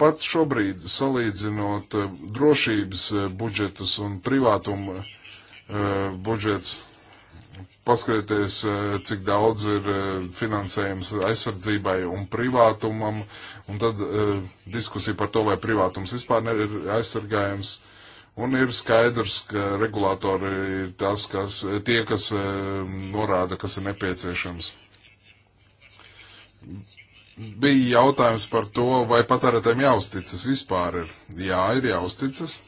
Pat šobrīd, salīdzinot eh, drošības eh, budžetus un privātumu eh, budžets, paskatieties, cik daudz ir finansējums aizsardzībai un privātumam, un tad diskusija par to, vai privātums vispār ir aizsargājums. Un ir skaidrs, ka regulātori ir tas, kas, tie, kas e, norāda, kas ir nepieciešams. Bija jautājums par to, vai patērētājiem jāuzticas vispār ir. Jā, ir jāuzticas. E,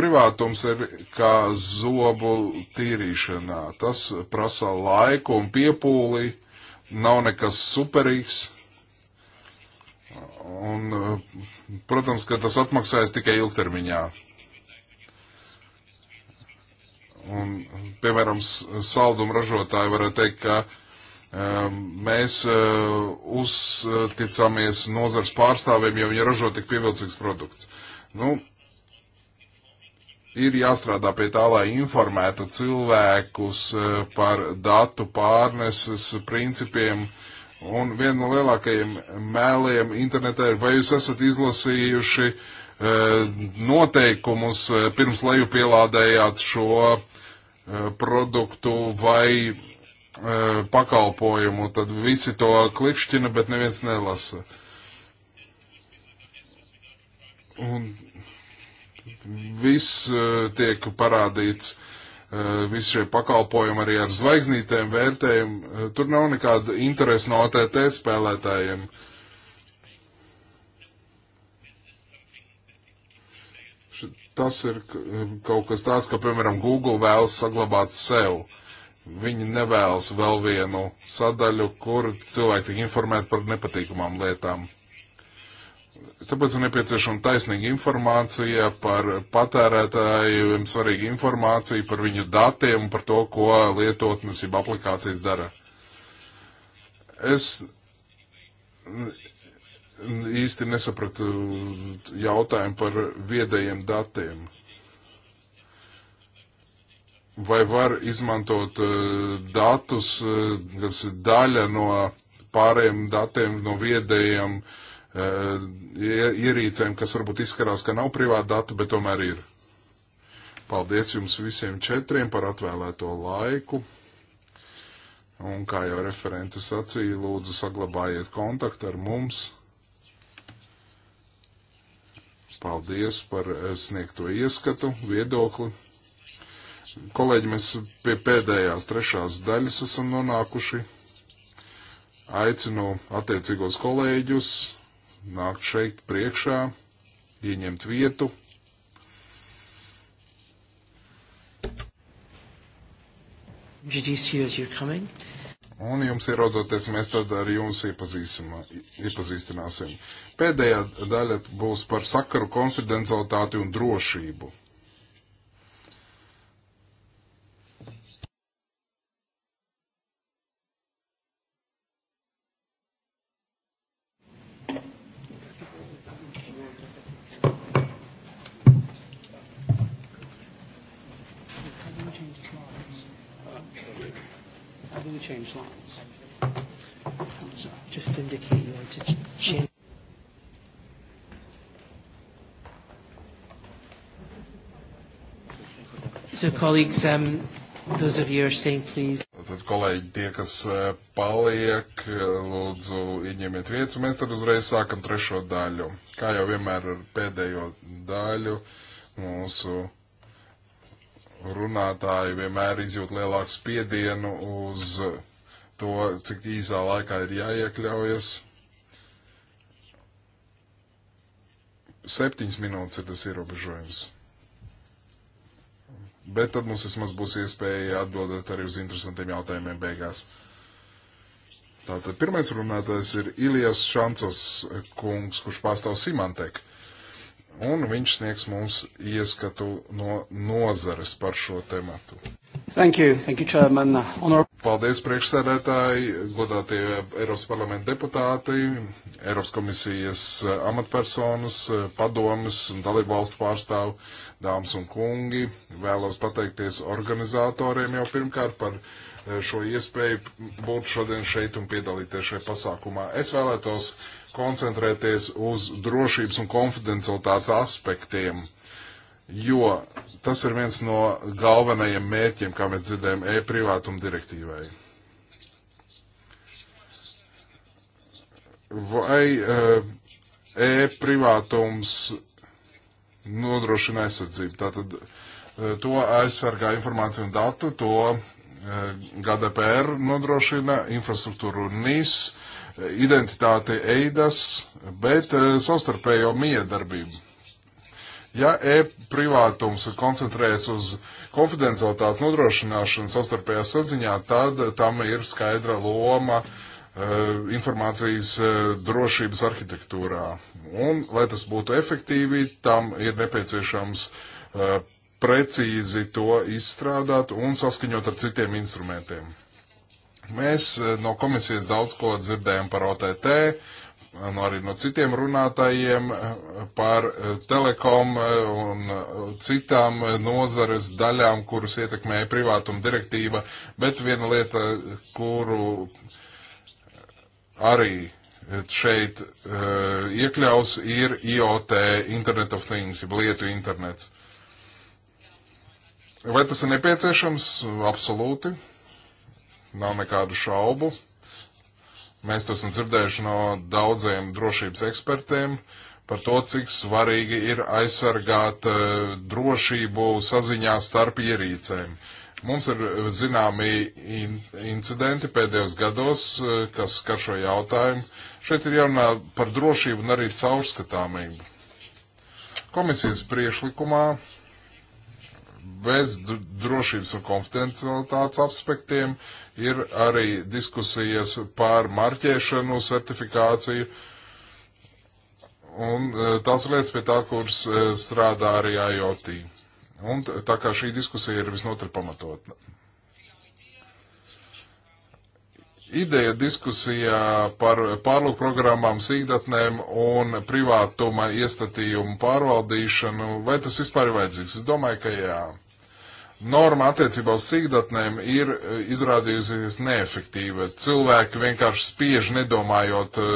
privātums ir kā zobu tīrīšanā. Tas prasa laiku un piepūli, nav nekas superīgs. Un, uh, Protams, ka tas atmaksājas tikai ilgtermiņā. Un, piemēram, saldumu ražotāji varētu teikt, ka um, mēs uh, uzticamies nozars pārstāvjiem, jo viņi ražo tik pievilcīgs produkts. Nu, ir jāstrādā pie tā, lai informētu cilvēkus uh, par datu pārneses principiem, uh, Un viena no lielākajiem mēliem internetā ir, vai jūs esat izlasījuši e, noteikumus e, pirms lejupielādējāt šo e, produktu vai pakalpojumu, tad visi to klikšķina, bet neviens nelasa. Un viss tiek parādīts Eh, visi šie pakalpojumi arī ar zvaigznītēm, vērtējumu. Eh, tur nav nekāda interesa no OTT spēlētājiem. Tas ir eh, kaut kas tāds, ka, piemēram, Google vēlas saglabāt sev. Viņi nevēlas vēl vienu sadaļu, kur cilvēki tiek informēti par nepatīkamām lietām. Tāpēc ir nepieciešama taisnīga informācija par patērētājiem, svarīga informācija par viņu datiem un par to, ko lietotnes jeb aplikācijas dara. Es īsti nesapratu jautājumu par viedajiem datiem. Vai var izmantot e, datus, e, kas daļa no pārējiem datiem, no viedajiem datiem? ierīcēm, kas varbūt izskatās, ka nav privāta data, bet tomēr ir. Paldies jums visiem četriem par atvēlēto laiku. Un kā jau referente sacīja, lūdzu saglabājiet kontaktu ar mums. Paldies par eh, sniegto ieskatu, viedokli. Kolēģi, mēs pie pēdējās trešās daļas esam nonākuši. Aicinu attiecīgos kolēģus nākt šeit priekšā, ieņemt vietu. Un jums ierodoties, mēs tad ar jums iepazīstināsim. Pēdējā daļa būs par sakaru konfidencialitāti un drošību. change lines. So just to indicate you want to change. So colleagues, um, those of you who are staying, please. Tad kolēģi, tie, kas uh, paliek, lūdzu, ieņemiet vietas. Mēs tad uzreiz sākam trešo daļu. Kā jau vienmēr ar pēdējo daļu mūsu runātāji vienmēr izjūt lielāku spiedienu uz to, cik īsā laikā ir jāiekļaujas. Septiņas minūtes ir tas ierobežojums. Bet tad mums vismaz būs iespēja atbildēt arī uz interesantiem jautājumiem beigās. Tātad pirmais runātājs ir Ilijas Šancos kungs, kurš pārstāv Simanteku un viņš sniegs mums ieskatu no nozares par šo tematu. Thank you. Thank you, Chairman. Honor... Paldies priekšsēdētāji, godātie Eiropas parlamenta deputāti, Eiropas komisijas eh, amatpersonas, eh, padomas un dalību valstu pārstāvu, dāmas un kungi. Vēlos pateikties organizatoriem jau pirmkārt par eh, šo iespēju būt šodien šeit un piedalīties šajā pasākumā. Es vēlētos uh, koncentrēties uz drošības un konfidencialitātes aspektiem, jo tas ir viens no galvenajiem mērķiem, kā mēs dzirdējam, e-privātuma direktīvai. Vai uh, e-privātums nodrošina aizsardzību? Tātad uh, to aizsargā informāciju un datu, to uh, eh, GDPR nodrošina, infrastruktūru NIS, identitāti eidas, bet eh, savstarpējo miedarbību. Ja e-privātums koncentrējas uz konfidencialitātes nodrošināšanu savstarpējā saziņā, tad tam ir skaidra loma eh, informācijas eh, drošības arhitektūrā. Un, lai tas būtu efektīvi, tam ir nepieciešams precīzi to izstrādāt un saskaņot ar citiem instrumentiem. Mēs eh, no komisijas daudz ko dzirdējam par OTT, eh, no arī no citiem runātājiem eh, par telekom un citām nozares daļām, kuras ietekmē privātuma direktīva, bet viena lieta, kuru arī šeit iekļaus, ir IoT, Internet of Things, jeb lietu internets. Vai tas ir nepieciešams? Absolūti. Nav nekādu šaubu. Mēs to esam dzirdējuši no daudziem drošības ekspertiem par to, cik svarīgi ir aizsargāt uh, drošību saziņā starp ierīcēm. Mums ir zināmi in incidenti pēdējos gados, uh, kas skar šo jautājumu. Šeit ir jārunā par drošību un arī caurskatāmību. Komisijas priešlikumā bez drošības un konfidencialitātes aspektiem, ir arī diskusijas par marķēšanu, certifikāciju. Un e, tās lietas pie tā, kuras e, strādā arī IoT. Un tā kā šī diskusija ir visnotaļ pamatotna. Ideja diskusijā par pārlūk programmām, sīkdatnēm un privātuma iestatījumu pārvaldīšanu, vai tas vispār ir vajadzīgs? Es domāju, ka jā. Norma attiecībā uz sīkdatnēm ir e, izrādījusies neefektīva. Cilvēki vienkārši spiež nedomājot e,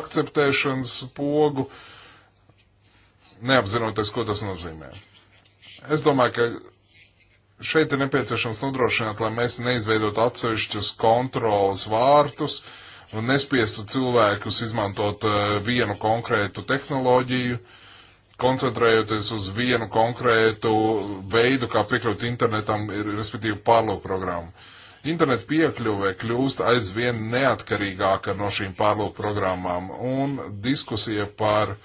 akceptēšanas pogu, neapzinoties, ko tas nozīmē. Es domāju, ka Šeit ir nepieciešams nodrošināt, lai mēs neizveidot atsevišķus kontrolas vārtus un nespiestu cilvēkus izmantot eh, vienu konkrētu tehnoloģiju, koncentrējoties uz vienu konkrētu veidu, kā piekļūt internetam, respektīvi pārlūk programmu. Interneta piekļuve kļūst aizvien neatkarīgāka no šīm pārlūk programmām un diskusija par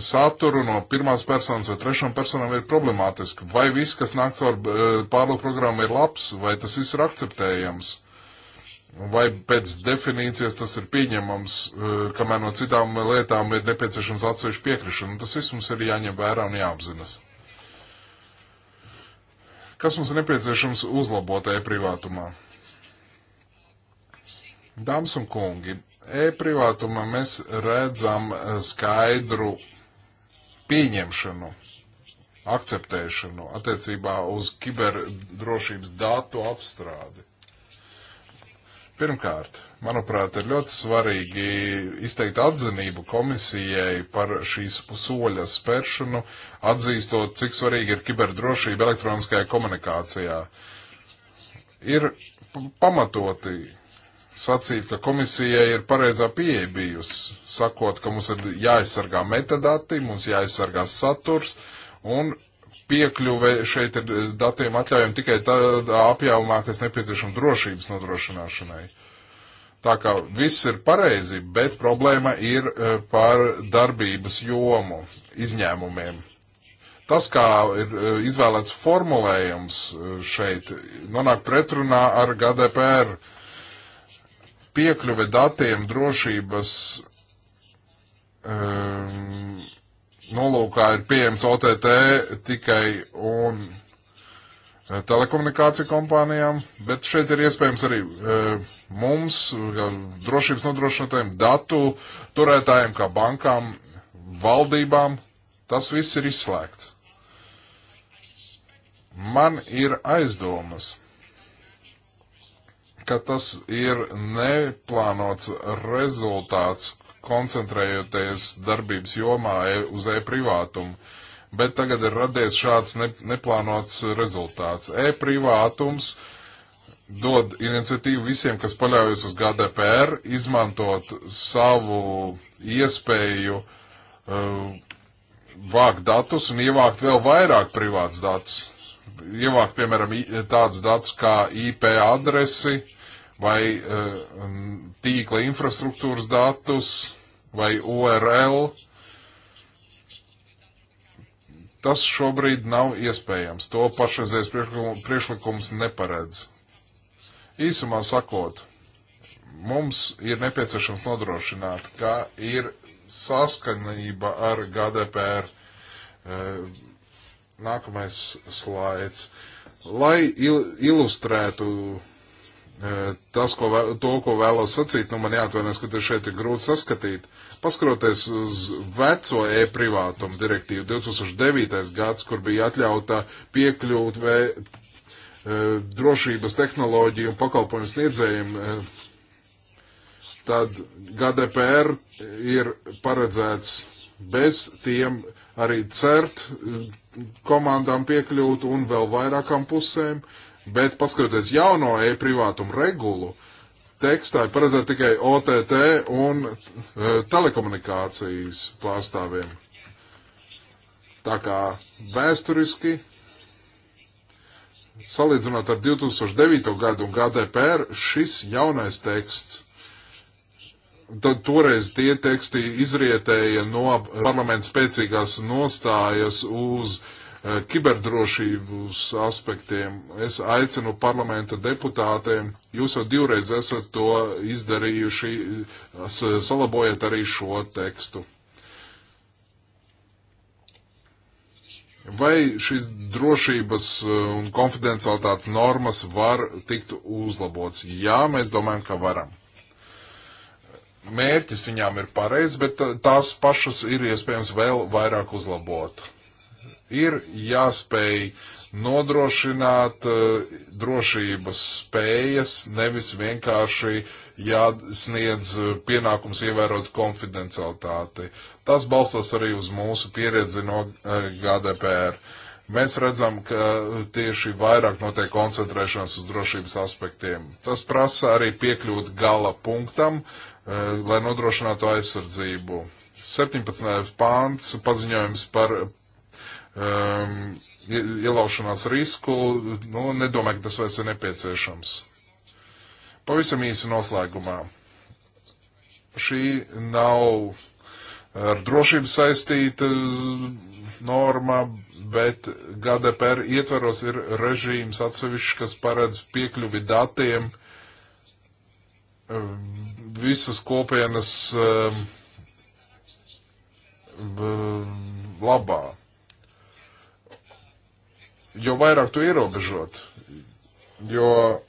saturu no pirmās personas vai trešām personām ir problemātiski. Vai viss, kas nāk caur eh, pārlūk programmu, ir labs, vai tas viss ir akceptējams, vai pēc definīcijas tas ir pieņemams, eh, kamēr no citām lietām ir nepieciešams atsevišķi piekrišana. Tas viss mums ir jāņem vērā un jāapzinas. Kas mums ir nepieciešams uzlabotajai privātumā? Dāmas un kungi, e-privātuma mēs redzam e, skaidru pieņemšanu, akceptēšanu attiecībā uz kiberdrošības datu apstrādi. Pirmkārt, manuprāt, ir ļoti svarīgi izteikt atzinību komisijai par šīs soļa spēršanu, atzīstot, cik svarīgi ir kiberdrošība elektroniskajā komunikācijā. Ir pamatoti sacīt, ka komisijai ir pareizā pieeja bijusi, sakot, ka mums ir jāaizsargā metadati, mums jāaizsargā saturs, un piekļuve šeit ir datiem atļaujama tikai tādā apjāvumā, kas nepieciešama drošības nodrošināšanai. Tā kā viss ir pareizi, bet problēma ir e, par darbības jomu izņēmumiem. Tas, kā ir e, izvēlēts formulējums e, šeit, nonāk pretrunā ar GDPR piekļuve datiem drošības um, nolūkā ir pieejams OTT tikai un e, telekomunikāciju kompānijām, bet šeit ir iespējams arī e, mums, drošības nodrošinātājiem, datu turētājiem, kā bankām, valdībām. Tas viss ir izslēgts. Man ir aizdomas, ka tas ir neplānots rezultāts, koncentrējoties darbības jomā e, uz e-privātumu. Bet tagad ir radies šāds ne, neplānots rezultāts. E-privātums dod iniciatīvu visiem, kas paļaujas uz GDPR, izmantot savu iespēju uh, vākt datus un ievākt vēl vairāk privāts datus. Ievākt, piemēram, tādus datus kā IP adresi, uh, vai eh, um, tīkla infrastruktūras datus, vai URL. Tas šobrīd nav iespējams. To pašreizējais priekšlikums neparedz. Īsumā sakot, mums ir nepieciešams nodrošināt, ka ir saskanība ar GDPR. Eh, nākamais slaids. Lai il ilustrētu E, tas, ko, vēl, to, ko vēlos sacīt, nu man jāatvainojas, ka šeit ir grūti saskatīt. Paskroties uz veco e-privātumu direktīvu 2009. gads, kur bija atļauta piekļūt vē, e, drošības tehnoloģiju un pakalpojumu sniedzējiem, e, tad GDPR ir paredzēts bez tiem arī cert komandām piekļūt un vēl vairākām pusēm. Uh, Bet, paskatoties jauno e-privātumu regulu, tekstā ir paredzēta tikai OTT un e, telekomunikācijas pārstāvjiem. Tā kā vēsturiski, salīdzinot ar 2009. gadu un GDPR, šis jaunais teksts tad toreiz tie teksti izrietēja no parlamenta spēcīgās nostājas uz uh, Eh, kiberdrošības aspektiem. Es aicinu parlamenta deputātiem, jūs jau divreiz esat to izdarījuši, salabojiet arī šo tekstu. Vai šīs drošības eh, un konfidencialitātes normas var tikt uzlabots? Jā, mēs domājam, ka varam. Mērķis viņām ir pareizs, bet eh, tās pašas ir iespējams vēl vairāk uzlabot. Ir jāspēj nodrošināt uh, drošības spējas, nevis vienkārši jāsniedz eh, pienākums ievērot konfidencialitāti. Tas balstās arī uz mūsu pieredzi no uh, eh, GDPR. Mēs redzam, ka tieši vairāk notiek koncentrēšanās uz drošības aspektiem. Tas prasa arī piekļūt gala punktam, uh, lai nodrošinātu aizsardzību. 17. pāns paziņojums par um, ielaušanās risku, nu, nedomāju, ka tas vairs ir nepieciešams. Pavisam īsi noslēgumā. Šī nav ar drošību saistīta norma, bet GDPR ietveros ir režīms atsevišķs, kas paredz piekļuvi datiem ehm, visas kopienas ehm, labā jo vairāk to ierobežot, jo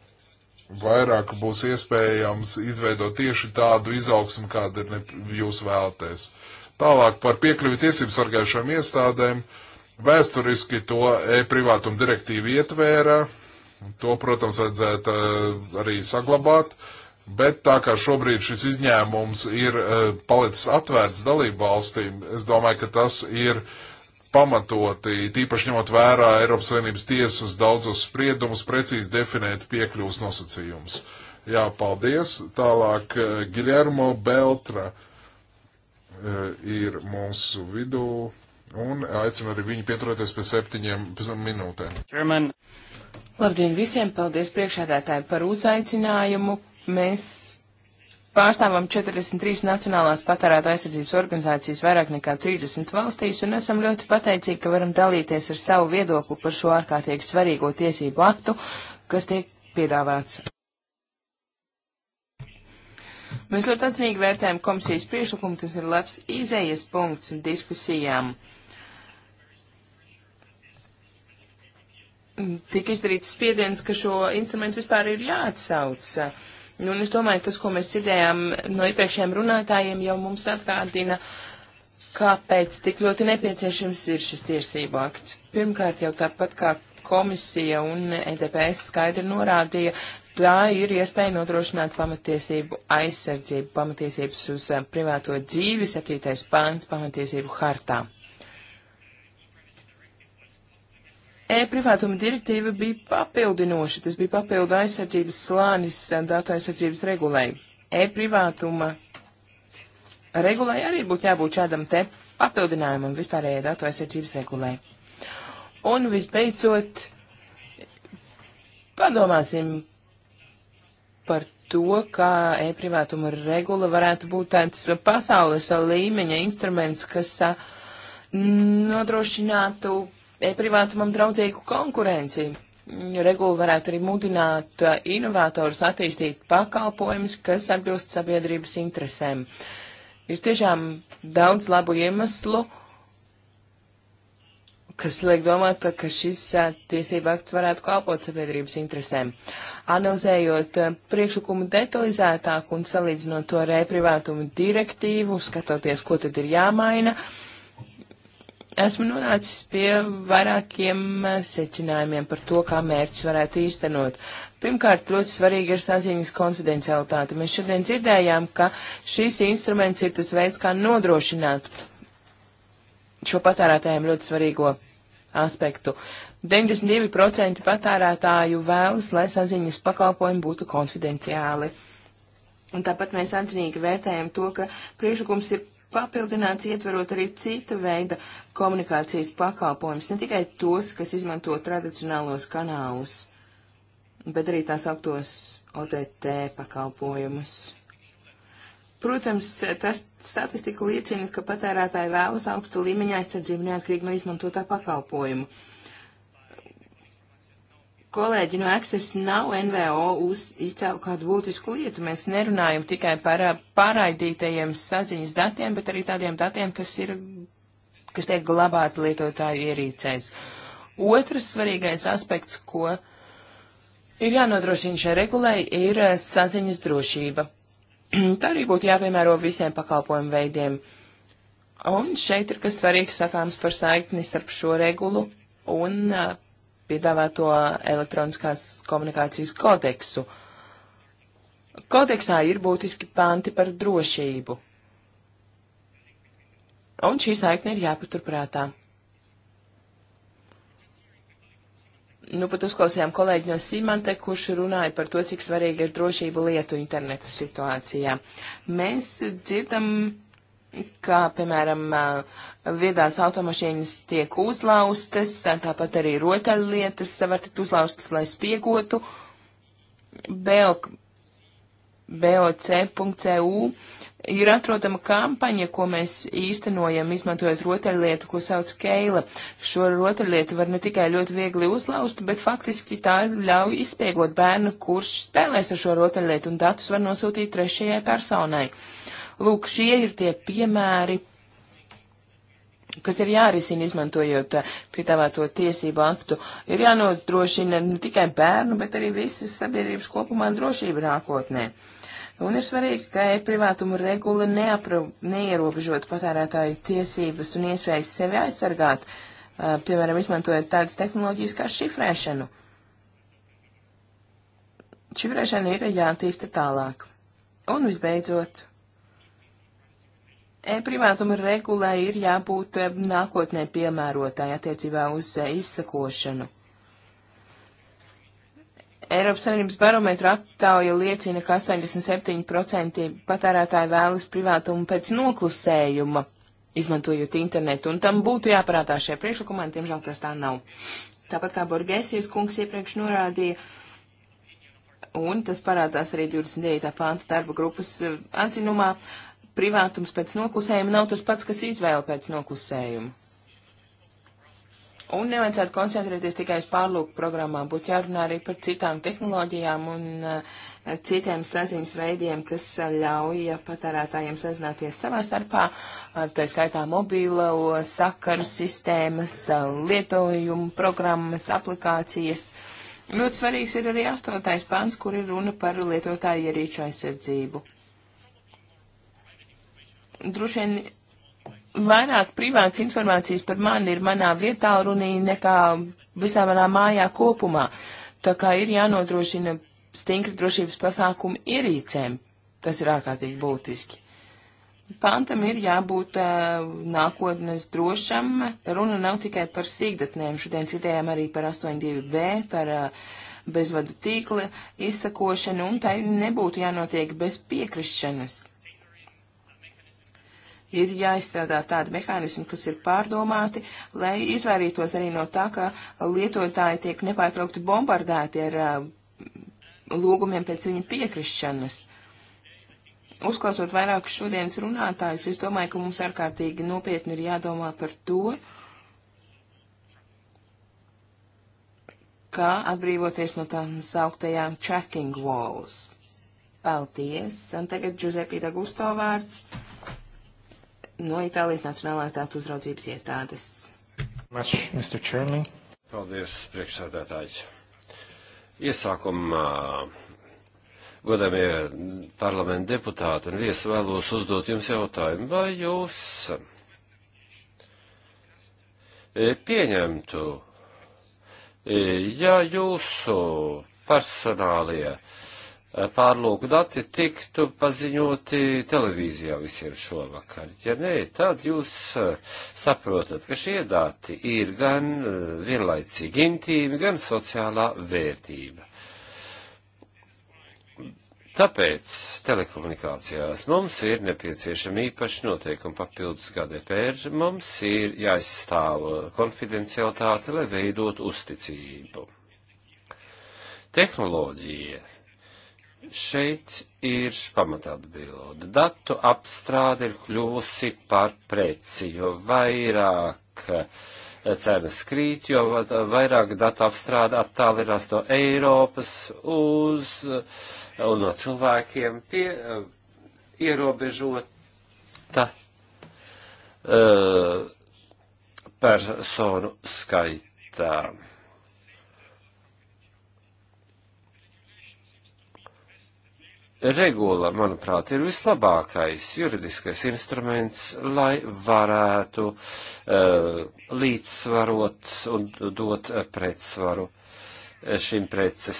vairāk būs iespējams izveidot tieši tādu izaugsmu, kāda ir jūs vēlaties. Tālāk par piekļuvi tiesību sargājušām iestādēm. Vēsturiski to e-privātuma direktīva ietvēra, to, protams, vajadzētu eh, arī saglabāt, bet tā kā šobrīd šis izņēmums ir eh, palicis atvērts dalību valstīm, es domāju, ka tas ir uh, pamatoti, tīpaši ņemot vērā Eiropas Savienības tiesas daudzos spriedumus, precīzi definēt piekļuvas nosacījumus. Jā, paldies. Tālāk eh, Giljermo Beltra eh, ir mūsu vidū un aicinu arī viņu pieturēties pie septiņiem minūtēm. German. Labdien visiem, paldies priekšādātājiem par uzaicinājumu. Mēs Pārstāvam 43 nacionālās patērēta aizsardzības organizācijas vairāk nekā 30 valstīs un esam ļoti pateicīgi, ka varam dalīties ar savu viedokli par šo ārkārtīgi svarīgo tiesību aktu, kas tiek piedāvāts. Mēs ļoti atzinīgi vērtējam komisijas priekšlikumu, tas ir labs izējas punkts diskusijām. Tik izdarīts spiediens, ka šo instrumentu vispār ir jāatsauc. Uh, Nu, un es domāju, tas, ko mēs dzirdējām no iepriekšējiem runātājiem, jau mums atgādina, kāpēc tik ļoti nepieciešams ir šis tiesību akts. Pirmkārt, jau tāpat kā komisija un EDPS skaidri norādīja, tā ir iespēja nodrošināt pamatiesību aizsardzību, pamatiesības uz eh, privāto dzīvi, 7. pāns pamatiesību hartā. E-privātuma direktīva bija papildinoša, tas bija papildu aizsardzības slānis datu aizsardzības regulēji. E-privātuma regulēji arī būtu jābūt šādam te papildinājumam vispārējai datu aizsardzības regulēji. Un visbeidzot, padomāsim par to, kā e-privātuma regula varētu būt tāds pasaules līmeņa instruments, kas nodrošinātu E, privātumam draudzīgu konkurenci. Regula varētu arī mudināt e, inovatorus attīstīt pakalpojumus, kas atbilst sabiedrības interesēm. Ir tiešām daudz labu iemeslu, kas liek domāt, ka šis e, tiesība akts varētu kalpot sabiedrības interesēm. Analizējot priekšlikumu detalizētāk un salīdzinot to ar e-privātumu direktīvu, skatoties, ko tad ir jāmaina, uh, esmu nonācis pie vairākiem eh, secinājumiem par to, kā mērķus varētu īstenot. Pirmkārt, ļoti svarīgi ir saziņas konfidencialitāte. Mēs šodien dzirdējām, ka šīs instruments ir tas veids, kā nodrošināt šo patērētājiem ļoti svarīgo aspektu. 92% patērētāju vēlas, lai saziņas pakalpojumi būtu konfidenciāli. Un tāpat mēs atzinīgi vērtējam to, ka priekšlikums ir papildināts ietverot arī cita veida komunikācijas pakalpojumus, ne tikai tos, kas izmanto tradicionālos kanālus, bet arī tās augtos OTT pakalpojumus. Protams, tas statistika liecina, ka patērētāji vēlas augstu līmeņa aizsardzību neatkarīgi no izmantotā pakalpojumu. Uh, kolēģi no Access nav NVO uz izcēlu kādu būtisku lietu. Mēs nerunājam tikai par uh, pārraidītajiem saziņas datiem, bet arī tādiem datiem, kas ir, kas tiek glabāti lietotāju ierīcēs. Otrs svarīgais aspekts, ko ir jānodrošina šai regulai, ir uh, saziņas drošība. Tā arī būtu jāpiemēro visiem pakalpojumu veidiem. Un šeit ir kas svarīgs sakāms par saikni starp šo regulu un uh, piedāvāto elektroniskās komunikācijas kodeksu. Kodeksā ir būtiski panti par drošību. Un šī saikne ir jāpaturprātā. Nu, pat uzklausījām kolēģi no Simante, kurš runāja par to, cik svarīga ir drošība lietu interneta situācijā. Mēs dzirdam kā, piemēram, viedās automašīnas tiek uzlaustas, tāpat arī rotaļlietas var tikt uzlaustas, lai spiegotu. BOC.CU ir atrodama kampaņa, ko mēs īstenojam, izmantojot rotaļlietu, ko sauc Keila. Šo rotaļlietu var ne tikai ļoti viegli uzlaust, bet faktiski tā ļauj izspiegot bērnu, kurš spēlēs ar šo rotaļlietu, un datus var nosūtīt trešajai personai. Uh, Lūk, šie ir tie piemēri, kas ir jārisina izmantojot eh, piedāvāto tiesību aktu. Ir jānodrošina ne tikai bērnu, bet arī visas sabiedrības kopumā drošība nākotnē. Un ir svarīgi, ka e-privātuma regula neapra, neierobežot patērētāju tiesības un iespējas sevi aizsargāt, eh, piemēram, izmantojot tādas tehnoloģijas kā šifrēšanu. Šifrēšana ir jātīsta tālāk. Un visbeidzot E-privātuma regulē ir jābūt e, nākotnē piemērotāji attiecībā uz e, izsakošanu. Eiropas Savienības barometra aptauja liecina, ka 87% patērētāji vēlas privātumu pēc noklusējuma, izmantojot internetu, un tam būtu jāparādā šie priekšlikumā, un tiemžēl tas tā nav. Tāpat kā Borgēsijas kungs iepriekš norādīja, un tas parādās arī 29. pānta darba grupas e, atzinumā, uh, privātums pēc noklusējuma nav tas pats, kas izvēle pēc noklusējuma. Un nevajadzētu koncentrēties tikai uz pārlūku programmām, būtu jārunā arī par citām tehnoloģijām un uh, citiem saziņas veidiem, kas uh, ļauj patērētājiem sazināties savā starpā, uh, tā skaitā mobīlo sakaru sistēmas, eh, lietojumu programmas, aplikācijas. Ļoti svarīgs ir arī astotais pants, kur ir runa par lietotāju ierīču aizsardzību droši vien vairāk privāts informācijas par mani ir manā vietā runī nekā visā manā mājā kopumā. Tā kā ir jānodrošina stingri drošības pasākumi ierīcēm. Tas ir ārkārtīgi būtiski. Pantam ir jābūt uh, nākotnes drošam. Runa nav tikai par sīkdatnēm. Šodien citējām arī par 82B, par uh, bezvadu tīkla izsakošanu, un tai nebūtu jānotiek bez piekrišanas ir jāizstrādā tādi mehānismi, kas ir pārdomāti, lai izvairītos arī no tā, ka lietotāji tiek nepārtraukti bombardēti ar uh, lūgumiem pēc viņa piekrišanas. Uzklausot vairāk šodienas runātājus, es domāju, ka mums ārkārtīgi nopietni ir jādomā par to, kā atbrīvoties no tām sauktajām tracking walls. Paldies! Un tagad Giuseppe D'Agusto vārds no Itālijas Nacionālās datu uzraudzības iestādes. Much, Mr. Chairman. Paldies, priekšsādātājs. Iesākumā godamie parlamenta deputāti un viesi vēlos uzdot jums jautājumu, vai jūs pieņemtu, ja jūsu personālie Eh, pārlūku dati tiktu paziņoti televīzijā visiem šovakar. Ja nē, tad jūs eh, saprotat, ka šie dati ir gan eh, vienlaicīgi intīmi, gan sociālā vērtība. Tāpēc telekomunikācijās mums ir nepieciešami īpaši noteikumi papildus GDPR, mums ir jāizstāv konfidencialitāte, lai veidot uzticību. Tehnoloģija Šeit ir pamatatbilde. Datu apstrāde ir kļūsi par preci, jo vairāk eh, cenas krīt, jo vairāk datu apstrāde attālinās no Eiropas uz eh, un no cilvēkiem pie eh, ierobežota uh, personu skaitā. regula, manuprāt, ir vislabākais juridiskais instruments, lai varētu uh, līdzsvarot un dot pretsvaru eh, šim preces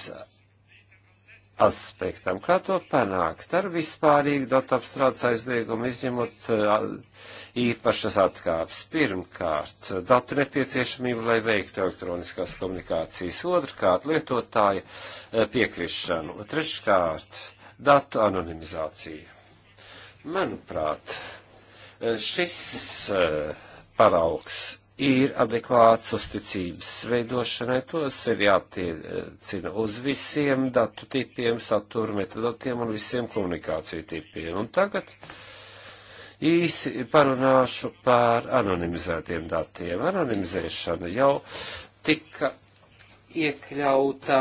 aspektam. Kā to panākt? Ar vispārīgu datu apstrādes aizliegumu izņemot uh, īpašas atkāpes. Pirmkārt, datu nepieciešamību, lai veiktu elektroniskās komunikācijas. Otrkārt, lietotāja uh, piekrišanu. Treškārt, datu anonimizāciju. Manuprāt, šis eh, paraugs ir adekvāts uzticības veidošanai, tos ir jātiecina uz visiem datu tipiem, satura metadatiem un visiem komunikāciju tipiem. Un tagad īsi parunāšu par anonimizētiem datiem. Anonimizēšana jau tika iekļautā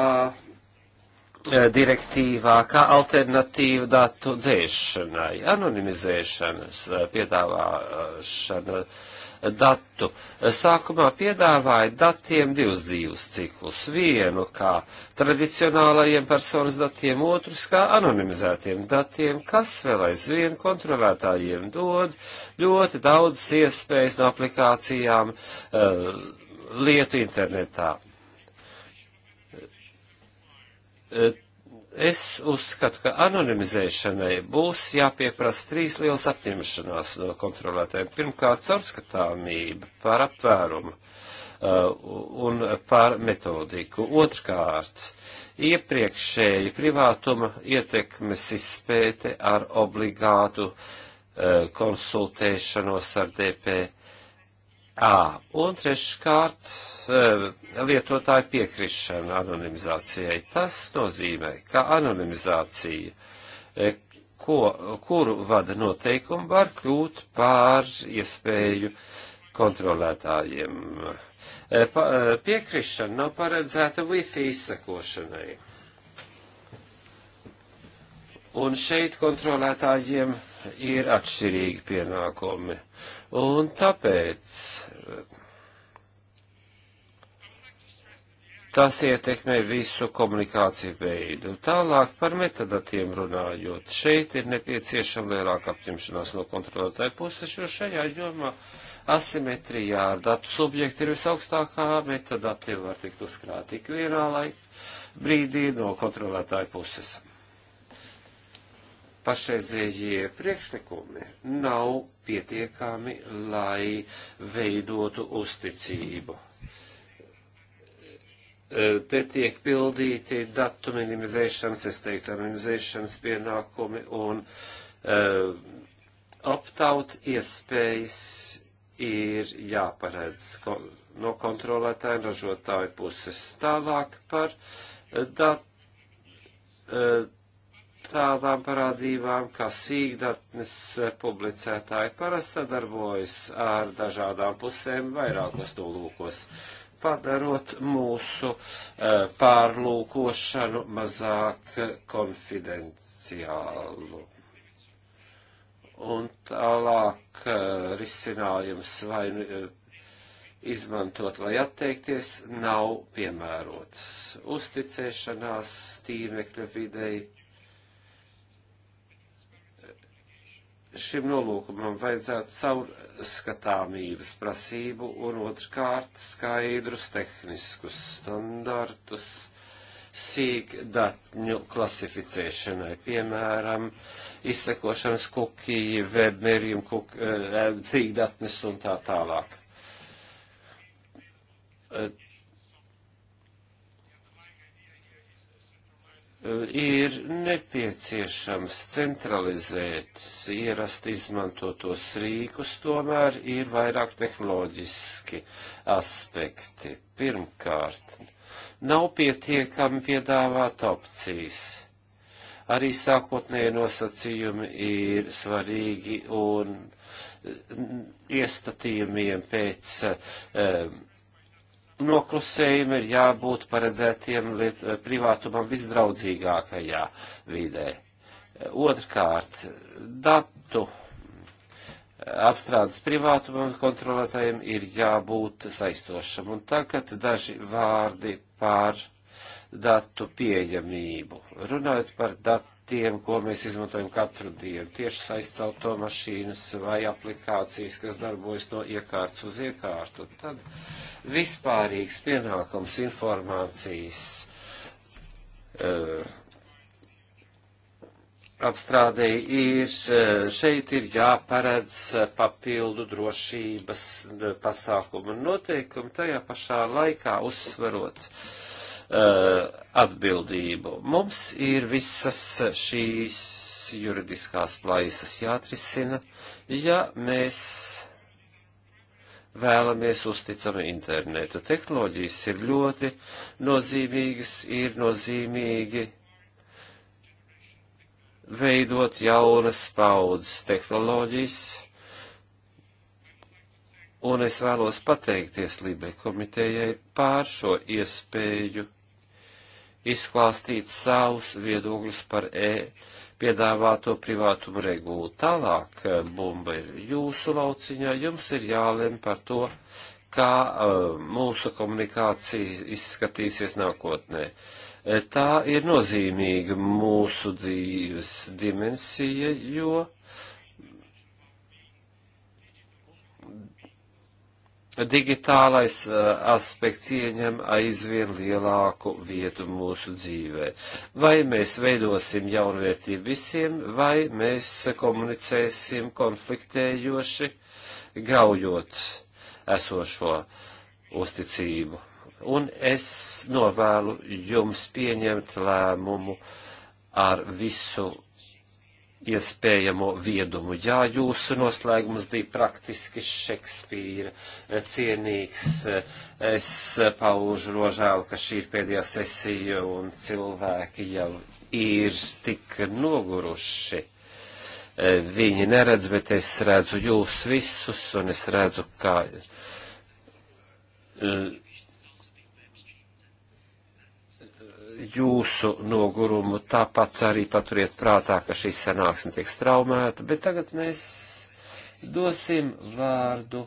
E, direktīvā kā alternatīva datu dzēšanai, anonimizēšanas e, piedāvāšana datu. Sākumā piedāvāja datiem divus dzīves ciklus. Vienu kā tradicionālajiem personas datiem, otrus kā anonimizētiem datiem, kas vēl aizvien kontrolētājiem dod ļoti daudz iespējas no aplikācijām uh, lietu internetā. Es uzskatu, ka anonimizēšanai būs jāpieprasa trīs liels apņemšanās no kontrolētājiem. Pirmkārt, caurskatāmība par aptvērumu uh, un par metodiku. Otrkārt, iepriekšēja privātuma ietekmes izpēte ar obligātu uh, konsultēšanos ar DP A. Un treškārt, e, lietotāja piekrišana anonimizācijai. Tas nozīmē, ka anonimizācija, e, ko, kuru vada noteikumi, var kļūt par iespēju kontrolētājiem. E, pa, piekrišana nav paredzēta Wi-Fi izsekošanai. Un šeit kontrolētājiem ir atšķirīgi pienākumi. Uh, Un tāpēc eh, tas ietekmē visu komunikāciju veidu. Tālāk par metadatiem runājot, šeit ir nepieciešama lielāka apņemšanās no kontrolētāja puses, jo šajā jomā asimetrijā ar datu subjektu ir visaugstākā metadati var tikt uzkrāt tik vienā laika brīdī no kontrolētāja puses pašreizējie priekšlikumi nav pietiekami, lai veidotu uzticību. E, te tiek pildīti datu minimizēšanas, es teiktu, minimizēšanas pienākumi un uh, opt-out iespējas ir jāparedz no kontrolētājiem ražotāju puses tālāk par e, datu. Uh, tādām parādībām, kā sīkdatnes publicētāji parasti sadarbojas ar dažādām pusēm vairākos nolūkos, padarot mūsu eh, pārlūkošanu mazāk konfidenciālu. Un tālāk eh, risinājums vai nu, eh, izmantot vai atteikties nav piemērots. Uzticēšanās tīmekļa videi šim nolūkumam vajadzētu caurskatāmības prasību un otrkārt skaidrus tehniskus standartus sīkdatņu klasificēšanai, piemēram, izsekošanas kukiji, webmerījuma kuk, eh, sīkdatnes un tā tālāk. Eh, ir nepieciešams centralizēt ierasti izmantotos rīkus, tomēr ir vairāk tehnoloģiski aspekti. Pirmkārt, nav pietiekami piedāvāt opcijas. Arī sākotnēji nosacījumi ir svarīgi un iestatījumiem pēc um, noklusējumi ir jābūt paredzētiem liet, eh, privātumam visdraudzīgākajā vidē. Otrkārt, datu apstrādes privātumam kontrolētājiem ir jābūt saistošam. Un tagad daži vārdi par datu pieejamību. Runājot par datu produktiem, ko mēs izmantojam katru dienu. Tieši saistīts automašīnas vai aplikācijas, kas darbojas no iekārtas uz iekārtu. Tad vispārīgs pienākums informācijas uh, apstrādēji ir, eh, šeit ir jāparedz papildu drošības eh, pasākumu un noteikumu tajā pašā laikā uzsverot. Uh, Uh, atbildību. Mums ir visas šīs juridiskās plaisas jāatrisina, ja mēs vēlamies uzticami internetu. Tehnoloģijas ir ļoti nozīmīgas, ir nozīmīgi veidot jaunas paudzes tehnoloģijas, un es vēlos pateikties Libe komitejai pār šo iespēju izklāstīt savus viedokļus par E piedāvāto privātumu regulu. Tālāk e, bumba ir jūsu lauciņā, jums ir jālem par to, kā uh, mūsu komunikācija izskatīsies nākotnē. E, tā ir nozīmīga mūsu dzīves dimensija, jo digitālais eh, aspekts ieņem aizvien lielāku vietu mūsu dzīvē. Vai mēs veidosim jaunvērtību visiem, vai mēs komunicēsim konfliktējoši, graujot esošo uzticību. Un es novēlu jums pieņemt lēmumu ar visu iespējamo viedumu. Jā, jūsu noslēgums bija praktiski Šekspīra cienīgs. Es paužu rožēlu, ka šī ir pēdējā sesija un cilvēki jau ir tik noguruši. Viņi neredz, bet es redzu jūs visus un es redzu, kā. Ka jūsu nogurumu. Tāpat arī paturiet prātā, ka šī sanāksme tiek straumēta, bet tagad mēs dosim vārdu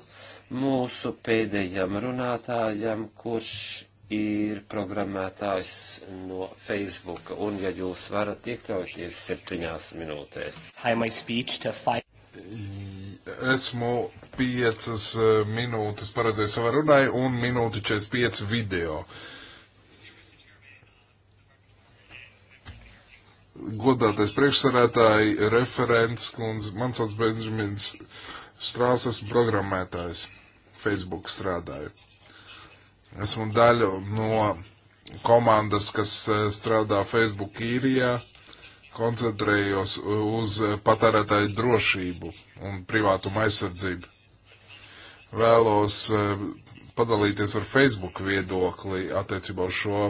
mūsu pēdējam runātājam, kurš ir programmētājs no Facebook, un ja jūs varat iekļauties septiņās minūtēs. Esmu piecas eh, minūtes paredzējis savā runai un minūti 45 video. Uh, godātais priekšsarētāji, referents, kundze, man sauc Benžamins Strāsas, programmētājs, Facebook strādāju. Esmu daļa no komandas, kas eh, strādā Facebook īrijā, koncentrējos uz patērētāju drošību un privātuma aizsardzību. Vēlos eh, padalīties ar Facebook viedokli attiecībā uz šo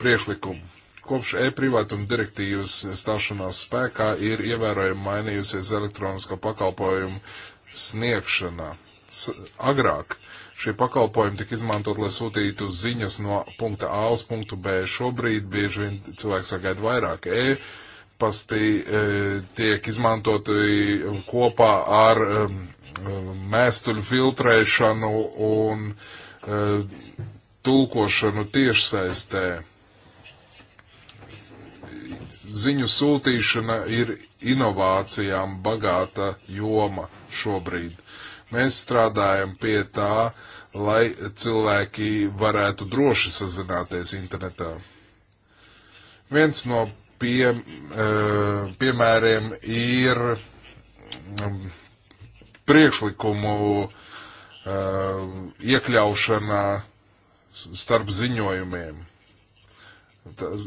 priekšlikumu Kopš e-privātuma direktīvas stāšanās spēkā ir ievērojami mainījusies elektronisko pakalpojumu sniegšana. S agrāk šie pakalpojumi tika izmantot, lai sūtītu ziņas no punkta A uz punktu B. Šobrīd bieži vien cilvēks sagaida vairāk. E pasti e, tiek izmantoti kopā ar e, mēstuļu filtrēšanu un e, tulkošanu tiešsaistē ziņu sūtīšana ir inovācijām bagāta joma šobrīd. Mēs strādājam pie tā, lai cilvēki varētu droši sazināties internetā. Viens no pie, e, piemēriem ir mm, priekšlikumu e, iekļaušana starp ziņojumiem tas,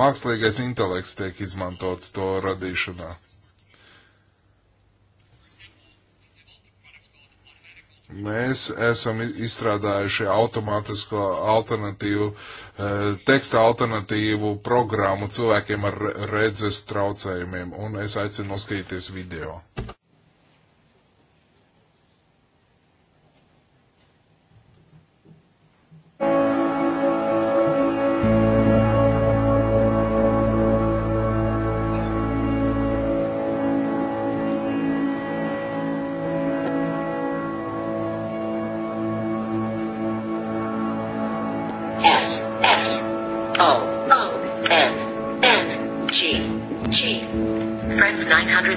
mākslīgais intelekts tiek izmantots to radīšanā. Mēs esam izstrādājuši automātisko alternatīvu, e, teksta alternatīvu programmu cilvēkiem ar redzes traucējumiem, un es aicinu noskatīties video.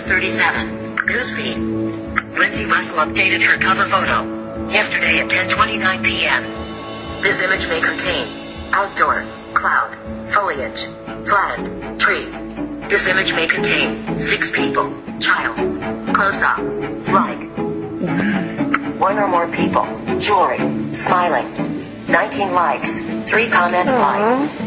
37. Newsfeed. Lindsay Russell updated her cover photo yesterday at 10:29 p.m. This image may contain outdoor, cloud, foliage, flag, tree. This image may contain six people, child, close up, like one or more people, jewelry, smiling. 19 likes, 3 comments uh-huh. like.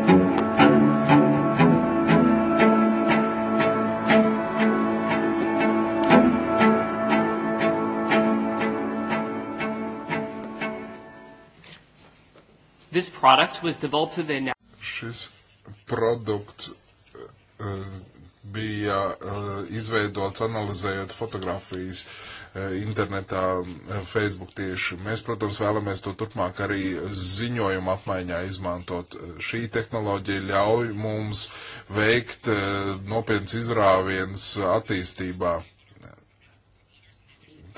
This product was developed through the Šis produkts uh, eh, bija uh, izveidots analizējot fotografijas uh, internetā, Facebook tieši. Mēs, protams, vēlamies to turpmāk arī ziņojuma apmaiņā izmantot. Šī tehnoloģija ļauj mums veikt nopietns izrāviens attīstībā.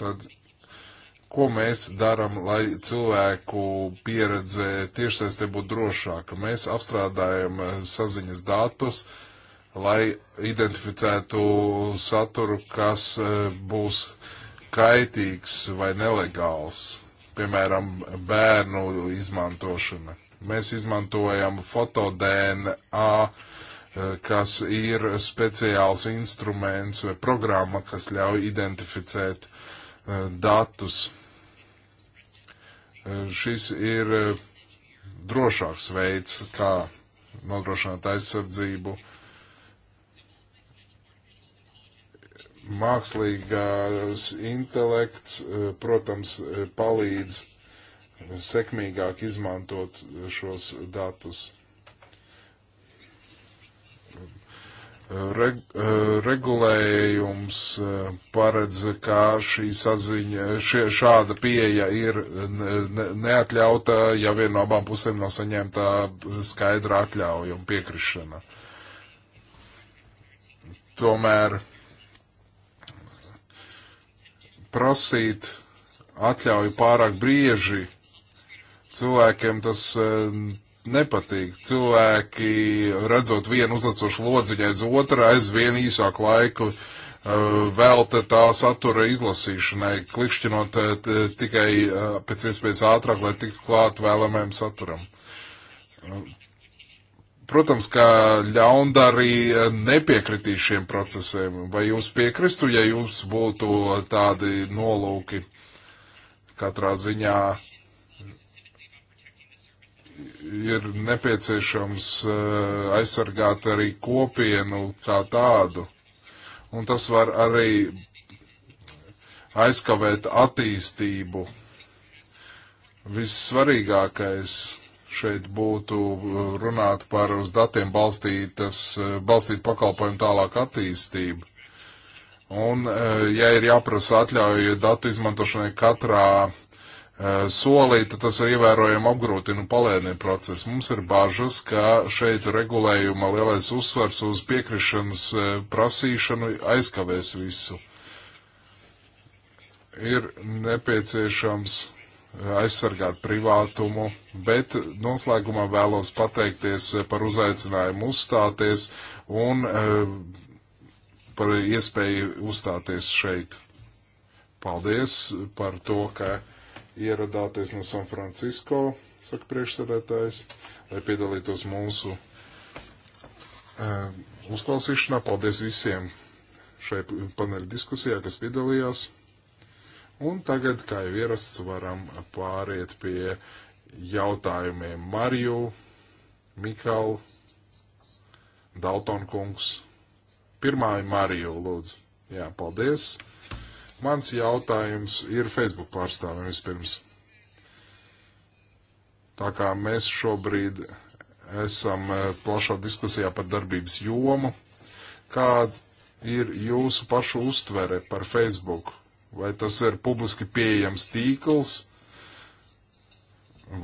Tad ko mēs darām, lai cilvēku pieredze tiešsaistē būtu drošāka. Mēs apstrādājam saziņas datus, lai identificētu saturu, kas e, būs kaitīgs vai nelegāls, piemēram, bērnu izmantošana mēs izmantojam fotodēnā, e, kas ir speciāls instruments vai programma, kas ļauj identificēt e, datus. Šis ir eh, drošāks veids, kā nodrošināt aizsardzību. Mākslīgās intelekts, eh, protams, eh, palīdz sekmīgāk izmantot šos datus. Reg, eh, regulējums eh, paredz, ka šī saziņa, šie, šāda pieeja ir ne, neatļauta, ja vien no abām pusēm nav saņemta skaidra atļauja un piekrišana. Tomēr prasīt atļauju pārāk brieži cilvēkiem tas eh, nepatīk. Cilvēki, redzot vienu uzlicošu lodziņu aiz otru, aizvien īsāku laiku uh, velta tā satura izlasīšanai, klikšķinot uh, tikai uh, pēc iespējas ātrāk, lai tiktu klāt vēlamajam saturam. Uh, protams, ka ļaundari uh, nepiekritīs šiem procesiem. Vai jūs piekristu, ja jums būtu tādi nolūki katrā ziņā? Uh, ir nepieciešams eh, aizsargāt arī kopienu kā tādu. Un tas var arī aizkavēt attīstību. Vissvarīgākais šeit būtu eh, runāt par uz datiem balstītas, eh, balstīt pakalpojumu tālāk attīstību. Un, ja ir jāprasa atļauja datu izmantošanai katrā Eh, solī, tad tas ir ievērojami apgrūtina un palēnina procesu. Mums ir bažas, ka šeit regulējuma lielais uzsvars uz piekrišanas eh, prasīšanu aizkavēs visu. Ir nepieciešams eh, aizsargāt privātumu, bet noslēgumā vēlos pateikties par uzaicinājumu uzstāties un par iespēju uzstāties šeit. Paldies par to, ka ieradāties no San Francisco, saka priekšsēdētājs, lai piedalītos mūsu uh, uzklausīšanā. Paldies visiem šai paneļa diskusijā, kas piedalījās. Un tagad, kā jau ierasts, varam pāriet pie jautājumiem Mariju, Mikālu, Daltonkungs. Pirmā ir Mariju, lūdzu. Jā, paldies. Mans jautājums ir Facebook pārstāvim vispirms. Tā kā mēs šobrīd esam eh, plašā diskusijā par darbības jomu, kāda ir jūsu pašu uztvere par Facebook? Vai tas ir publiski pieejams tīkls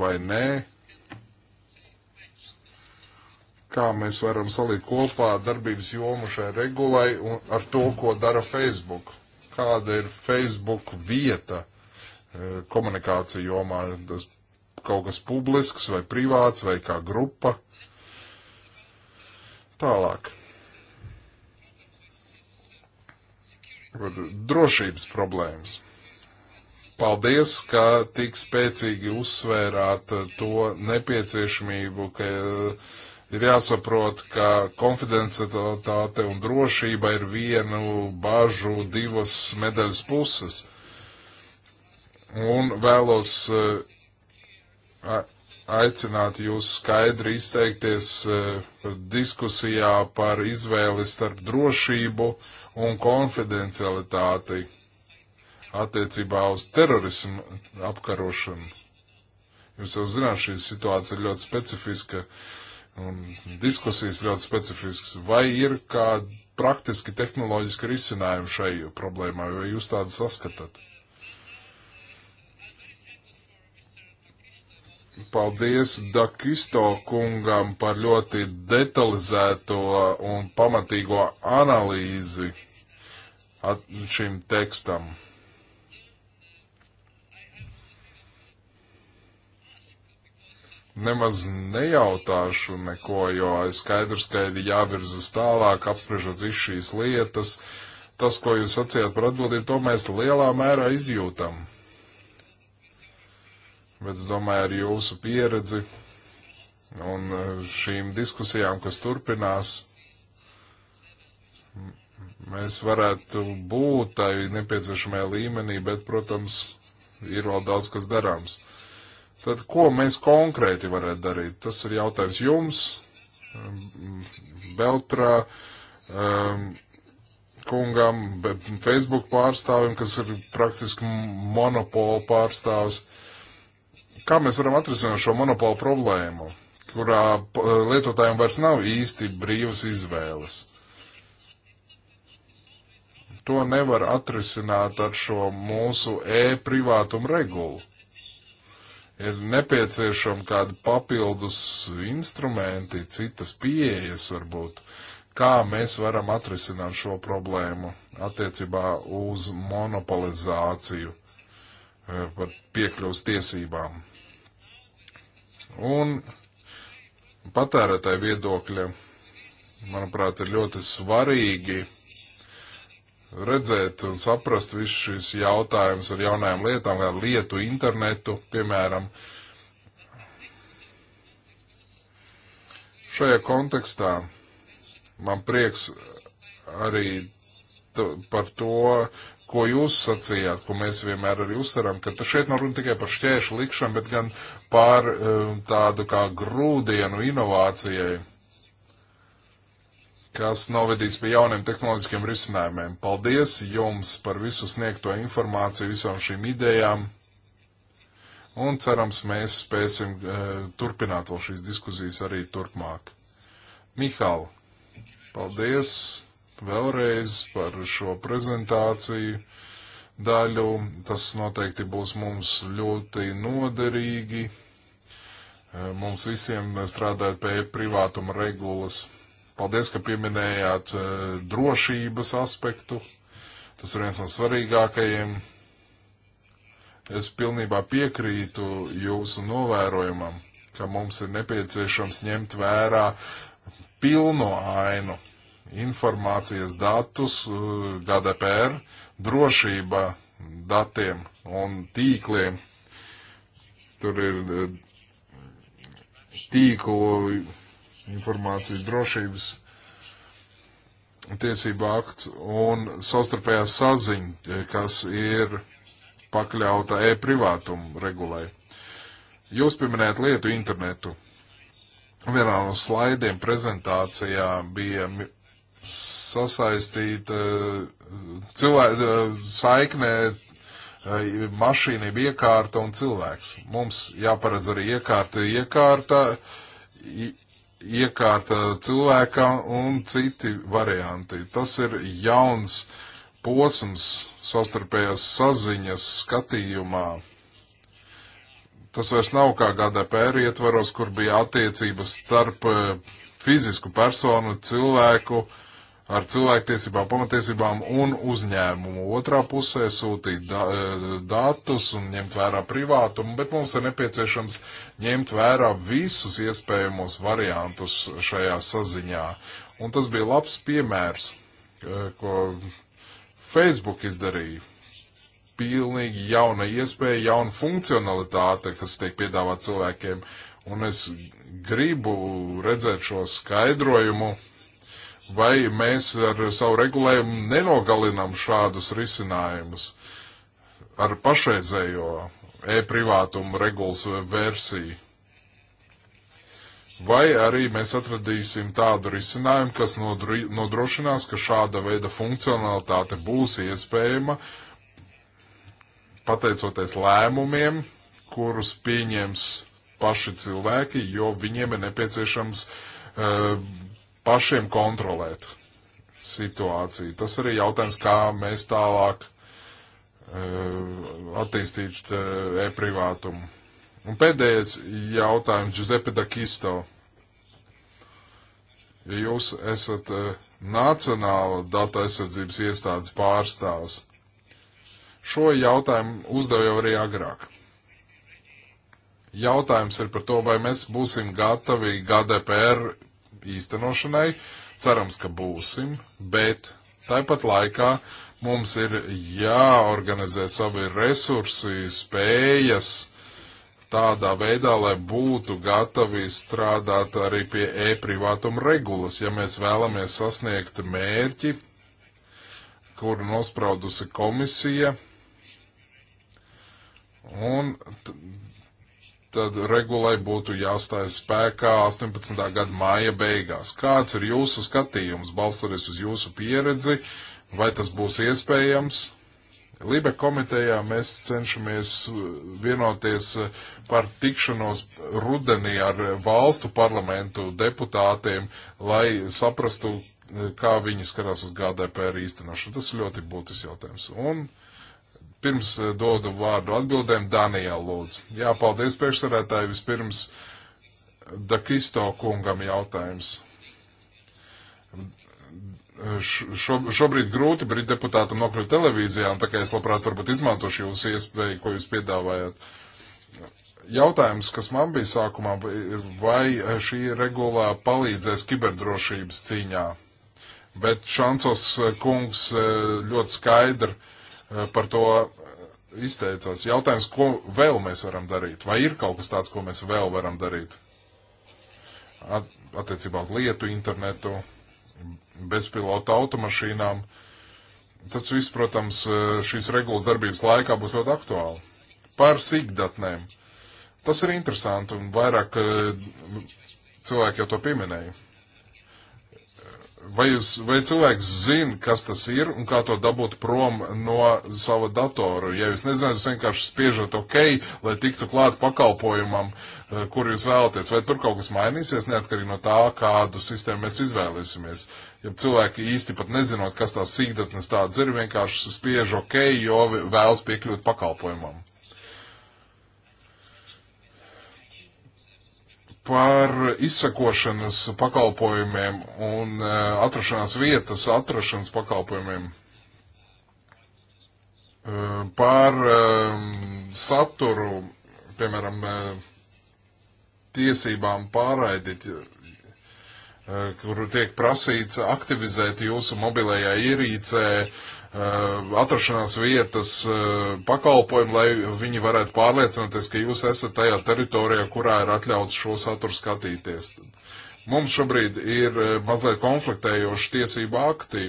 vai nē? Kā mēs varam salikt kopā darbības jomu šai regulai un ar to, ko dara Facebook? kāda ir Facebook vieta e, komunikācija jomā, tas kaut kas publisks vai privāts vai kā grupa. Tālāk. Drošības problēmas. Paldies, ka tik spēcīgi uzsvērāt to nepieciešamību, ka uh, ir jāsaprot, ka konfidencialitāte un drošība ir vienu bažu divas medaļas puses. Un vēlos eh, aicināt jūs skaidri izteikties eh, diskusijā par izvēli starp drošību un konfidencialitāti attiecībā uz terorismu apkarošanu. Jūs jau zināt, šī situācija ir ļoti specifiska. Uh, un diskusijas ļoti specifisks. Vai ir kādi praktiski tehnoloģiski risinājumi šai problēmai, vai jūs tādu saskatāt? Paldies Dakisto kungam par ļoti detalizēto un pamatīgo analīzi šim tekstam. nemaz nejautāšu neko, jo skaidrs, ka ir jāvirzas tālāk, apspriežot visu šīs lietas. Tas, ko jūs sacījāt par atbildību, to mēs lielā mērā izjūtam. Bet es domāju, ar jūsu pieredzi un e, šīm diskusijām, kas turpinās, mēs varētu būt tai nepieciešamajā līmenī, bet, protams, ir vēl daudz kas darāms. Tad ko mēs konkrēti varētu darīt? Tas ir jautājums jums, Beltrā, um, kungam, Facebook pārstāvim, kas ir praktiski monopola pārstāvs. Kā mēs varam atrisināt šo monopola problēmu, kurā uh, lietotājiem vairs nav īsti brīvas izvēles? To nevar atrisināt ar šo mūsu e-privātumu regulu ir nepieciešami kādi papildus instrumenti, citas pieejas varbūt, kā mēs varam atrisināt šo problēmu attiecībā uz monopolizāciju e, par piekļuvas tiesībām. Un patērētāju viedokļa, manuprāt, ir ļoti svarīgi redzēt un saprast visus šīs jautājumus ar jaunajām lietām, ar lietu internetu, piemēram. Šajā kontekstā man prieks arī par to, ko jūs sacījāt, ko mēs vienmēr arī uztaram, ka šeit nav runa tikai par šķēršu likšanu, bet gan par um, tādu kā grūdienu inovācijai kas novedīs pie jauniem tehnoloģiskiem risinājumiem. Paldies jums par visu sniegto informāciju, visām šīm idejām. Un cerams, mēs spēsim e, turpināt vēl šīs diskusijas arī turpmāk. Mihāl, paldies vēlreiz par šo prezentāciju daļu. Tas noteikti būs mums ļoti noderīgi. E, mums visiem strādājot pie privātuma regulas. Paldies, ka pieminējāt eh, drošības aspektu. Tas ir viens no svarīgākajiem. Es pilnībā piekrītu jūsu novērojumam, ka mums ir nepieciešams ņemt vērā pilno ainu informācijas datus eh, GDPR, drošība datiem un tīkliem. Tur ir eh, tīklu informācijas drošības tiesību akts un savstarpējā saziņa, kas ir pakļauta e-privātumu regulai. Jūs pieminējat lietu internetu. Vienā no slaidiem prezentācijā bija sasaistīta eh, cilvē, eh, saiknē eh, mašīnība iekārta un cilvēks. Mums jāparedz arī iekārta, iekārta, iekārta cilvēkam un citi varianti. Tas ir jauns posms savstarpējās saziņas skatījumā. Tas vairs nav kā GDPR ietvaros, kur bija attiecības starp eh, fizisku personu, cilvēku, uh, ar cilvēktiesībām, pamatiesībām un uzņēmumu. Otrā pusē sūtīt da e, datus un ņemt vērā privātumu, bet mums ir nepieciešams ņemt vērā visus iespējamos variantus šajā saziņā. Un tas bija labs piemērs, e, ko Facebook izdarīja. Pilnīgi jauna iespēja, jauna funkcionalitāte, kas tiek piedāvāt cilvēkiem. Un es gribu redzēt šo skaidrojumu Vai mēs ar savu regulējumu nenogalinam šādus risinājumus ar pašreizējo e-privātumu regulas versiju? Vai arī mēs atradīsim tādu risinājumu, kas nodri, nodrošinās, ka šāda veida funkcionalitāte būs iespējama pateicoties lēmumiem, kurus pieņems paši cilvēki, jo viņiem ir nepieciešams uh, pašiem kontrolēt situāciju. Tas arī jautājums, kā mēs tālāk uh, attīstīt uh, e-privātumu. Un pēdējais jautājums Giuseppe Dakisto. Ja jūs esat uh, Nacionāla data aizsardzības iestādes pārstāvs, šo jautājumu uzdevu jau arī agrāk. Jautājums ir par to, vai mēs būsim gatavi GDPR īstenošanai. Cerams, ka būsim, bet tāpat laikā mums ir jāorganizē savi resursi, spējas tādā veidā, lai būtu gatavi strādāt arī pie e-privātuma regulas, ja mēs vēlamies sasniegt mērķi, kuru nospraudusi komisija. Un tad regulai būtu jāstājas spēkā 18. gada māja beigās. Kāds ir jūsu skatījums, balstoties uz jūsu pieredzi, vai tas būs iespējams? Libe komitejā mēs cenšamies uh, vienoties uh, par tikšanos rudenī ar valstu parlamentu deputātiem, lai saprastu, uh, kā viņi skatās uz GDPR īstenošanu. Tas ir ļoti būtisks jautājums. Un Pirms eh, dodu vārdu atbildēm, Daniela lūdzu. Jā, paldies priekšsarētāji. Vispirms Dakisto kungam jautājums. Šo, šobrīd grūti brīt deputātam nokļūt televīzijā, un tā kā es labprāt varbūt izmantošu jūsu iespēju, ko jūs piedāvājat. Jautājums, kas man bija sākumā, ir, vai eh, šī regulā palīdzēs kiberdrošības cīņā? Bet Šancos eh, kungs ļoti skaidri Eh, par to eh, izteicās. Jautājums, ko vēl mēs varam darīt? Vai ir kaut kas tāds, ko mēs vēl varam darīt? At, attiecībā uz lietu, internetu, bezpilota automašīnām. Tas viss, protams, eh, šīs regulas darbības laikā būs ļoti aktuāli. Par sīkdatnēm. Tas ir interesanti un vairāk cilvēki jau to pieminēja. Vai, jūs, vai cilvēks zina, kas tas ir un kā to dabūt prom no sava datora? Ja jūs nezināt, jūs vienkārši spiežat OK, lai tiktu klāt pakalpojumam, eh, kur jūs vēlaties. Vai tur kaut kas mainīsies, neatkarīgi no tā, kādu sistēmu mēs izvēlēsimies? Ja cilvēki īsti pat nezinot, kas tās sīkdatnes tādas ir, vienkārši spiež OK, jo vēlas piekļūt pakalpojumam. par izsakošanas pakalpojumiem un e, atrašanās vietas atrašanas pakalpojumiem, e, par e, saturu, piemēram, tiesībām pārraidīt, kur tiek prasīts aktivizēt jūsu mobilajā ierīcē uh, Eh, atrašanās vietas eh, pakalpojumu, lai viņi varētu pārliecināties, ka jūs esat tajā teritorijā, kurā ir atļauts šo saturu skatīties. Mums šobrīd ir eh, mazliet konfliktējoši tiesību akti,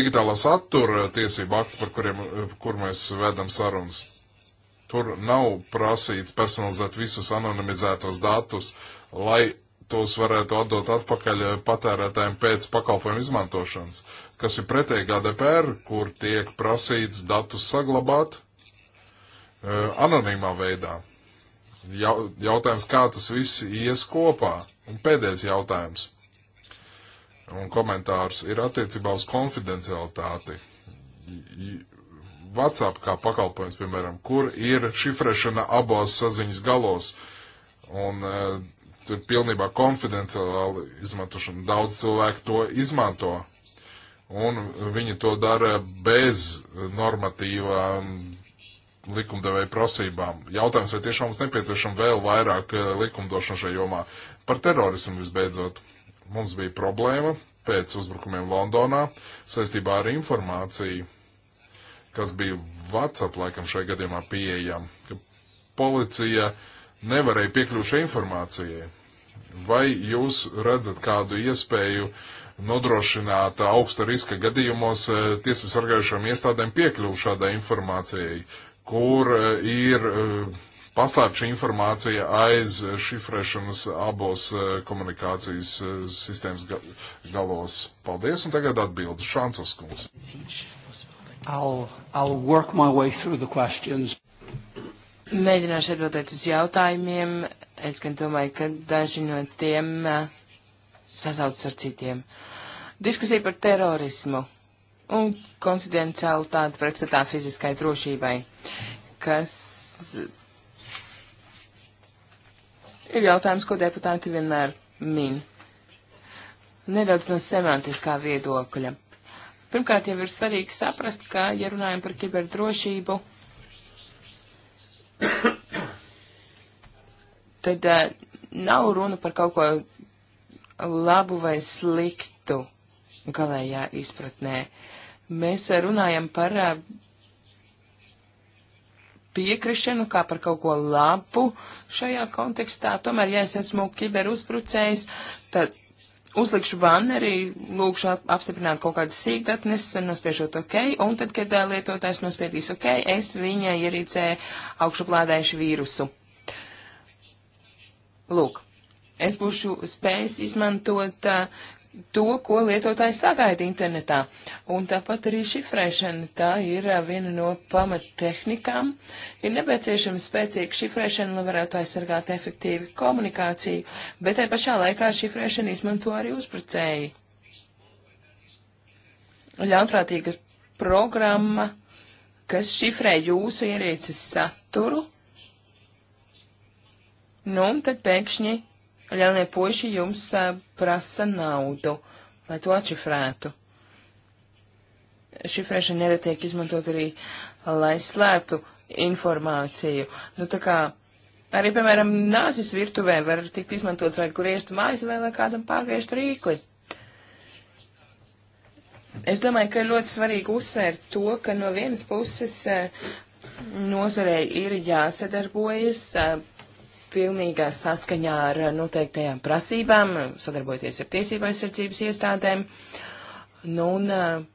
digitālā satura tiesību akts, par kuriem, kur mēs vedam sarunas. Tur nav prasīts personalizēt visus anonimizētos datus, lai tos varētu atdot atpakaļ patērētājiem pēc pakalpojumu izmantošanas. Uh, kas ir pretēji GDPR, kur tiek prasīts datus saglabāt eh, anonīmā veidā. Jautājums, kā tas viss ies kopā? Un pēdējais jautājums un komentārs ir attiecībā uz konfidencialitāti. WhatsApp kā pakalpojums, piemēram, kur ir šifrēšana abos saziņas galos un uh, tur pilnībā konfidenciāli izmantošana. Daudz cilvēku to izmanto, un viņi to dara bez normatīvām likumdevēja prasībām. Jautājums, vai tiešām mums nepieciešama vēl vairāk eh, likumdošana šajā jomā. Par terorismu visbeidzot. Mums bija problēma pēc uzbrukumiem Londonā saistībā ar informāciju, kas bija WhatsApp laikam šajā gadījumā pieejama, ka policija nevarēja piekļūt šai informācijai. Vai jūs redzat kādu iespēju uh, nodrošināt augsta riska gadījumos eh, tiesību sargājušām iestādēm piekļuvu šādai informācijai, kur eh, ir eh, paslēpta šī informācija aiz šifrēšanas abos komunikācijas sistēmas galos. Paldies, un tagad atbildi Šāncas kungs. I'll, I'll work my way through the questions. Mēģināšu atbildēt uz jautājumiem. Es gan domāju, ka daži no tiem uh, sasaucas ar citiem. Uh, Diskusija par terorismu un konfidenciālitāti pretstatā fiziskai drošībai, kas ir jautājums, ko deputāti vienmēr min. Nedaudz no semantiskā viedokļa. Pirmkārt, jau ir svarīgi saprast, ka, ja runājam par kiberdrošību, tad uh, nav runa par kaut ko labu vai sliktu galējā izpratnē. Mēs eh, runājam par eh, piekrišanu kā par kaut ko labu šajā kontekstā. Tomēr, ja es esmu kiberuzbrucējs, tad uzlikšu banneri, lūkšu apstiprināt kaut kādas sīkdatnes, nospiežot OK, un tad, kad eh, lietotājs nospiedīs OK, es viņa ierīcē augšuplādēšu vīrusu. Lūk, es būšu spējis izmantot uh, to, ko lietotājs sagaida internetā. Un tāpat arī šifrēšana, tā ir viena no pamattehnikām. Ir nepieciešama spēcīga šifrēšana, lai varētu aizsargāt efektīvi komunikāciju, bet tai pašā laikā šifrēšana izmanto arī uzbrucēji. Ļaunprātīga programma, kas šifrē jūsu ierīces saturu, nu un tad pēkšņi Ļaunie puiši jums prasa naudu, lai to atšifrētu. Šifrēšana nereti tiek izmantot arī, lai slēptu informāciju. Nu, tā kā arī, piemēram, nāzis virtuvē var tikt izmantots, lai griežtu mājas vai lai kādam pārgriežtu rīkli. Es domāju, ka ir ļoti svarīgi uzsvērt to, ka no vienas puses nozarei ir jāsadarbojas, pilnīgā saskaņā ar noteiktajām prasībām, sadarbojoties ar tiesību aizsardzības iestādēm. Nu, un, eh,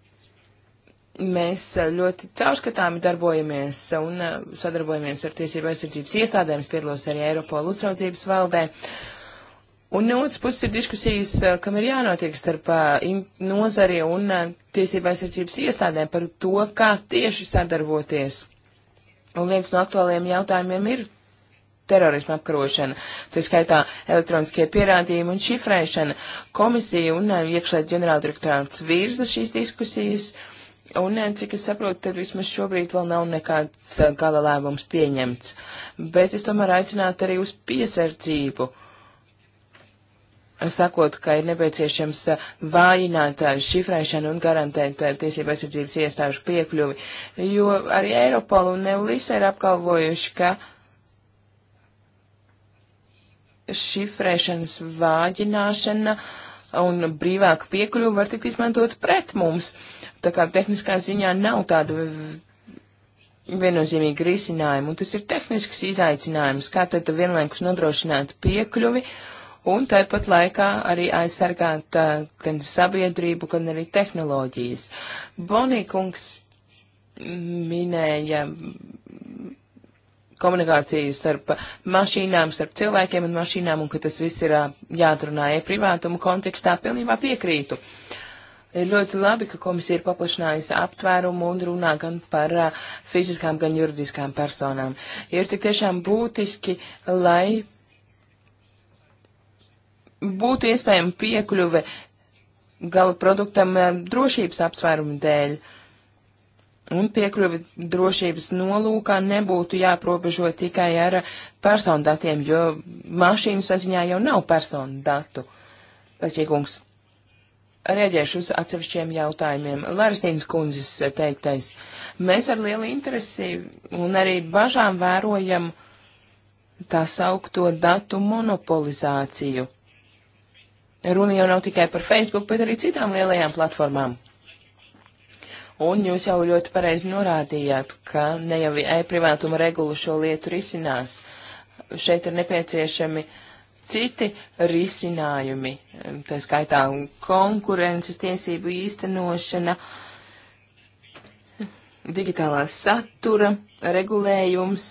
Mēs ļoti caurskatāmi darbojamies un eh, sadarbojamies ar tiesību aizsardzības iestādēm, es piedalos arī Eiropola uzraudzības valdē. Un no otras puses ir diskusijas, eh, kam ir jānotiek starp nozari un tiesību aizsardzības iestādēm par to, kā tieši sadarboties. Un viens no aktuālajiem jautājumiem ir terorismu apkarošana, tā skaitā elektroniskie pierādījumi un šifrēšana. Komisija un eh, iekšlietu ģenerāldirektorāts virza šīs diskusijas. Un, eh, cik es saprotu, tad vismaz šobrīd vēl nav nekāds eh, gala lēmums pieņemts. Bet es tomēr aicinātu arī uz piesardzību, sakot, ka ir nepieciešams vājināt šifrēšanu un garantēt tiesību aizsardzības iestāžu piekļuvi, jo arī Eiropola un Neulisa ir apkalvojuši, ka uh, šifrēšanas vāģināšana un brīvāka piekļuva var tikt izmantot pret mums. Tā kā tehniskā ziņā nav tāda viennozīmīga risinājuma, un tas ir tehnisks izaicinājums, kā tad vienlaikus nodrošināt piekļuvi un tāpat laikā arī aizsargāt uh, gan sabiedrību, gan arī tehnoloģijas. Bonīkungs minēja komunikāciju starp mašīnām, starp cilvēkiem un mašīnām, un ka tas viss ir jāatrunā e-privātumu kontekstā, pilnībā piekrītu. Ir ļoti labi, ka komisija ir paplašinājusi aptvērumu un runā gan par a, fiziskām, gan juridiskām personām. Ir tik tiešām būtiski, lai būtu iespējama piekļuve gala produktam a, drošības apsvērumu dēļ. Uh, un piekļuvi drošības nolūkā nebūtu jāprobežo tikai ar personu datiem, jo mašīnu saziņā jau nav personu datu. Paķīgums, rēģēšu uz atsevišķiem jautājumiem. Laristīnas kundzes teiktais, mēs ar lielu interesi un arī bažām vērojam tā saukto datu monopolizāciju. Runa jau nav tikai par Facebook, bet arī citām lielajām platformām. Un jūs jau ļoti pareizi norādījāt, ka ne jau e-privātuma regula šo lietu risinās. Šeit ir nepieciešami citi risinājumi, tā skaitā konkurences tiesību īstenošana, digitālā satura regulējums,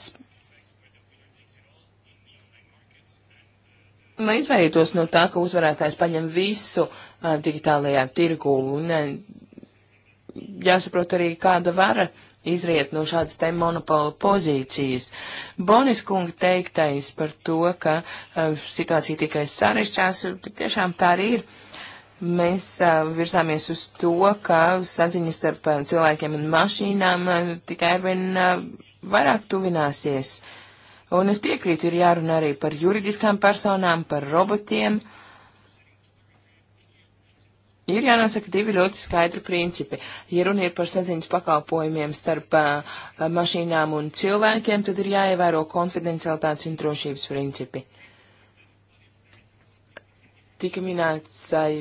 lai izvairītos no tā, ka uzvarētājs paņem visu a, digitālajā tirgu un jāsaprot arī, kāda vara izriet no šādas te monopola pozīcijas. Bonis kunga teiktais par to, ka uh, situācija tikai sarešķās, tiešām tā arī ir. Mēs uh, virzāmies uz to, ka saziņas starp uh, cilvēkiem un mašīnām uh, tikai arvien uh, vairāk tuvināsies. Un es piekrītu, ir jārunā arī par juridiskām personām, par robotiem. Uh, Ir jānosaka divi ļoti skaidri principi. Ja runa ir par saziņas pakalpojumiem starp uh, mašīnām un cilvēkiem, tad ir jāievēro konfidencialitātes un drošības principi. Tika minēts uh,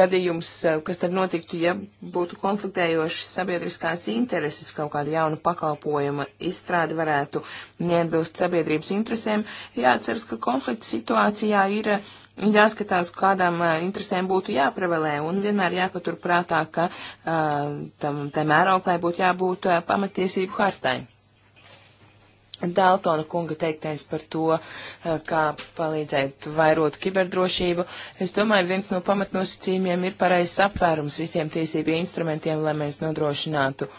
gadījums, uh, kas tad notiktu, ja būtu konfliktējošas sabiedriskās intereses, kaut kāda jauna pakalpojuma izstrāde varētu neatbilst sabiedrības interesēm. Jāatceras, ka konflikta situācijā ir. Uh, jāskatās, kādām interesēm būtu jāprevelē, un vienmēr jāpatur prātā, ka tam te mēroklē būtu jābūt pamatiesību hartai. Daltona kunga teiktais par to, kā palīdzēt vairot kiberdrošību. Es domāju, viens no pamatnosacījumiem ir pareizs apvērums visiem tiesību instrumentiem, lai mēs nodrošinātu uh,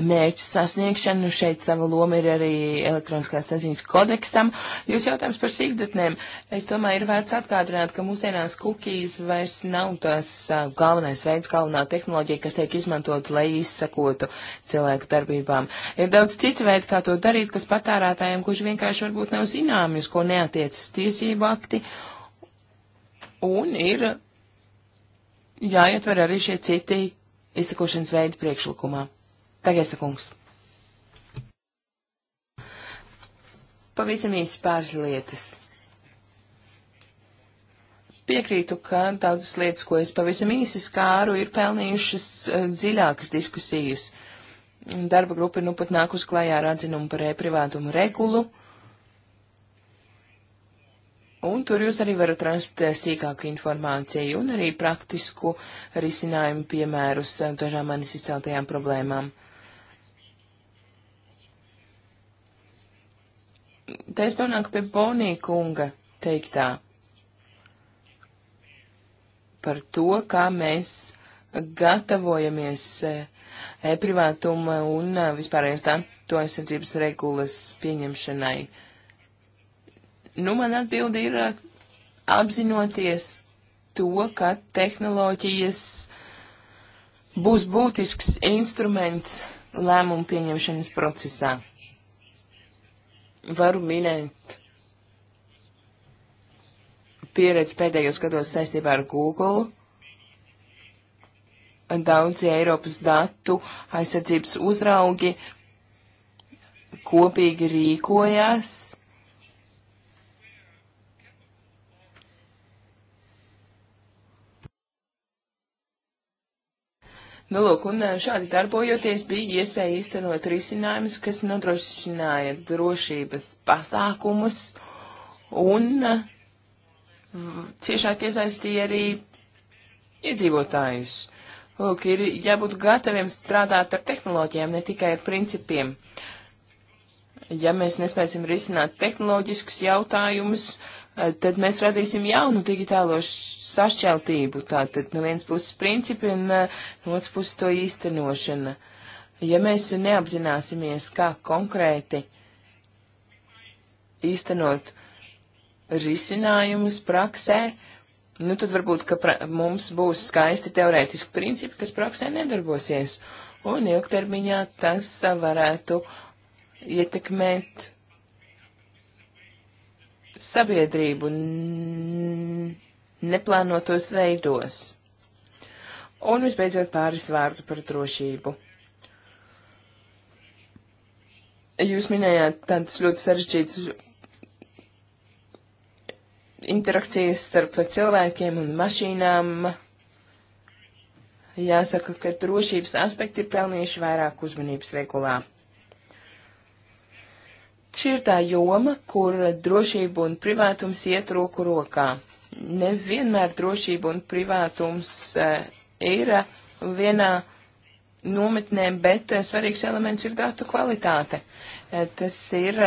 mērķu sasniegšanu. Šeit sava loma ir arī elektroniskās saziņas kodeksam. Jūs jautājums par sīkdatnēm. Es domāju, ir vērts atkārtināt, ka mūsdienās kukijas vairs nav tas uh, galvenais veids, galvenā tehnoloģija, kas tiek izmantot, lai izsakotu cilvēku darbībām. Ir daudz citu veidu, kā to darīt, kas patērētājiem, kurš vienkārši varbūt nav zināmi, uz ko neatiecas tiesību akti. Un ir jāietver arī šie citi izsakošanas veidi priekšlikumā. Tagaisa kungs. Pavisam īsi pāris lietas. Piekrītu, ka daudzas lietas, ko es pavisam īsi skāru, ir pelnījušas uh, dziļākas diskusijas. Darba grupa ir nu pat nākus klajā ar atzinumu par e-privātumu regulu. Un tur jūs arī varat rast eh, sīkāku informāciju un arī praktisku risinājumu piemērus eh, dažām manis izceltajām problēmām. Te es nonāku pie Bonija kunga teiktā par to, kā mēs gatavojamies eh, e-privātuma un eh, vispārējās datu aizsardzības regulas pieņemšanai. Nu, man atbildi ir eh, apzinoties to, ka tehnoloģijas būs būtisks instruments lēmumu pieņemšanas procesā varu minēt pieredzi pēdējos gados saistībā ar Google. Daudzi Eiropas datu aizsardzības uzraugi kopīgi rīkojās Nu, lūk, un eh, šādi darbojoties bija iespēja iztenot risinājumus, kas nodrošināja drošības pasākumus un eh, ciešāk iesaistīja arī iedzīvotājus. Lūk, ir jābūt gataviem strādāt ar tehnoloģijām, ne tikai ar principiem. Ja mēs nespēsim risināt tehnoloģiskus jautājumus, uh, tad mēs radīsim jaunu digitālo sašķeltību. Tātad no vienas puses principi un eh, no otras puses to īstenošana. Ja mēs neapzināsimies, kā konkrēti īstenot risinājumus praksē, nu tad varbūt, ka mums būs skaisti teorētiski principi, kas praksē nedarbosies. Un ilgtermiņā tas varētu ietekmēt sabiedrību neplānotos veidos. Un visbeidzot pāris vārdu par drošību. Jūs minējāt tādas ļoti sarežģītas interakcijas starp cilvēkiem un mašīnām. Jāsaka, ka drošības aspekti ir pelnījuši vairāk uzmanības regulā. Šī ir tā joma, kur drošība un privātums iet roku rokā. Nevienmēr drošība un privātums eh, ir vienā nometnē, bet eh, svarīgs elements ir datu kvalitāte. Eh, tas ir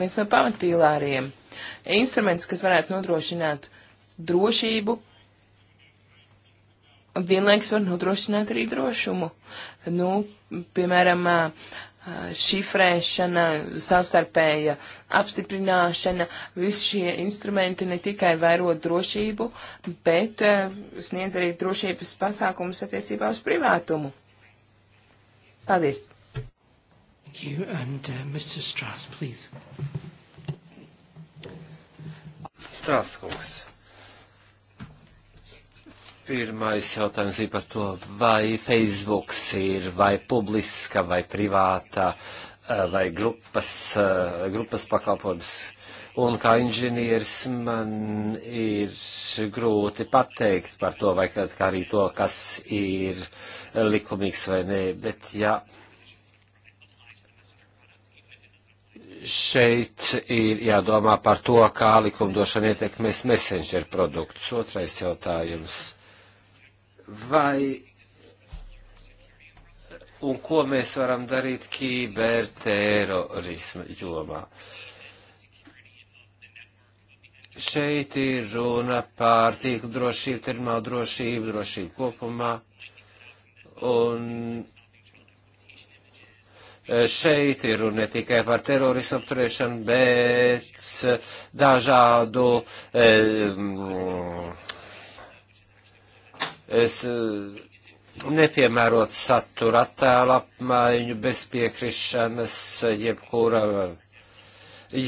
viens no pamatpīlāriem. Instruments, kas varētu nodrošināt drošību, vienlaiks var nodrošināt arī drošumu. Nu, piemēram, šifrēšana, savstarpēja apstiprināšana, visi šie instrumenti ne tikai vēro drošību, bet eh, sniedz arī drošības pasākumus attiecībā uz privātumu. Paldies! Thank you and uh, Mr. Strauss, please. Strauss, Pirmais jautājums ir par to, vai Facebook ir vai publiska, vai privāta, eh, vai grupas, eh, grupas pakalpojums. Un kā inženieris man ir grūti pateikt par to, vai kā arī to, kas ir likumīgs vai nē, bet jā. Ja, šeit ir jādomā par to, kā likumdošana ietekmēs messenger produktus. Otrais jautājums vai un ko mēs varam darīt kiberterorismu jomā. Šeit ir runa pār tīkla drošību, termālu drošību, drošību kopumā. Un šeit ir runa ne tikai par terorismu apturēšanu, bet dažādu. Eh, es, eh, nepiemērot satura attēlu apmaiņu bez piekrišanas, jebkura,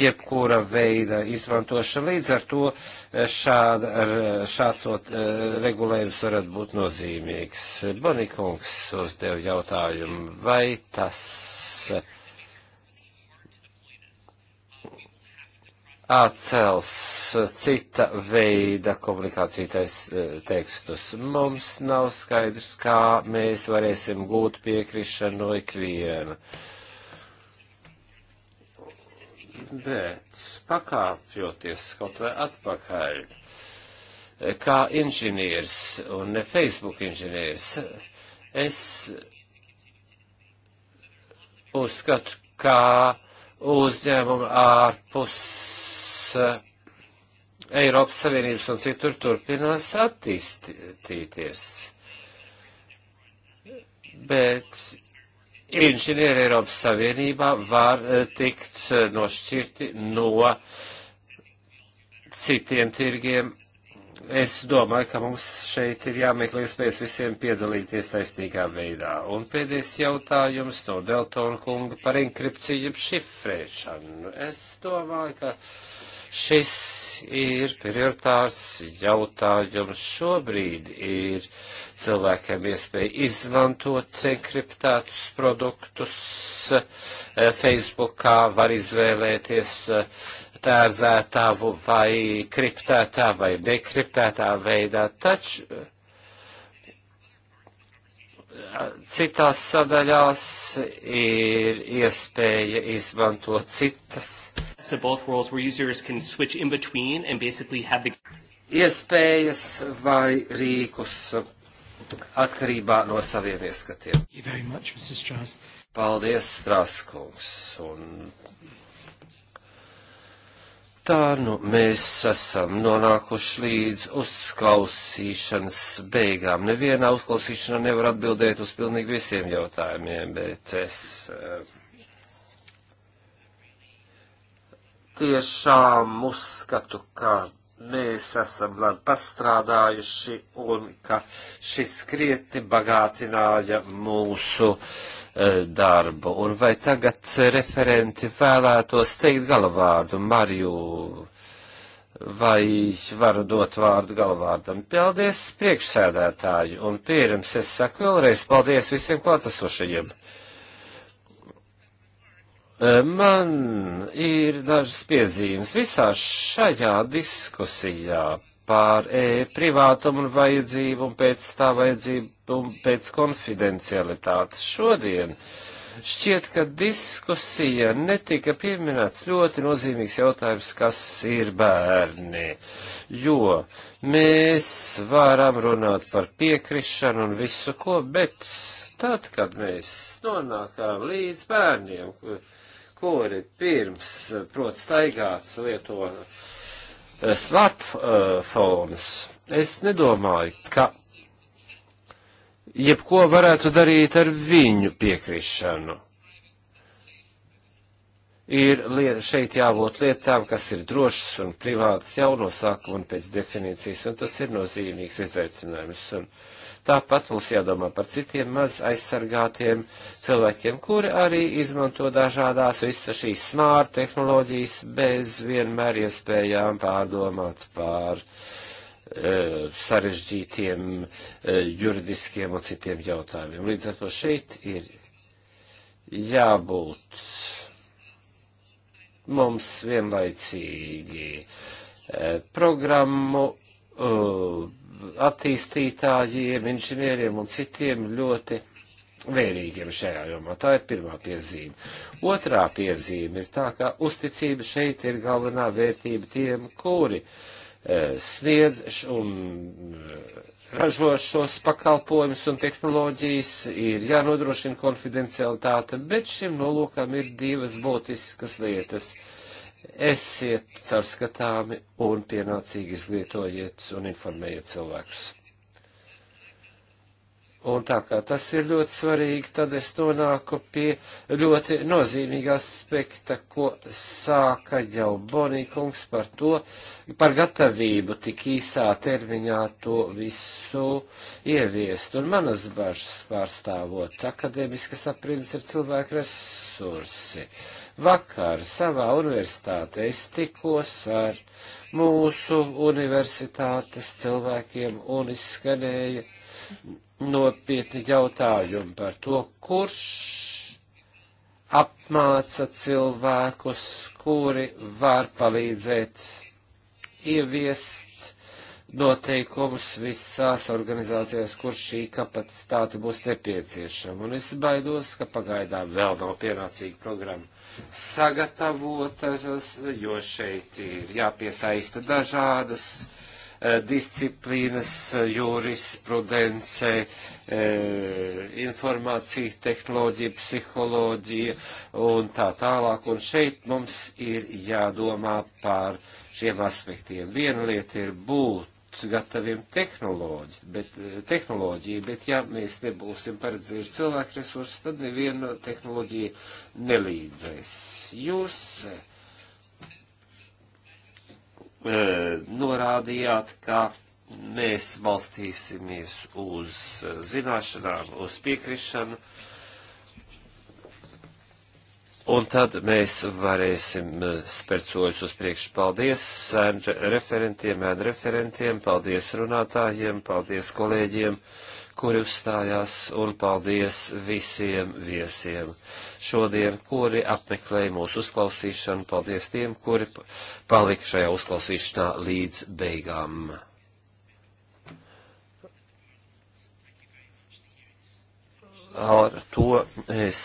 jebkura veida izmantošana. Līdz ar to eh, šāda, šāds ot, eh, regulējums varētu būt nozīmīgs. Bonikungs uzdev jautājumu, vai tas. Uh, atcels cita veida komunikācijas eh, tekstus. Mums nav skaidrs, kā mēs varēsim gūt piekrišanu no ikviena. Bet pakāpjoties kaut vai atpakaļ, eh, kā inženieris un ne Facebook inženieris, es uzskatu, kā uzņēmumu ārpus Eh, Eiropas Savienības un citur turpinās attīstīties. Bet inženieri Eiropas Savienībā var eh, tikt eh, nošķirti no citiem tirgiem. Es domāju, ka mums šeit ir jāmeklē iespējas visiem piedalīties taisnīgā veidā. Un pēdējais jautājums no Deltona kunga par enkripciju šifrēšanu. Es domāju, ka Šis ir prioritārs jautājums šobrīd ir cilvēkiem iespēja izmantot enkriptētus produktus Facebookā, var izvēlēties eh, tērzētā vai kriptētā vai dekriptētā veidā, taču eh, citās sadaļās ir iespēja izmantot citas of both worlds where users can switch in between and basically have the iespējas vai rīkus atkarībā no saviem ieskatiem. Much, Paldies, Strāskungs. Un tā nu mēs esam nonākuši līdz uzklausīšanas beigām. Nevienā uzklausīšanā nevar atbildēt uz pilnīgi visiem jautājumiem, bet es. Uh, tiešām uzskatu, ka mēs esam labi pastrādājuši un ka šis krietni bagātināja mūsu e, darbu. Un vai tagad referenti vēlētos teikt galvārdu Mariju? Vai varu dot vārdu galvārdam? Paldies priekšsēdētāju, un pirms es saku vēlreiz paldies visiem klātesošajiem. Man ir dažas piezīmes visā šajā diskusijā par e, privātumu un vajadzību un pēc tā vajadzību un pēc konfidencialitātes. Šodien šķiet, ka diskusija netika pieminēts ļoti nozīmīgs jautājums, kas ir bērni, jo mēs varam runāt par piekrišanu un visu ko, bet tad, kad mēs nonākām līdz bērniem, kuri pirms prot staigāt lieto eh, smartfonus, es nedomāju, ka jebko varētu darīt ar viņu piekrišanu. Ir liet, šeit jābūt lietām, kas ir drošas un privātas jau no sākuma un pēc definīcijas, un tas ir nozīmīgs izaicinājums. Un, uh, Tāpat mums jādomā par citiem maz aizsargātiem cilvēkiem, kuri arī izmanto dažādās visas šīs smārta tehnoloģijas bez vienmēr iespējām pārdomāt pār e, sarežģītiem e, juridiskiem un citiem jautājumiem. Līdz ar to šeit ir jābūt mums vienlaicīgi e, programmu uh, attīstītājiem, inženieriem un citiem ļoti vērīgiem šajā jomā. Tā ir pirmā piezīme. Otrā piezīme ir tā, ka uzticība šeit ir galvenā vērtība tiem, kuri e, sniedz un eh, ražo šos pakalpojumus un tehnoloģijas, ir jānodrošina konfidencialitāte, bet šim nolūkam ir divas būtiskas lietas. E, esiet caurskatāmi un pienācīgi izlietojiet un informējiet cilvēkus. Un tā kā tas ir ļoti svarīgi, tad es nonāku pie ļoti nozīmīga aspekta, ko sāka jau Bonīkungs par to, par gatavību tik īsā termiņā to visu ieviest. Un manas bažas pārstāvot, akadēmiskas aprindas ir cilvēku resursi. Uh, Vakar savā universitātē es tikos ar mūsu universitātes cilvēkiem un izskanēja nopietni jautājumi par to, kurš apmāca cilvēkus, kuri var palīdzēt ieviest noteikumus visās organizācijās, kur šī kapacitāte būs nepieciešama. Un es baidos, ka pagaidām vēl nav pienācīga programma sagatavotas, jo šeit ir jāpiesaista dažādas e, disciplīnas, jurisprudence, e, informācija, tehnoloģija, psiholoģija un tā tālāk. Un šeit mums ir jādomā par šiem aspektiem. Viena lieta ir būt būt gataviem tehnoloģi, bet, eh, tehnoloģiju, bet ja mēs nebūsim paredzējuši cilvēku resursus, tad neviena tehnoloģija nelīdzēs. Jūs e, norādījāt, ka mēs balstīsimies uz eh, zināšanām, uz piekrišanu. E, Un tad mēs varēsim eh, spērt soļus uz priekšu. Paldies referentiem, ēd referentiem, paldies runātājiem, paldies kolēģiem, kuri uzstājās, un paldies visiem viesiem šodien, kuri apmeklēja mūsu uzklausīšanu, paldies tiem, kuri palika šajā uzklausīšanā līdz beigām. Ar to mēs